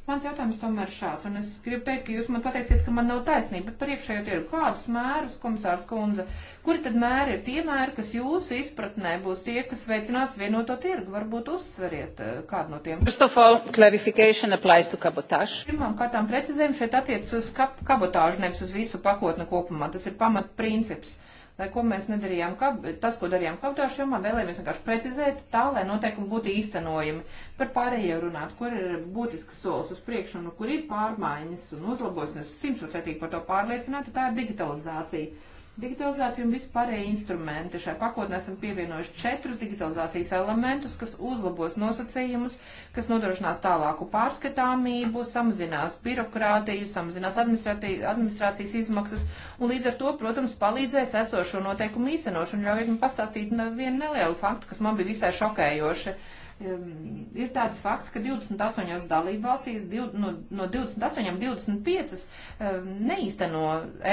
Mans jautājums tomēr šāds, un es gribu teikt, ka jūs man pateiksiet, ka man nav taisnība, bet par iekšējo tirgu kādus mērus, komisārs kundze, kuri tad mēri ir tie mēri, kas jūsu izpratnē būs tie, kas veicinās vienoto tirgu, varbūt uzsveriet eh, kādu no tiem. First of all, clarification applies to kabotāšu. Pirmām kārtām precizējumu šeit attiec uz kab kabotāžu, nevis uz visu pakotni kopumā, tas ir pamatprincips. princips Lai ko mēs nedarījām, kab, tas, ko darījām kapitāšu jomā, vēlējamies vienkārši precizēt tā, lai noteikumi būtu īstenojami. Par pārējiem runāt, kur ir būtisks solis uz priekšu un kur ir pārmaiņas un uzlabošanas, simtprocentīgi par to pārliecināti, tā ir digitalizācija Digitalizācija un vispārējie instrumenti. Šai pakotnē esam pievienojuši četrus digitalizācijas elementus, kas uzlabos nosacījumus, kas nodrošinās tālāku pārskatāmību, samazinās birokrātiju, samazinās administrācijas izmaksas un līdz ar to, protams, palīdzēs esošo noteikumu īstenošanu. Ļaujiet man pastāstīt vienu nelielu faktu, kas man bija visai šokējoši. Uh, um, ir tāds fakts, ka 28 dalību valstīs div, no, no 28 25 um, neīsteno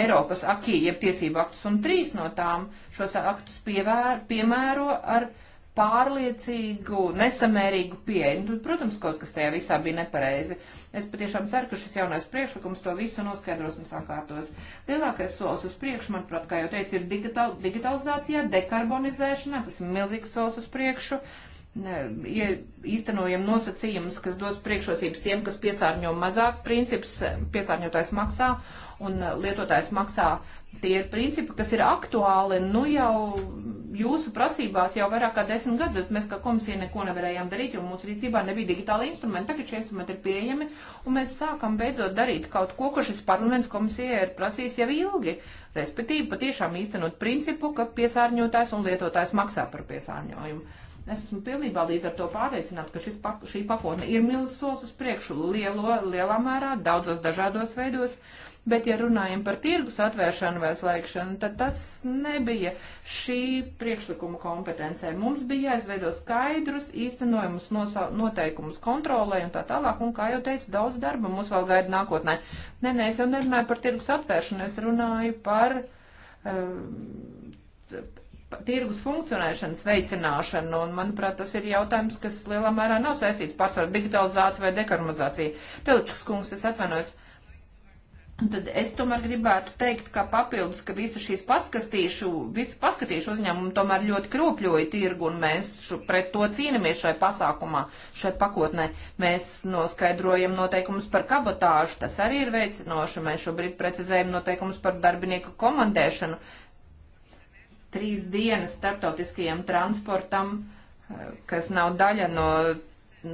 Eiropas akī, jeb tiesību aktus, un trīs no tām šos aktus pievēr, piemēro ar pārliecīgu, nesamērīgu pieeju. Nu, protams, kaut kas tajā visā bija nepareizi. Es patiešām ceru, ka šis jaunais priekšlikums to visu noskaidros un sakārtos. Lielākais solis uz priekšu, manuprāt, kā jau teicu, ir digital, digitalizācijā, dekarbonizēšanā. Tas ir milzīgs solis uz priekšu. Uh, ja īstenojam nosacījumus, kas dos priekšrocības tiem, kas piesārņo mazāk. Princips piesārņotājs maksā un uh, lietotājs maksā. Tie ir principi, kas ir aktuāli, nu jau jūsu prasībās jau vairāk kā desmit gadus, bet mēs kā komisija neko nevarējām darīt, jo mūsu rīcībā nebija digitāla instrumenta. Tagad šie instrumenti ir pieejami, un mēs sākam beidzot darīt kaut ko, ko šis parlaments komisijai ir prasījis jau ilgi. Respektīvi, patiešām īstenot principu, ka piesārņotājs un lietotājs maksā par piesārņojumu Es esmu pilnībā līdz ar to pārliecināta, ka šis, pak šī pakotne ir milzīgs solis uz priekšu lielo, lielā mērā, daudzos dažādos veidos. Bet, ja runājam par tirgus atvēršanu vai slēgšanu, tad tas nebija šī priekšlikuma kompetencē. Mums bija jāizveido skaidrus īstenojumus, noteikumus kontrolē un tā tālāk, un, kā jau teicu, daudz darba mūs vēl gaida nākotnē. Nē, nē, es jau nerunāju par tirgus atvēršanu, es runāju par. Uh, tirgus funkcionēšanas veicināšanu, un, manuprāt, tas ir jautājums, kas lielā mērā nav saistīts pārsvaru digitalizāciju vai dekarmazāciju. Teličkas kungs, es atvainojos. Tad es tomēr gribētu teikt, ka papildus, ka visa šīs paskatīšu, visi paskatīšu uzņēmumi tomēr ļoti kropļoja tirgu, un mēs šo, pret to cīnamies šai pasākumā, šai pakotnē. Mēs noskaidrojam noteikumus par kabotāžu, tas arī ir veicinoši, mēs šobrīd precizējam noteikumus par darbinieku komandēšanu trīs dienas starptautiskajam transportam, eh, kas nav daļa no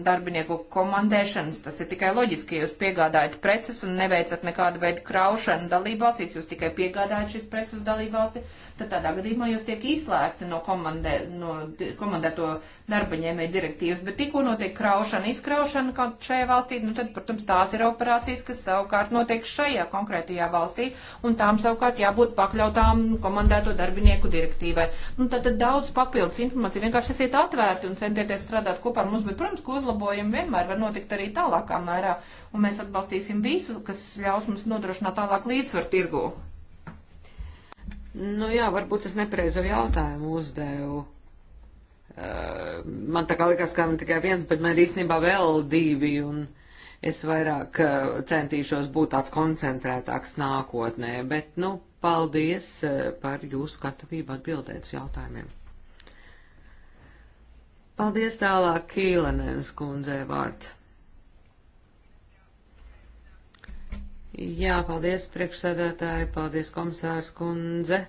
darbinieku komandēšanas. Tas ir tikai loģiski, ja jūs piegādājat preces un neveicat nekādu veidu kraušanu dalībvalstīs, jūs tikai piegādājat šīs preces dalībvalsti, tad tādā gadījumā jūs tiek izslēgti no, komandē, no komandēto darba ņēmēja direktīvas. Bet tikko notiek kraušana, izkraušana kaut šajā valstī, nu tad, protams, tās ir operācijas, kas savukārt notiek šajā konkrētajā valstī, un tām savukārt jābūt pakļautām komandēto darbinieku direktīvai. Nu, tad, tad daudz papildus informācija vienkārši esiet atvērti un centieties strādāt kopā ar mums, bet, protams, ka uzlabojumi vienmēr var notikt arī tālākā mērā, un mēs atbalstīsim visu, kas ļaus mums nodrošināt tālāk līdzsvaru tirgu. Nu jā, varbūt es nepareizo jautājumu uzdevu. Uh, man tā kā likās, ka man tikai viens, bet man ir īstenībā vēl divi, un es vairāk uh, centīšos būt tāds koncentrētāks nākotnē. Bet, nu, paldies uh, par jūsu gatavību atbildēt uz jautājumiem. Paldies tālāk Kīlenēnas kundzei vārds. Jā, paldies priekšsēdētāji, paldies komisārs kundze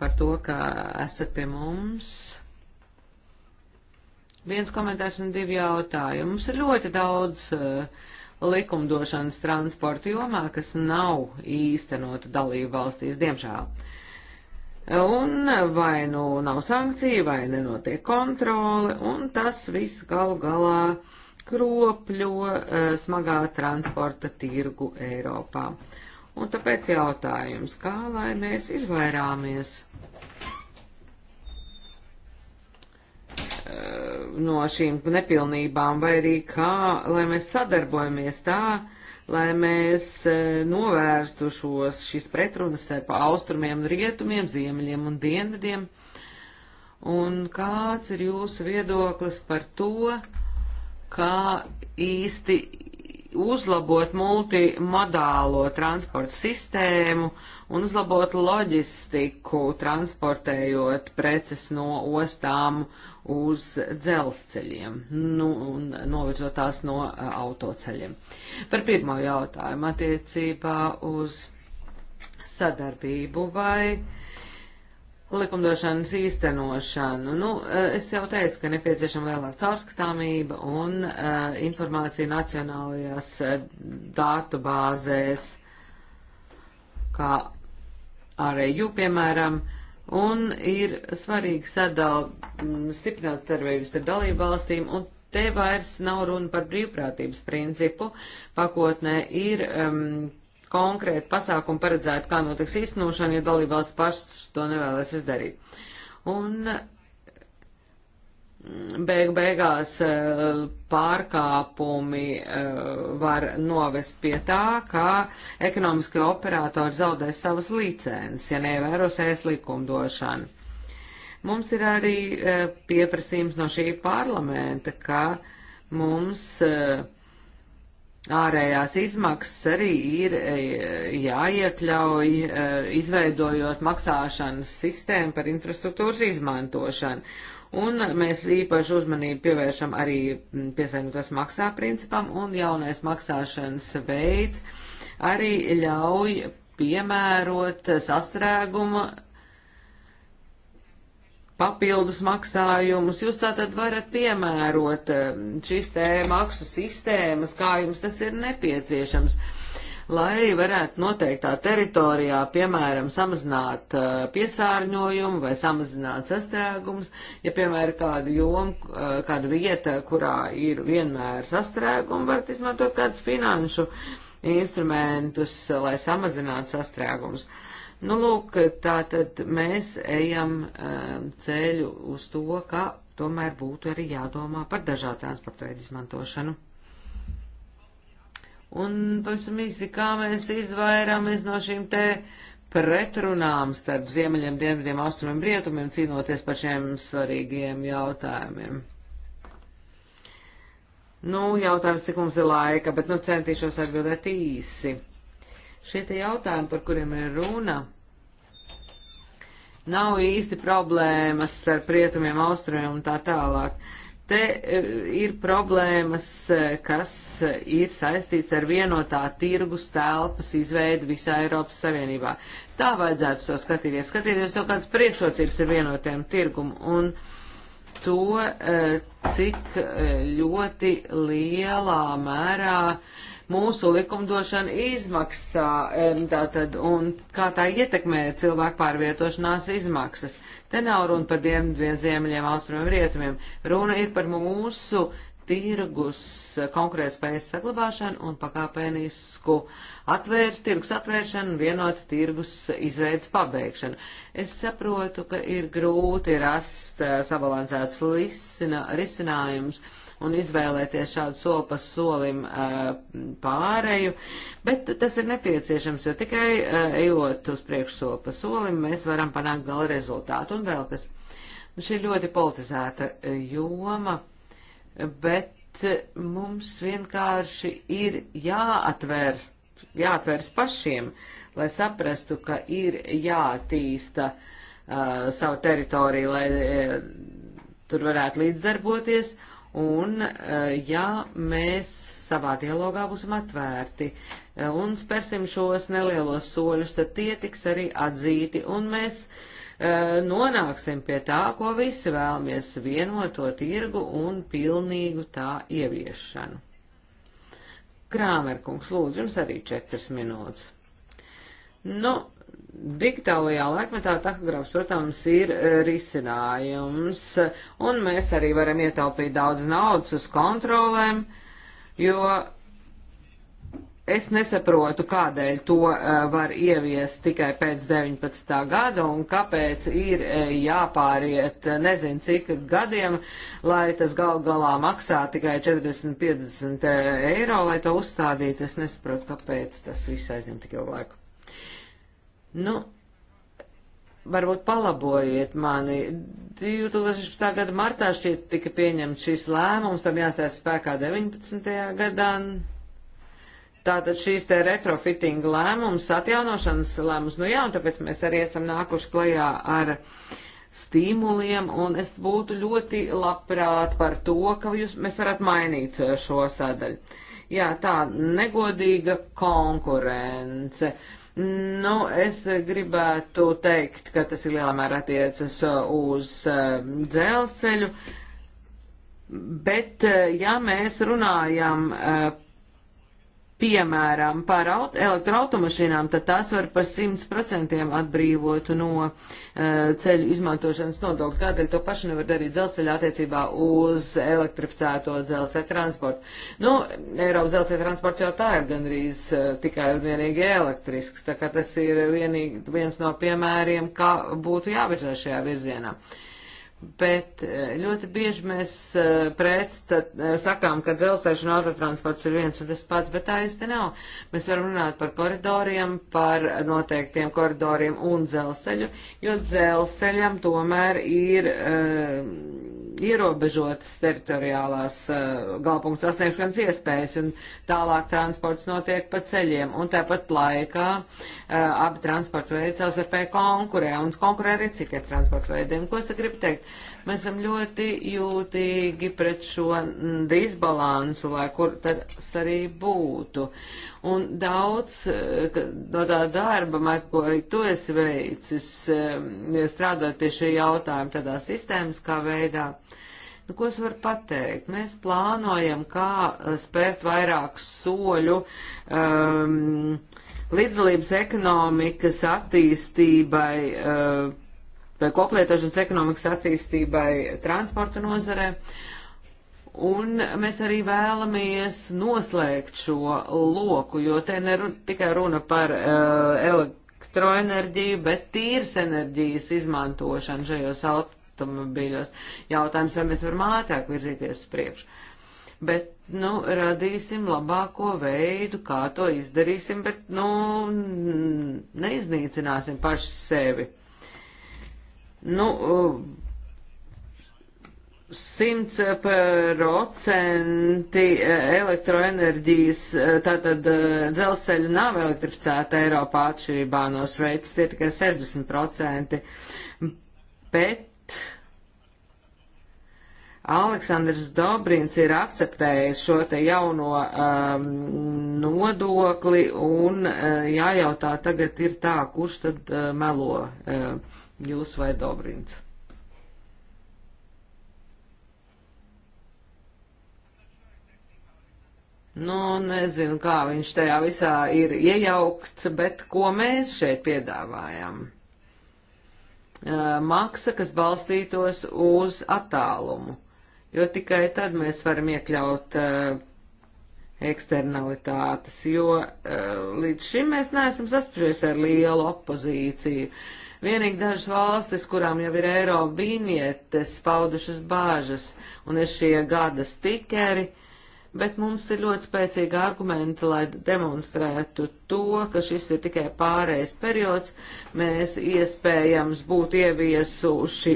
par to, ka esat pie mums. Viens komentārs un divi jautājumi. Mums ir ļoti daudz uh, likumdošanas transporta jomā, kas nav īstenota dalību valstīs, diemžēl. Un vai nu nav sankcija, vai nenotiek kontrole, un tas viss galu galā uh, kropļo eh, smagā transporta tirgu Eiropā. Un tāpēc jautājums, kā lai mēs izvairāmies eh, no šīm nepilnībām, vai arī kā, lai mēs sadarbojamies tā, lai mēs eh, novērstu šos, šīs pretrunas starp austrumiem un rietumiem, ziemeļiem un dienvidiem. Un kāds ir jūsu viedoklis par to, kā īsti uzlabot multimodālo transportu sistēmu un uzlabot loģistiku, transportējot preces no ostām uz dzelzceļiem, nu, un novirzot tās no autoceļiem. Par pirmo jautājumu attiecībā uz sadarbību vai likumdošanas īstenošanu. Nu, eh, es jau teicu, ka nepieciešama lielāka caurskatāmība un uh, informācija nacionālajās uh, eh, dātu bāzēs, kā ārēju, piemēram, un ir svarīgi sadal mm, stiprināt starpības ar dalību valstīm, un te vairs nav runa par brīvprātības principu. Pakotnē ir um, konkrēti pasākumi paredzēti, kā notiks īstenošana, ja dalībvalsts pašs to nevēlas izdarīt. Un mm, beigu beigās eh, pārkāpumi eh, var novest pie tā, ka ekonomiskie operatori zaudēs savas licences, ja neievērosies likumdošanu. Mums ir arī eh, pieprasījums no šī parlamenta, ka mums uh, Ārējās izmaksas arī ir e, jāiekļauj, e, izveidojot maksāšanas sistēmu par infrastruktūras izmantošanu. Un mēs īpaši uzmanību pievēršam arī piesaimnietos maksā principam, un jaunais maksāšanas veids arī ļauj piemērot sastrēguma papildus maksājumus. Jūs tātad varat piemērot eh, šīs te maksu sistēmas, kā jums tas ir nepieciešams, lai varētu noteiktā teritorijā, piemēram, samazināt eh, piesārņojumu vai samazināt sastrēgumus. Ja, piemēram, kāda joma, eh, kāda vieta, kurā ir vienmēr sastrēgumi, varat izmantot kādus finanšu instrumentus, lai samazinātu sastrēgumus. Uh, Nu, lūk, tā tad mēs ejam um, ceļu uz to, ka tomēr būtu arī jādomā par dažādu transporta veidu izmantošanu. Un pavisam īsi, kā mēs izvairāmies no šīm te pretrunām starp ziemeļiem, dienvidiem, austrumiem, rietumiem, cīnoties par šiem svarīgiem jautājumiem. Nu, jautājums, cik mums ir laika, bet nu centīšos atbildēt īsi. Šie te jautājumi, par kuriem ir runa, Nav īsti problēmas starp rietumiem, austrumiem un tā tālāk. Te e, ir problēmas, e, kas ir saistīts ar vienotā tirgus telpas izveidu visā Eiropas Savienībā. Tā vajadzētu to skatīties. Skatīties to, kādas priekšrocības ir vienotiem tirgumu un to, e, cik ļoti lielā mērā uh, mūsu likumdošana izmaksā, tātad, un kā tā ietekmē cilvēku pārvietošanās izmaksas. Te nav runa par dienvidiem, ziemeļiem, austrumiem, rietumiem. Runa ir par mūsu tirgus konkurētspējas saglabāšanu un pakāpenisku atvēr, tirgus atvēršanu un vienotu tirgus izveidas pabeigšanu. Es saprotu, ka ir grūti rast eh, sabalansētus risinājumus. Risina, un izvēlēties šādu soli pa solim eh, pāreju, bet tas ir nepieciešams, jo tikai eh, ejot uz priekšu soli pa solim, mēs varam panākt gala rezultātu un vēl kas. Un šī ir ļoti politizēta eh, joma, bet mums vienkārši ir jāatver, jāatveras pašiem, lai saprastu, ka ir jātīsta uh, savu teritoriju, lai uh, tur varētu līdzdarboties. Uh, Un, eh, ja mēs savā dialogā būsim atvērti eh, un spērsim šos nelielos soļus, tad tie tiks arī atzīti un mēs eh, nonāksim pie tā, ko visi vēlamies - vienoto tirgu un pilnīgu tā ieviešanu. Krāmerkungs, lūdzu, jums arī četras minūtes. Nu, digitālajā laikmetā tahogrāfs, protams, ir e, risinājums, un mēs arī varam ietaupīt daudz naudas uz kontrolēm, jo es nesaprotu, kādēļ to e, var ieviest tikai pēc 19. gada un kāpēc ir e, jāpāriet nezin cik gadiem, lai tas gal galā maksā tikai 40-50 eiro, lai to uzstādītu. Es nesaprotu, kāpēc tas viss aizņem tik ilgu laiku. Nu, varbūt palabojiet mani. 2016. gada martā šķiet tika pieņemts šis lēmums, tam jāstājas spēkā 19. gadā. Tātad šīs te retrofitting lēmums, atjaunošanas lēmums, nu jā, un tāpēc mēs arī esam nākuši klajā ar stimuliem, un es būtu ļoti labprāt par to, ka jūs, mēs varat mainīt šo sadaļu. Jā, tā negodīga konkurence. Uh, Nu, es gribētu teikt, ka tas ir lielā mērā attiecas uz eh, dzelzceļu, bet eh, ja mēs runājam eh, piemēram, par aut elektroautomašīnām, tad tās var par 100% atbrīvot no uh, ceļu izmantošanas nodokļa. Kādēļ to pašu nevar darīt dzelzceļa attiecībā uz elektrificēto dzelzceļa transportu? Nu, Eiropas dzelzceļa transports jau tā ir gandrīz uh, tikai un vienīgi elektrisks, tā kā tas ir vienīgi, viens no piemēriem, kā būtu jāvirzās šajā virzienā. Uh, Bet eh, ļoti bieži mēs eh, pretstat, eh, sakām, ka dzelzceļš un autotransports ir viens un tas pats, bet tā īsti nav. Mēs varam runāt par koridoriem, par noteiktiem koridoriem un dzelzceļu, jo dzelzceļam tomēr ir uh, ierobežotas teritoriālās uh, galpunktu sasniegšanas iespējas, un tālāk transports notiek pa ceļiem, un tāpat laikā uh, abi transporta veidi savstarpēji konkurē, un konkurē arī citiem transporta veidiem. Ko es te gribu teikt? Mēs esam ļoti jūtīgi pret šo disbalansu, lai kur tas arī būtu. Un daudz no tā darba, ko tu esi veicis, strādājot pie šī jautājuma tādā sistēmiskā veidā, Nu, ko es varu pateikt? Mēs plānojam, kā spērt vairāk soļu um, līdzdalības ekonomikas attīstībai uh, koplietošanas ekonomikas attīstībai transporta nozarē. Un mēs arī vēlamies noslēgt šo loku, jo te ne tikai runa par uh, elektroenerģiju, bet tīras enerģijas izmantošanu šajos automobīļos. Jautājums, vai mēs varam ātrāk virzīties uz priekšu. Bet, nu, radīsim labāko veidu, kā to izdarīsim, bet, nu, neiznīcināsim paši sevi. Nu, uh, simts procenti uh, elektroenerģijas, uh, tātad dzelzceļu nav elektrificēta Eiropā atšķirībā no Šveices, tie tikai 60 procenti. Bet Aleksandrs Dobrins ir akceptējis šo te jauno um, nodokli un uh, jājautā tagad ir tā, kurš tad uh, melo. Uh, jūs vai Dobrins. Nu, nezinu, kā viņš tajā visā ir iejaukts, bet ko mēs šeit piedāvājam? Maksa, kas balstītos uz attālumu, jo tikai tad mēs varam iekļaut eksternalitātes, jo līdz šim mēs neesam saspriešies ar lielu opozīciju. Uh, Vienīgi dažas valstis, kurām jau ir eiro vinietes, paudušas bāžas un ir šie gada stikeri, bet mums ir ļoti spēcīgi argumenti, lai demonstrētu to, ka šis ir tikai pārējais periods. Mēs iespējams būtu ieviesuši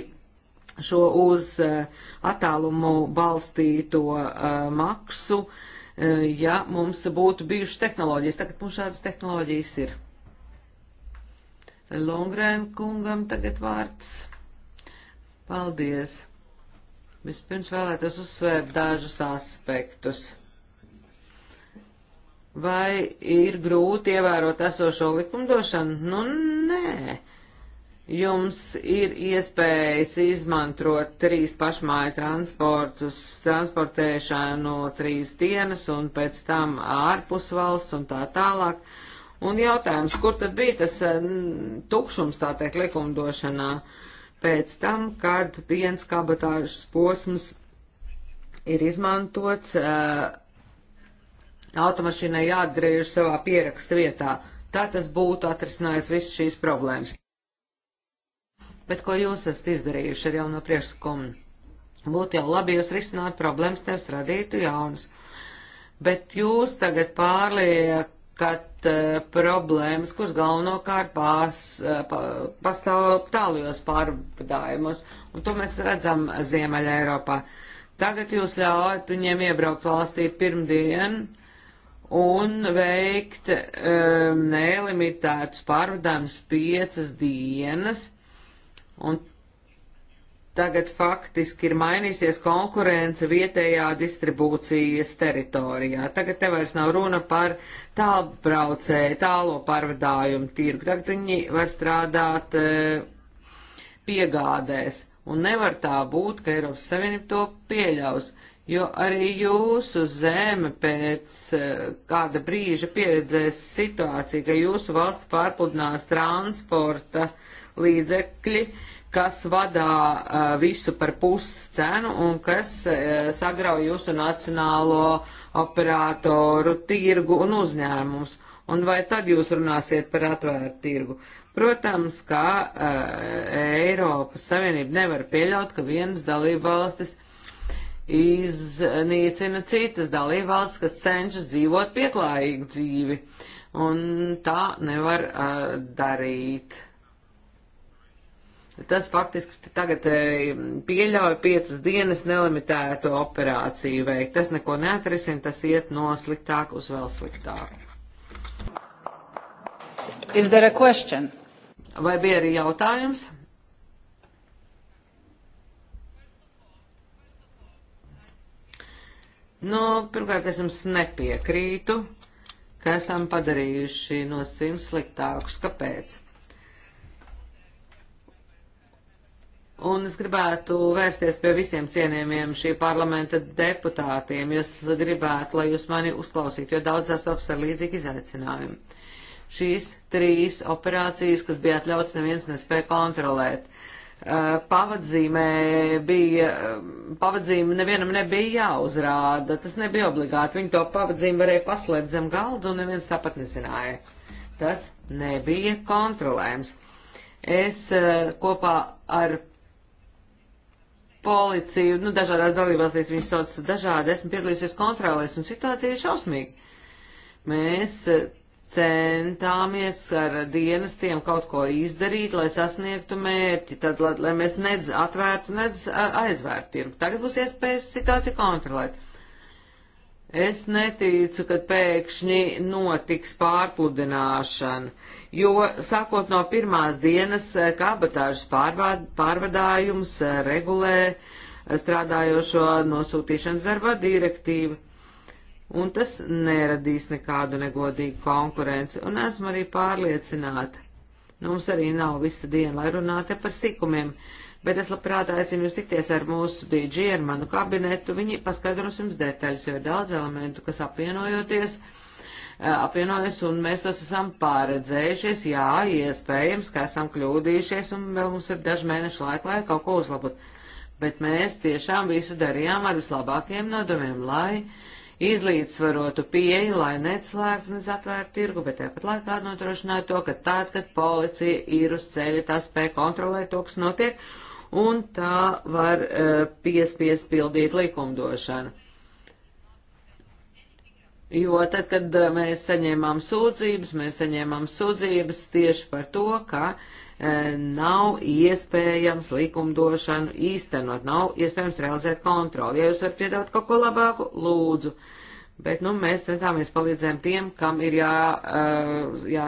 šo uz eh, attālumu balstīto eh, maksu, eh, ja mums būtu bijušas tehnoloģijas. Tagad mums šādas tehnoloģijas ir. Lungrēn kungam tagad vārds. Paldies! Vispirms vēlētos uzsvērt dažus aspektus. Vai ir grūti ievērot esošo likumdošanu? Nu, nē. Jums ir iespējas izmantot trīs pašmāju transportus, transportēšanu no trīs dienas un pēc tam ārpus valsts un tā tālāk. Uh, Un jautājums, kur tad bija tas eh, tukšums, tā teikt, likumdošanā pēc tam, kad viens kabatāžas posms ir izmantots, eh, automašīnai jāatgriež savā pieraksta vietā. Tā tas būtu atrisinājis visas šīs problēmas. Bet ko jūs esat izdarījuši ar jauno priekšlikumu? Būtu jau labi, jūs risinātu problēmas, nevis radītu jaunas. Bet jūs tagad pārliekat uh, problēmas, kuras galvenokārt pās, uh, pa, pastāv tālajos pārvadājumos, un to mēs redzam Ziemeļa Eiropā. Tagad jūs ļaujat viņiem iebraukt valstī pirmdien un veikt um, nelimitētus pārvadājumus piecas dienas, un tagad faktiski ir mainīsies konkurence vietējā distribūcijas teritorijā. Tagad te vairs nav runa par tālbraucēju, tālo pārvadājumu tirgu. Tagad viņi var strādāt e, piegādēs. Un nevar tā būt, ka Eiropas Savienība to pieļaus, jo arī jūsu zeme pēc e, kāda brīža pieredzēs situāciju, ka jūsu valsts pārpludinās transporta līdzekļi, uh, kas vadā visu par puscenu un kas sagrauj jūsu nacionālo operātoru tirgu un uzņēmumus. Un vai tad jūs runāsiet par atvērtu tirgu? Protams, ka Eiropas Savienība nevar pieļaut, ka vienas dalībvalstis iznīcina citas dalībvalstis, kas cenšas dzīvot pieklājīgu dzīvi. Un tā nevar uh, darīt. Tas faktiski tagad e, pieļauj piecas dienas nelimitēto operāciju veikt. Tas neko neatrisin, tas iet no sliktāk uz vēl sliktāk. Is there a question? Vai bija arī jautājums? Nu, pirmkārt, es jums nepiekrītu, ka esam padarījuši nosacījumus sliktākus. Kāpēc? Un es gribētu vērsties pie visiem cienījumiem šī parlamenta deputātiem, jo es gribētu, lai jūs mani uzklausītu, jo daudz sastopas ar līdzīgu izaicinājumu. Šīs trīs operācijas, kas bija atļauts, neviens nespēja kontrolēt. Uh, pavadzīmē bija, um, pavadzīme nevienam nebija jāuzrāda, tas nebija obligāti, viņi to pavadzīmi varēja paslēpt zem galdu un neviens tāpat nezināja. Tas nebija kontrolējums. Es uh, kopā ar policiju, nu, dažādās dalībvalstīs viņus sauc dažādi, esmu piedalījusies kontrolēs, un situācija ir šausmīga. Mēs eh, centāmies ar dienestiem kaut ko izdarīt, lai sasniegtu mērķi, tad, lai, lai mēs nedz atvērtu, nedz aizvērtu tirgu. Tagad būs iespējas situāciju kontrolēt. Es neticu, ka pēkšņi notiks pārpludināšana, jo sākot no pirmās dienas eh, kabatāžas pārvadājums eh, regulē eh, strādājošo nosūtīšanas darbā direktīva, un tas neradīs nekādu negodīgu konkurenci, un esmu arī pārliecināta. Nu, mums arī nav visa diena, lai runātu par sikumiem. Uh, bet es labprāt aicinu jūs tikties ar mūsu DG, ar manu kabinetu, viņi paskaidros jums detaļas, jo ir daudz elementu, kas apvienojoties, eh, apvienojas, un mēs tos esam pārredzējušies, jā, iespējams, ka esam kļūdījušies, un vēl mums ir daži mēneši laika, lai kaut ko uzlabotu. Bet mēs tiešām visu darījām ar vislabākajiem nodomiem, lai izlīdzsvarotu pieeju, lai neatslēgtu un atvērtu tirgu, bet tāpat laikā nodrošinātu to, ka tad, kad policija ir uz ceļa, tā spēja kontrolēt to, kas notiek, un tā var eh, piespiest pildīt likumdošanu. Jo tad, kad eh, mēs saņēmām sūdzības, mēs saņēmām sūdzības tieši par to, ka e, nav iespējams likumdošanu īstenot, nav iespējams realizēt kontroli. Ja jūs varat piedāvāt kaut ko labāku, lūdzu. Bet, nu, mēs centāmies palīdzēt tiem, kam ir jā, jā,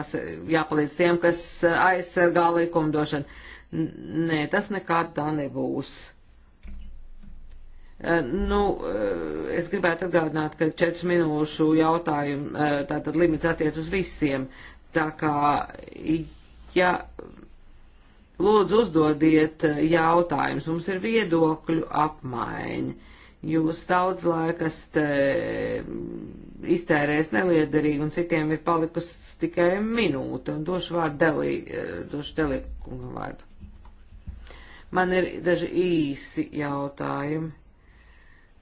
jāpalīdz tiem, kas aizsargā likumdošanu. Nē, tas nekad tā nebūs. Eh, nu, eh, es gribētu atgādināt, ka 4 minūšu jautājumu, eh, tātad limits attiec uz visiem. Tā kā, ja lūdzu uzdodiet jautājumus, mums ir viedokļu apmaiņa. Jūs daudz laikas te iztērējis neliederīgi un citiem ir palikusi tikai minūte un došu vārdu delī, eh, došu delī kungam vārdu. Man ir daži īsi jautājumi.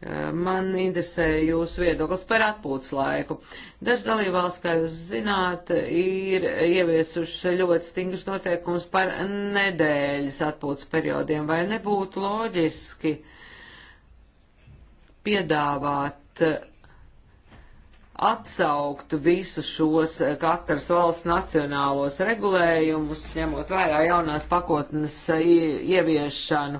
Eh, man interesē jūsu viedoklis par atpūtas laiku. Daži dalībvalsts, kā jūs zināt, ir ieviesuši ļoti stingrus noteikumus par nedēļas atpūtas periodiem. Vai nebūtu loģiski piedāvāt atsaukt visus šos eh, katras valsts nacionālos regulējumus, ņemot vērā jaunās pakotnes eh, ieviešanu,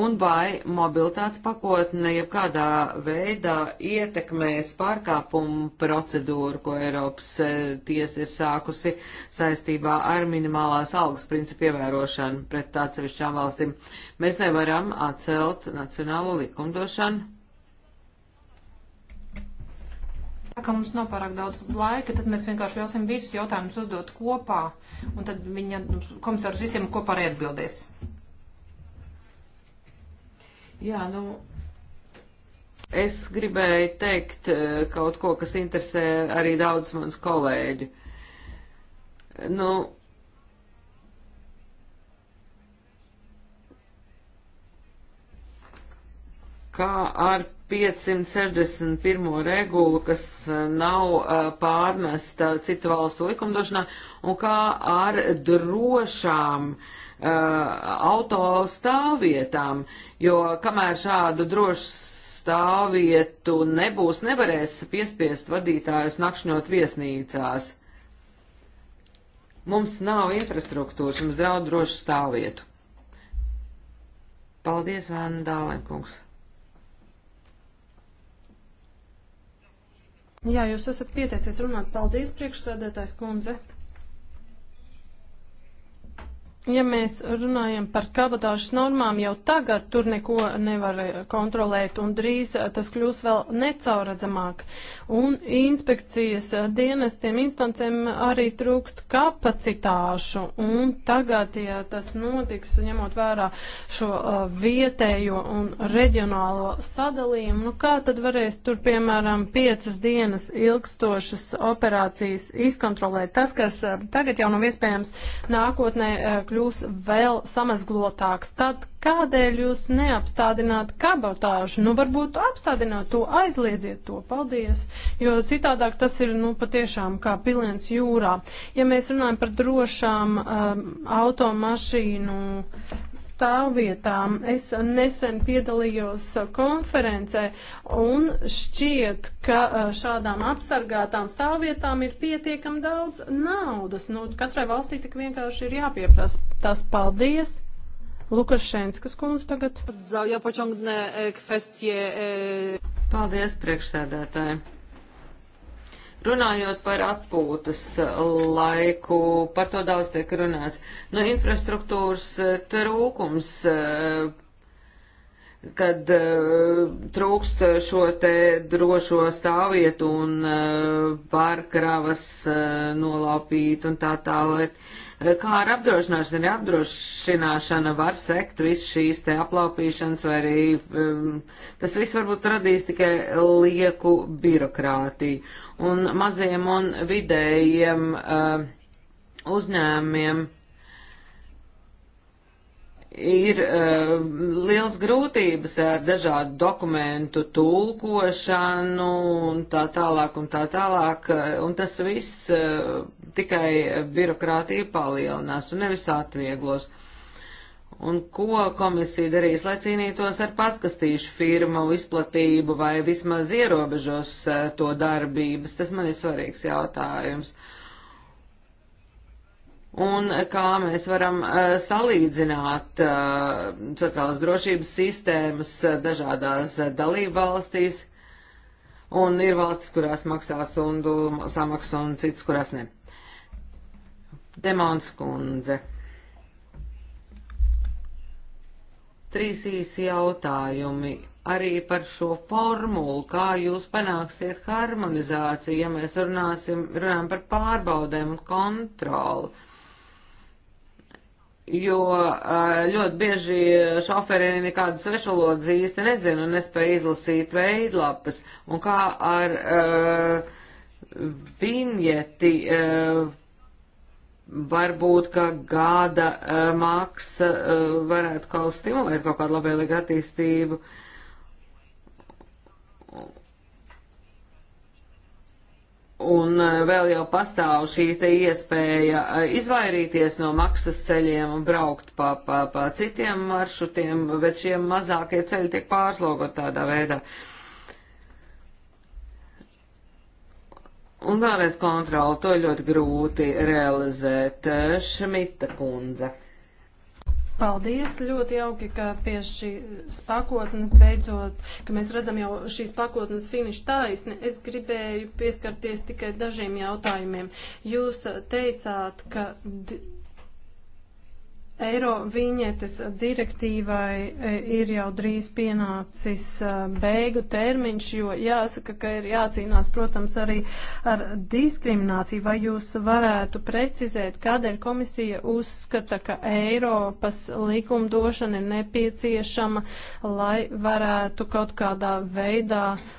un vai mobilitātes pakotne jebkādā veidā ietekmēs pārkāpumu procedūru, ko Eiropas eh, tiesa ir sākusi saistībā ar minimālās algas principu ievērošanu pret atsevišķām valstīm. Mēs nevaram atcelt nacionālo likumdošanu Tā kā mums nav pārāk daudz laika, tad mēs vienkārši ļausim visus jautājumus uzdot kopā, un tad viņa nu, komisārs visiem kopā arī atbildēs. Jā, nu, es gribēju teikt eh, kaut ko, kas interesē arī daudz mans kolēģi. Nu, kā ar 561. regulu, kas eh, nav uh, pārnesta citu valstu likumdošanā, un kā ar drošām uh, autostāvvietām, jo kamēr šādu drošu stāvvietu nebūs, nevarēs piespiest vadītājus nakšņot viesnīcās. Mums nav infrastruktūras, mums draud drošu stāvvietu. Paldies, Vēna Dālenkungs! Jā, jūs esat pieteicies runāt. Paldies, priekšsēdētājs kundze ja mēs runājam par kabatāžas normām, jau tagad tur neko nevar eh, kontrolēt un drīz eh, tas kļūs vēl necauradzamāk. Un inspekcijas eh, dienestiem instancēm arī trūkst kapacitāšu. Un tagad, ja tas notiks, ņemot vērā šo uh, vietējo un reģionālo sadalījumu, nu kā tad varēs tur, piemēram, piecas dienas ilgstošas operācijas izkontrolēt? Tas, kas uh, tagad jau nav iespējams nākotnē uh, kļūst kļūs vēl samazglotāks. Tad kādēļ jūs neapstādināt kabotāžu? Nu, varbūt apstādināt to, aizliedziet to, paldies, jo citādāk tas ir, nu, patiešām kā piliens jūrā. Ja mēs runājam par drošām um, automašīnu stāvvietām. Es nesen piedalījos konferencē un šķiet, ka e, šādām apsargātām stāvvietām ir pietiekam daudz naudas. Nu, katrai valstī tik vienkārši ir jāpieprasa. Tas paldies! Lukašenskas kundze tagad. E, e, paldies, priekšsēdētāji! Runājot par atpūtas laiku, par to daudz tiek runāts. Nu, infrastruktūras eh, trūkums, eh, kad eh, trūkst šo te drošo stāvvietu un var kravas nolaupīt un tā tālāk. Eh, kā ar apdrošināšanu, ja apdrošināšana var sekt visu šīs te aplaupīšanas, vai arī um, tas viss varbūt radīs tikai lieku birokrātiju. Un maziem un vidējiem uh, uzņēmiem uh, ir uh, liels grūtības ar dažādu dokumentu tulkošanu un tā tālāk un tā tālāk, eh, un tas viss uh, tikai birokrātija palielinās un nevis atvieglos. Un ko komisija darīs, lai cīnītos ar paskastīšu firmu izplatību vai vismaz ierobežos uh, to darbības? Tas man ir svarīgs jautājums un kā mēs varam eh, salīdzināt eh, sociālās drošības sistēmas eh, dažādās dalību valstīs, un ir valstis, kurās maksā stundu samaksu un citas, kurās ne. Demons kundze. Trīs īsi jautājumi arī par šo formulu, kā jūs panāksiet harmonizāciju, ja mēs runāsim, runājam par pārbaudēm un kontroli jo eh, ļoti bieži šoferi nekādas svešvalodas īsti nezinu un nespēja izlasīt veidlapas, un kā ar uh, eh, viņieti uh, eh, varbūt, ka gada uh, maksa uh, varētu kaut stimulēt kaut kādu labvēlīgu attīstību. Uh, Un e, vēl jau pastāv šī iespēja e, izvairīties no maksas ceļiem un braukt pa, pa, pa citiem maršrutiem, bet šie mazākie ceļi tiek pārslogot tādā veidā. Un vēlreiz kontroli, to ļoti grūti realizēt. E, Šmita kundze. Paldies, ļoti jauki, ka pie šīs pakotnes beidzot, ka mēs redzam jau šīs pakotnes finišu taisni. Es gribēju pieskarties tikai dažiem jautājumiem. Jūs teicāt, ka Eiro viņetes direktīvai e, ir jau drīz pienācis e, beigu termiņš, jo jāsaka, ka ir jācīnās, protams, arī ar diskrimināciju. Vai jūs varētu precizēt, kādēļ komisija uzskata, ka Eiropas likumdošana ir nepieciešama, lai varētu kaut kādā veidā uh,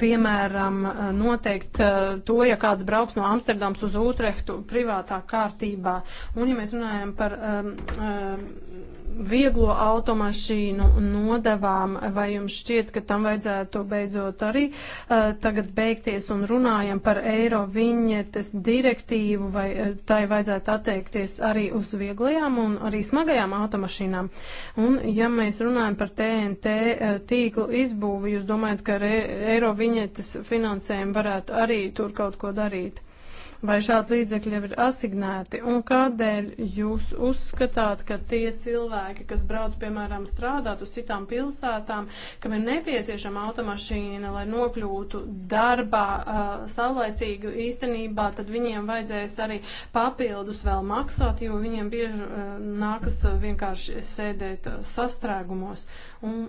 piemēram, eh, noteikt eh, to, ja kāds brauks no Amsterdams uz Utrehtu privātā kārtībā. Un, ja mēs runājam par um, um, vieglo automašīnu nodevām, vai jums šķiet, ka tam vajadzētu beidzot arī uh, tagad beigties un runājam par eiro viņetes direktīvu, vai uh, tai vajadzētu attiekties arī uz vieglajām un arī smagajām automašīnām? Un, ja mēs runājam par TNT uh, tīklu izbūvi, jūs domājat, ka eiro viņetes finansējumu varētu arī tur kaut ko darīt? vai šādi līdzekļi jau ir asignēti, un kādēļ jūs uzskatāt, ka tie cilvēki, kas brauc, piemēram, strādāt uz citām pilsētām, kam ir nepieciešama automašīna, lai nokļūtu darbā uh, saulēcīgi īstenībā, tad viņiem vajadzēs arī papildus vēl maksāt, jo viņiem bieži uh, nākas vienkārši sēdēt uh, sastrēgumos. Un,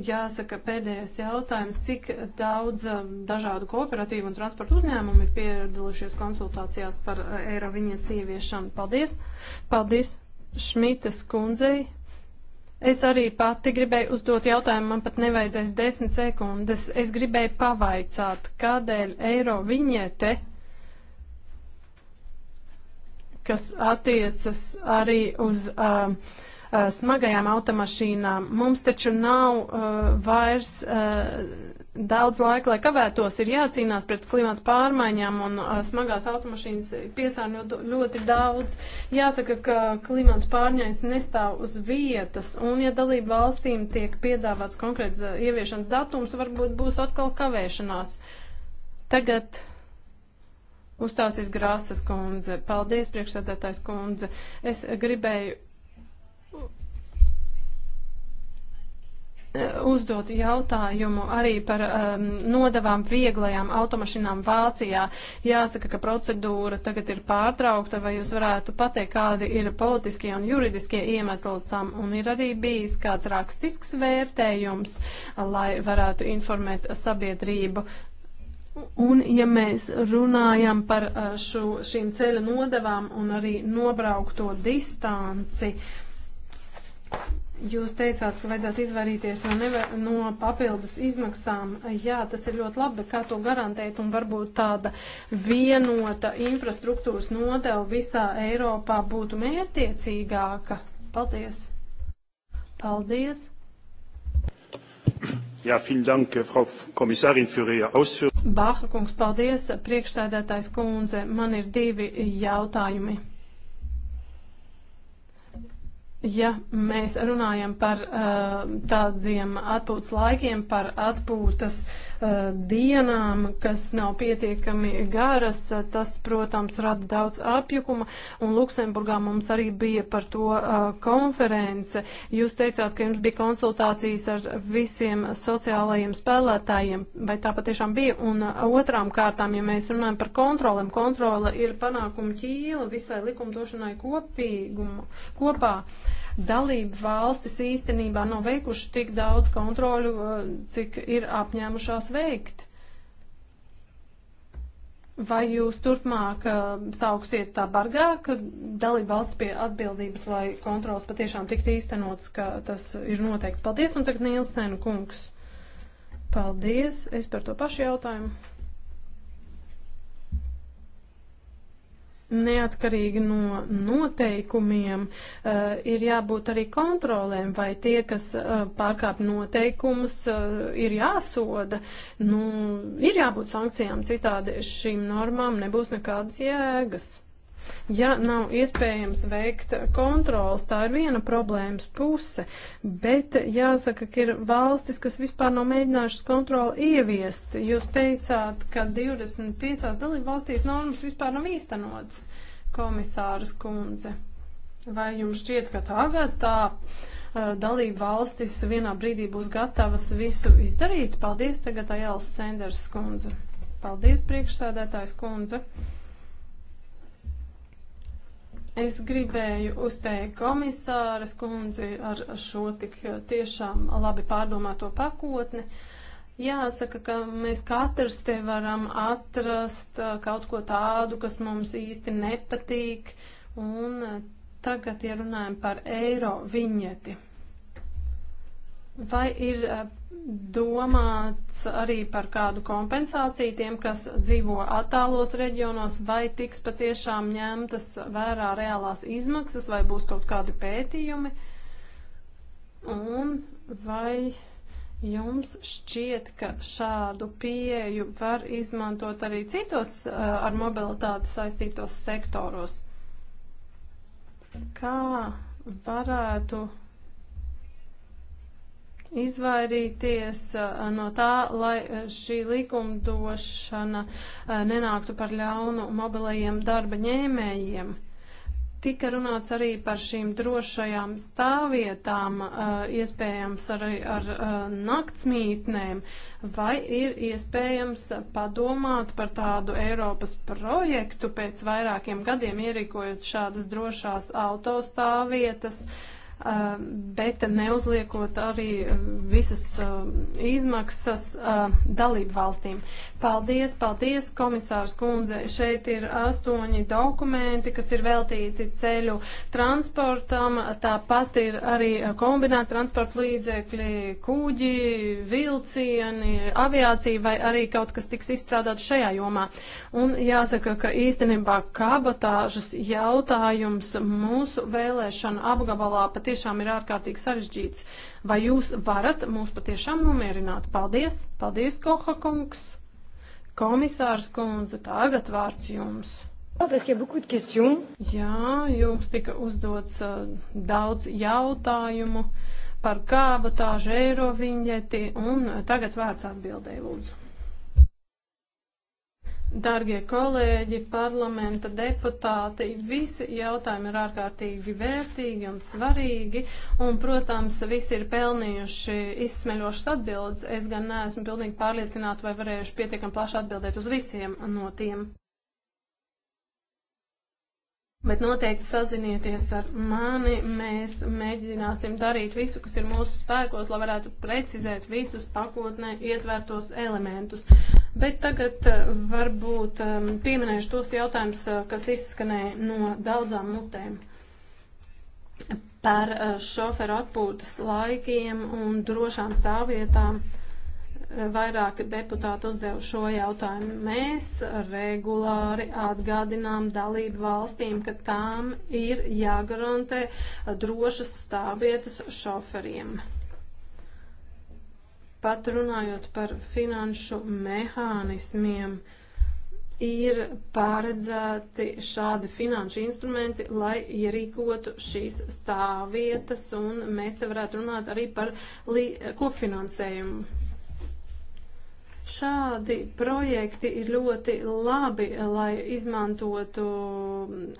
Jāsaka, pēdējais jautājums, cik daudz um, dažādu kooperatīvu un transportu uzņēmumu ir piedalījušies konsultācijās par uh, eiro viņietas ieviešanu? Paldies! Paldies Šmitas kundzei! Es arī pati gribēju uzdot jautājumu, man pat nevajadzēs desmit sekundes. Es gribēju pavaicāt, kādēļ eiro viņiete kas attiecas arī uz uh, uh, smagajām automašīnām. Mums taču nav uh, vairs uh, daudz laika, lai kavētos, ir jācīnās pret klimatu pārmaiņām un uh, smagās automašīnas piesārņo ļoti daudz. Jāsaka, ka klimatu pārmaiņas nestāv uz vietas, un ja dalību valstīm tiek piedāvāts konkrēts uh, ieviešanas datums, varbūt būs atkal kavēšanās. Tagad uzstāsies Grāsas kundze. Paldies, priekšsēdētājs kundze. Es gribēju Eh, uzdot jautājumu arī par um, ehm, nodavām vieglajām automašīnām Vācijā. Jāsaka, ka procedūra tagad ir pārtraukta, vai jūs varētu pateikt, kādi ir politiskie un juridiskie iemesli tam, un ir arī bijis kāds rakstisks vērtējums, lai varētu informēt sabiedrību. Un, ja mēs runājam par eh, šo, šīm ceļa nodavām un arī nobraukto distanci, Jūs teicāt, ka vajadzētu izvairīties no, neve, no papildus izmaksām. Jā, tas ir ļoti labi, bet kā to garantēt un varbūt tāda vienota infrastruktūras nodeva visā Eiropā būtu mērtiecīgāka? Paldies! Paldies! Jā, vielen Dank, Frau Kommissarin, für Ihre Ausführungen. Bāha kungs, paldies, priekšsēdētājs kundze. Man ir divi jautājumi. Ja mēs runājam par uh, tādiem atpūtas laikiem, par atpūtas uh, dienām, kas nav pietiekami garas, tas, protams, rada daudz apjukuma, un Luksemburgā mums arī bija par to uh, konference. Jūs teicāt, ka jums bija konsultācijas ar visiem sociālajiem spēlētājiem, vai tā patiešām bija, un uh, otrām kārtām, ja mēs runājam par kontrolēm, kontrole ir panākuma ķīla visai likumdošanai kopīgumu, kopā. Uh, dalību valstis īstenībā nav veikuši tik daudz kontroļu, uh, cik ir apņēmušās veikt. Vai jūs turpmāk uh, sauksiet tā bargāk dalību valsts pie atbildības, lai kontrols patiešām tiktu īstenots, ka tas ir noteikts? Paldies, un tagad Nīlsēnu kungs. Paldies, es par to pašu jautājumu. neatkarīgi no noteikumiem, uh, ir jābūt arī kontrolēm, vai tie, kas uh, pārkāp noteikumus, uh, ir jāsoda. Nu, ir jābūt sankcijām, citādi šīm normām nebūs nekādas jēgas. Ja nav iespējams veikt kontrols, tā ir viena problēmas puse, bet jāsaka, ka ir valstis, kas vispār nav mēģinājušas kontroli ieviest. Jūs teicāt, ka 25 dalību valstīs normas vispār nav īstenotas, komisāras kundze. Vai jums šķiet, ka tagad tā uh, dalība valstis vienā brīdī būs gatavas visu izdarīt? Paldies tagad Ajāls Senders kundze. Paldies priekšsēdētājs kundze. Es gribēju uzteikt komisāras kundzi ar šo tik tiešām labi pārdomāto pakotni. Jāsaka, ka mēs katrs te varam atrast uh, kaut ko tādu, kas mums īsti nepatīk. Un uh, tagad, ja runājam par eiro viņeti, Vai ir eh, domāts arī par kādu kompensāciju tiem, kas dzīvo attālos reģionos, vai tiks patiešām ņemtas vērā reālās izmaksas, vai būs kaut kādi pētījumi? Un vai jums šķiet, ka šādu pieeju var izmantot arī citos eh, ar mobilitāti saistītos sektoros? Kā varētu izvairīties eh, no tā, lai eh, šī likumdošana eh, nenāktu par ļaunu mobilajiem darba ņēmējiem. Tika runāts arī par šīm drošajām stāvvietām, iespējams arī ar naktsmītnēm, vai ir iespējams padomāt par tādu Eiropas projektu pēc vairākiem gadiem ierīkojot šādas drošās autostāvvietas, uh, bet neuzliekot arī visas izmaksas dalību valstīm. Paldies, paldies, komisārs kundze. Šeit ir astoņi dokumenti, kas ir veltīti ceļu transportam. Tāpat ir arī kombinēta transporta līdzekļi, kuģi, vilcieni, aviācija vai arī kaut kas tiks izstrādāts šajā jomā. Un jāsaka, ka īstenībā kabotāžas jautājums mūsu vēlēšana apgabalā patiešām tiešām ir ārkārtīgi sarežģīts. Vai jūs varat mūs patiešām nomierināt? Paldies! Paldies, Koha kungs! Komisārs kundze, tagad vārds jums. Oh, Jā, jums tika uzdots uh, daudz jautājumu par kābotāžu, eiroviņeti, un tagad vārds atbildēja, lūdzu. Dargie kolēģi, parlamenta deputāti, visi jautājumi ir ārkārtīgi vērtīgi un svarīgi, un, protams, visi ir pelnījuši izsmeļošas atbildes. Es gan neesmu pilnīgi pārliecināta, vai varējuši pietiekam plaši atbildēt uz visiem no tiem. Bet noteikti sazinieties ar mani, mēs mēģināsim darīt visu, kas ir mūsu spēkos, lai varētu precizēt visus pakotnē ietvertos elementus. Bet tagad eh, varbūt ehm, pieminēšu tos jautājumus, eh, kas izskanēja no daudzām mutēm par eh, šoferu atpūtas laikiem un drošām stāvvietām. Vairāk deputāti uzdev šo jautājumu. Mēs regulāri atgādinām dalību valstīm, ka tām ir jāgarantē drošas stāvvietas šoferiem. Pat runājot par finanšu mehānismiem, ir paredzēti šādi finanšu instrumenti, lai ierīkotu šīs stāvvietas, un mēs te varētu runāt arī par kopfinansējumu. Šādi projekti ir ļoti labi, lai izmantotu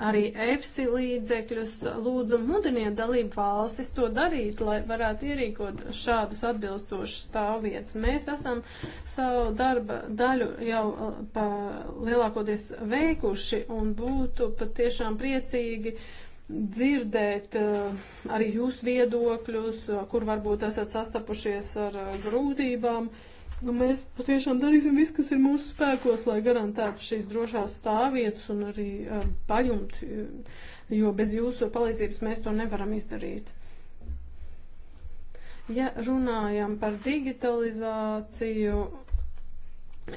arī EFSI līdzekļus. Lūdzu, mudiniet dalību valstis to darīt, lai varētu ierīkot šādas atbilstošas stāvvietas. Mēs esam savu darba daļu jau eh, pa lielākoties veikuši un būtu patiešām priecīgi dzirdēt eh, arī jūs viedokļus, kur varbūt esat sastapušies ar eh, grūtībām. Uh, ka mēs patiešām darīsim visu, kas ir mūsu spēkos, lai garantētu šīs drošās stāvvietas un arī um, uh, paņemt, jo bez jūsu palīdzības mēs to nevaram izdarīt. Ja runājam par digitalizāciju,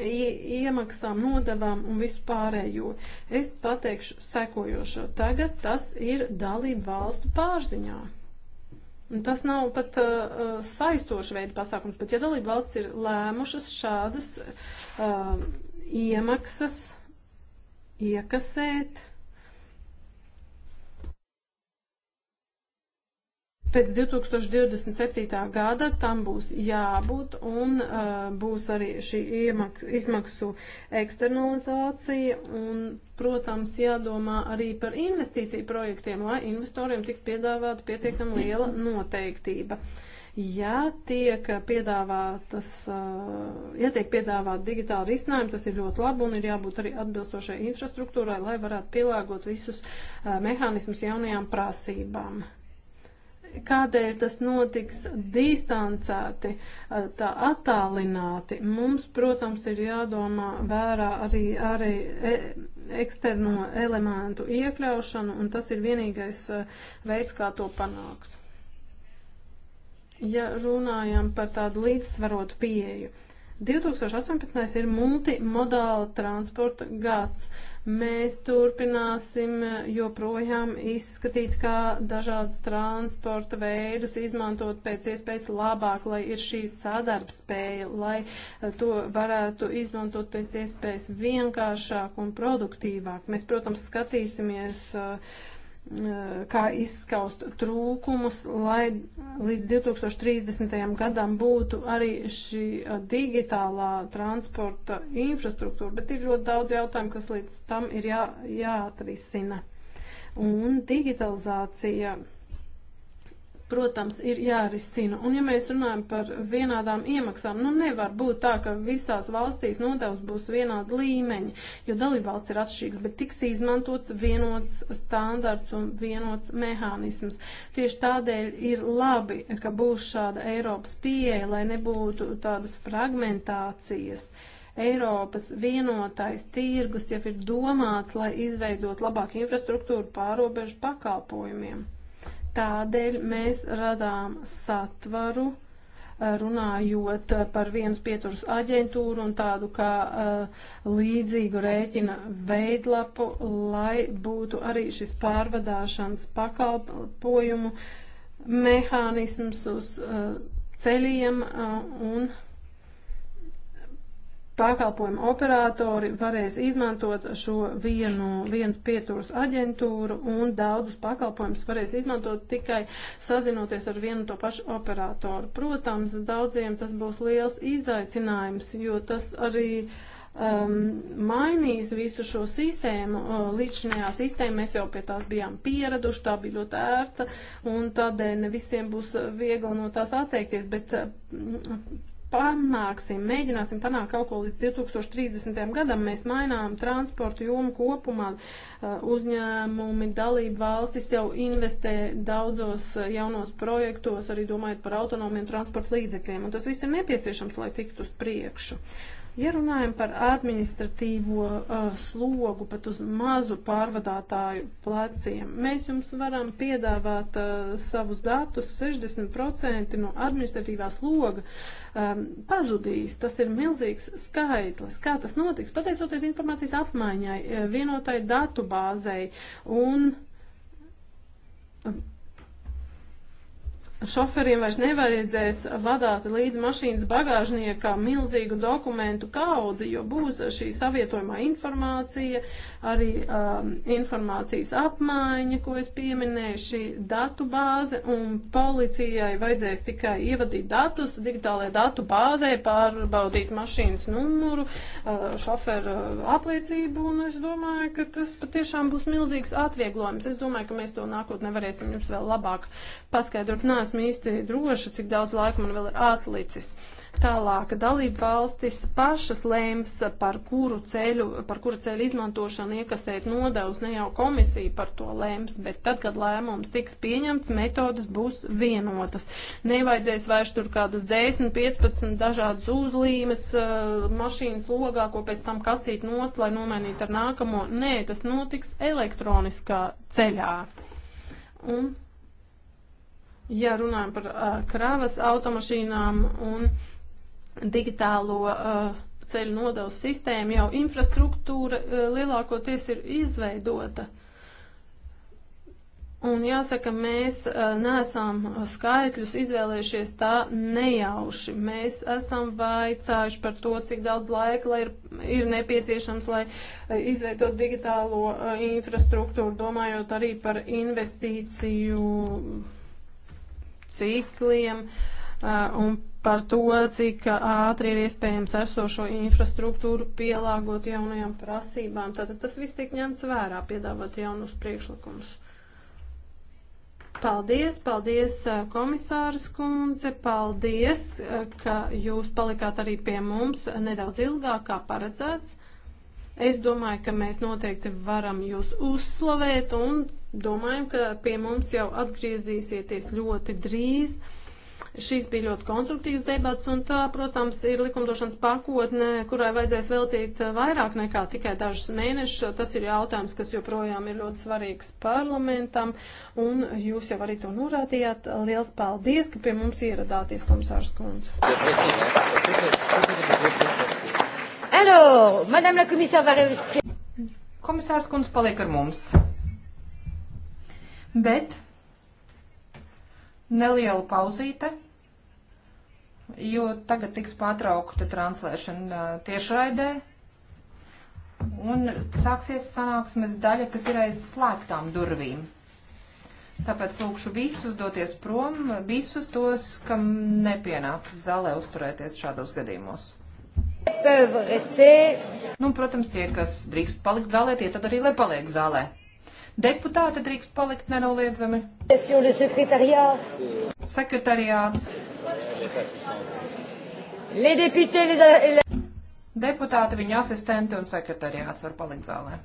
iemaksām, nodavām un visu pārējo. Es pateikšu sekojošo. Tagad tas ir dalību valstu pārziņā. Tas nav pat uh, uh saistoši veidu pasākums, pat ja dalība valsts ir lēmušas šādas uh, iemaksas iekasēt. Uh, pēc 2027. gada tam būs jābūt un uh, būs arī šī iemak, izmaksu eksternalizācija un, protams, jādomā arī par investīciju projektiem, lai investoriem tik piedāvātu pietiekam liela noteiktība. Ja tiek piedāvātas, uh, ja tiek piedāvāt digitāli risinājumi, tas ir ļoti labi un ir jābūt arī atbilstošai infrastruktūrai, lai varētu pielāgot visus uh, mehānismus jaunajām prasībām kādēļ tas notiks distancēti, tā attālināti. Mums, protams, ir jādomā vērā arī, arī e, eksterno elementu iekļaušanu, un tas ir vienīgais veids, kā to panākt. Ja runājam par tādu līdzsvarotu pieeju. 2018. ir multimodāla transporta gads. Uh, Mēs turpināsim eh, joprojām izskatīt, kā dažādas transporta veidus izmantot pēc iespējas labāk, lai ir šī sadarbspēja, lai eh, to varētu izmantot pēc iespējas vienkāršāk un produktīvāk. Mēs, protams, skatīsimies. Uh, Eh, kā izskaust trūkumus, lai līdz 2030. gadam būtu arī šī eh, digitālā transporta infrastruktūra, bet ir ļoti daudz jautājumu, kas līdz tam ir jā, jāatrisina. Un digitalizācija protams, ir jārisina. Un ja mēs runājam par vienādām iemaksām, nu nevar būt tā, ka visās valstīs nodevs būs vienāda līmeņa, jo dalībvalsts ir atšķirīgs, bet tiks izmantots vienots standarts un vienots mehānisms. Tieši tādēļ ir labi, ka būs šāda Eiropas pieeja, lai nebūtu tādas fragmentācijas. Eiropas vienotais tirgus jau ir domāts, lai izveidot labāku infrastruktūru pārobežu pakalpojumiem. Tādēļ mēs radām satvaru, eh, runājot par vienas pieturas aģentūru un tādu kā uh, līdzīgu rēķina veidlapu, lai būtu arī šis pārvadāšanas pakalpojumu mehānisms uz uh, ceļiem uh, un pakalpojumu operatori varēs izmantot šo vienu, viens pieturs aģentūru un daudzus pakalpojumus varēs izmantot tikai sazinoties ar vienu to pašu operatoru. Protams, daudziem tas būs liels izaicinājums, jo tas arī um, mainīs visu šo sistēmu. Uh, Līdzinējā sistēma mēs jau pie tās bijām pieraduši, tā bija ļoti ērta un tādēļ ne visiem būs viegli no tās atteikties, bet mm, panāksim, mēģināsim panākt kaut ko līdz 2030. gadam. Mēs mainām transportu jomu kopumā. Uh, uzņēmumi, dalību valstis jau investē daudzos uh, jaunos projektos, arī domājot par autonomiem transporta līdzekļiem. Un tas viss ir nepieciešams, lai tiktu uz priekšu. Ja runājam par administratīvo uh, slogu pat uz mazu pārvadātāju pleciem, mēs jums varam piedāvāt uh, savus datus 60% no administratīvā sloga um, pazudīs. Tas ir milzīgs skaitlis. Kā tas notiks? Pateicoties informācijas apmaiņai, uh, vienotai datu bāzei un. Uh, šoferiem vairs nevajadzēs vadāt līdz mašīnas bagāžniekā milzīgu dokumentu kaudzi, jo būs šī savietojumā informācija, arī um, informācijas apmaiņa, ko es pieminēju, šī datu bāze, un policijai vajadzēs tikai ievadīt datus digitālajā datu bāzē, pārbaudīt mašīnas numuru, uh, šoferu uh, apliecību, un es domāju, ka tas patiešām būs milzīgs atvieglojums. Es domāju, ka mēs to nākotnē varēsim jums vēl labāk paskaidrot. Nāc, neesmu īsti droša, cik daudz laika man vēl ir atlicis. Tālāk dalība valstis pašas lēms, par kuru ceļu, par kuru ceļu izmantošanu iekasēt nodevs, ne jau komisija par to lēms, bet tad, kad lēmums tiks pieņemts, metodas būs vienotas. Nevajadzēs vairs tur kādas 10, 15 dažādas uzlīmes uh, mašīnas logā, ko pēc tam kasīt nost, lai nomainītu ar nākamo. Nē, tas notiks elektroniskā ceļā. Un Ja runājam par uh, kravas automašīnām un digitālo uh, ceļu nodevas sistēmu, jau infrastruktūra uh, lielākoties ir izveidota. Un jāsaka, mēs uh, neesam skaitļus izvēlējušies tā nejauši. Mēs esam vaicājuši par to, cik daudz laika lai ir, ir nepieciešams, lai uh, izveidot digitālo uh, infrastruktūru, domājot arī par investīciju cikliem uh, un par to, cik ātri ir iespējams esošo infrastruktūru pielāgot jaunajām prasībām. Tātad tas viss tiek ņemts vērā, piedāvāt jaunus priekšlikumus. Paldies, paldies uh, komisāras kundze, paldies, uh, ka jūs palikāt arī pie mums nedaudz ilgāk kā paredzēts. Es domāju, ka mēs noteikti varam jūs uzslavēt un Domājam, ka pie mums jau atgriezīsieties ļoti drīz. Šīs bija ļoti konstruktīvas debats, un tā, protams, ir likumdošanas pakotne, kurai vajadzēs veltīt vairāk nekā tikai dažus mēnešus. Tas ir jautājums, kas joprojām ir ļoti svarīgs parlamentam, un jūs jau arī to norādījāt. Liels paldies, ka pie mums ieradāties, komisārs Kunz. Alors, madame la commissaire Vareviski. Komisārs Kunz paliek ar mums bet neliela pauzīte, jo tagad tiks pārtraukta translēšana tiešraidē. Un sāksies sanāksmes daļa, kas ir aiz slēgtām durvīm. Tāpēc lūkšu visus doties prom, visus tos, kam nepienāk zālē uzturēties šādos gadījumos. Nu, protams, tie, kas drīkst palikt zālē, tie tad arī lai paliek zālē. Deputāti drīkst palikt nenoliedzami. Sekretariāts. Deputāti, viņa asistenti un sekretariāts var palikt zālē.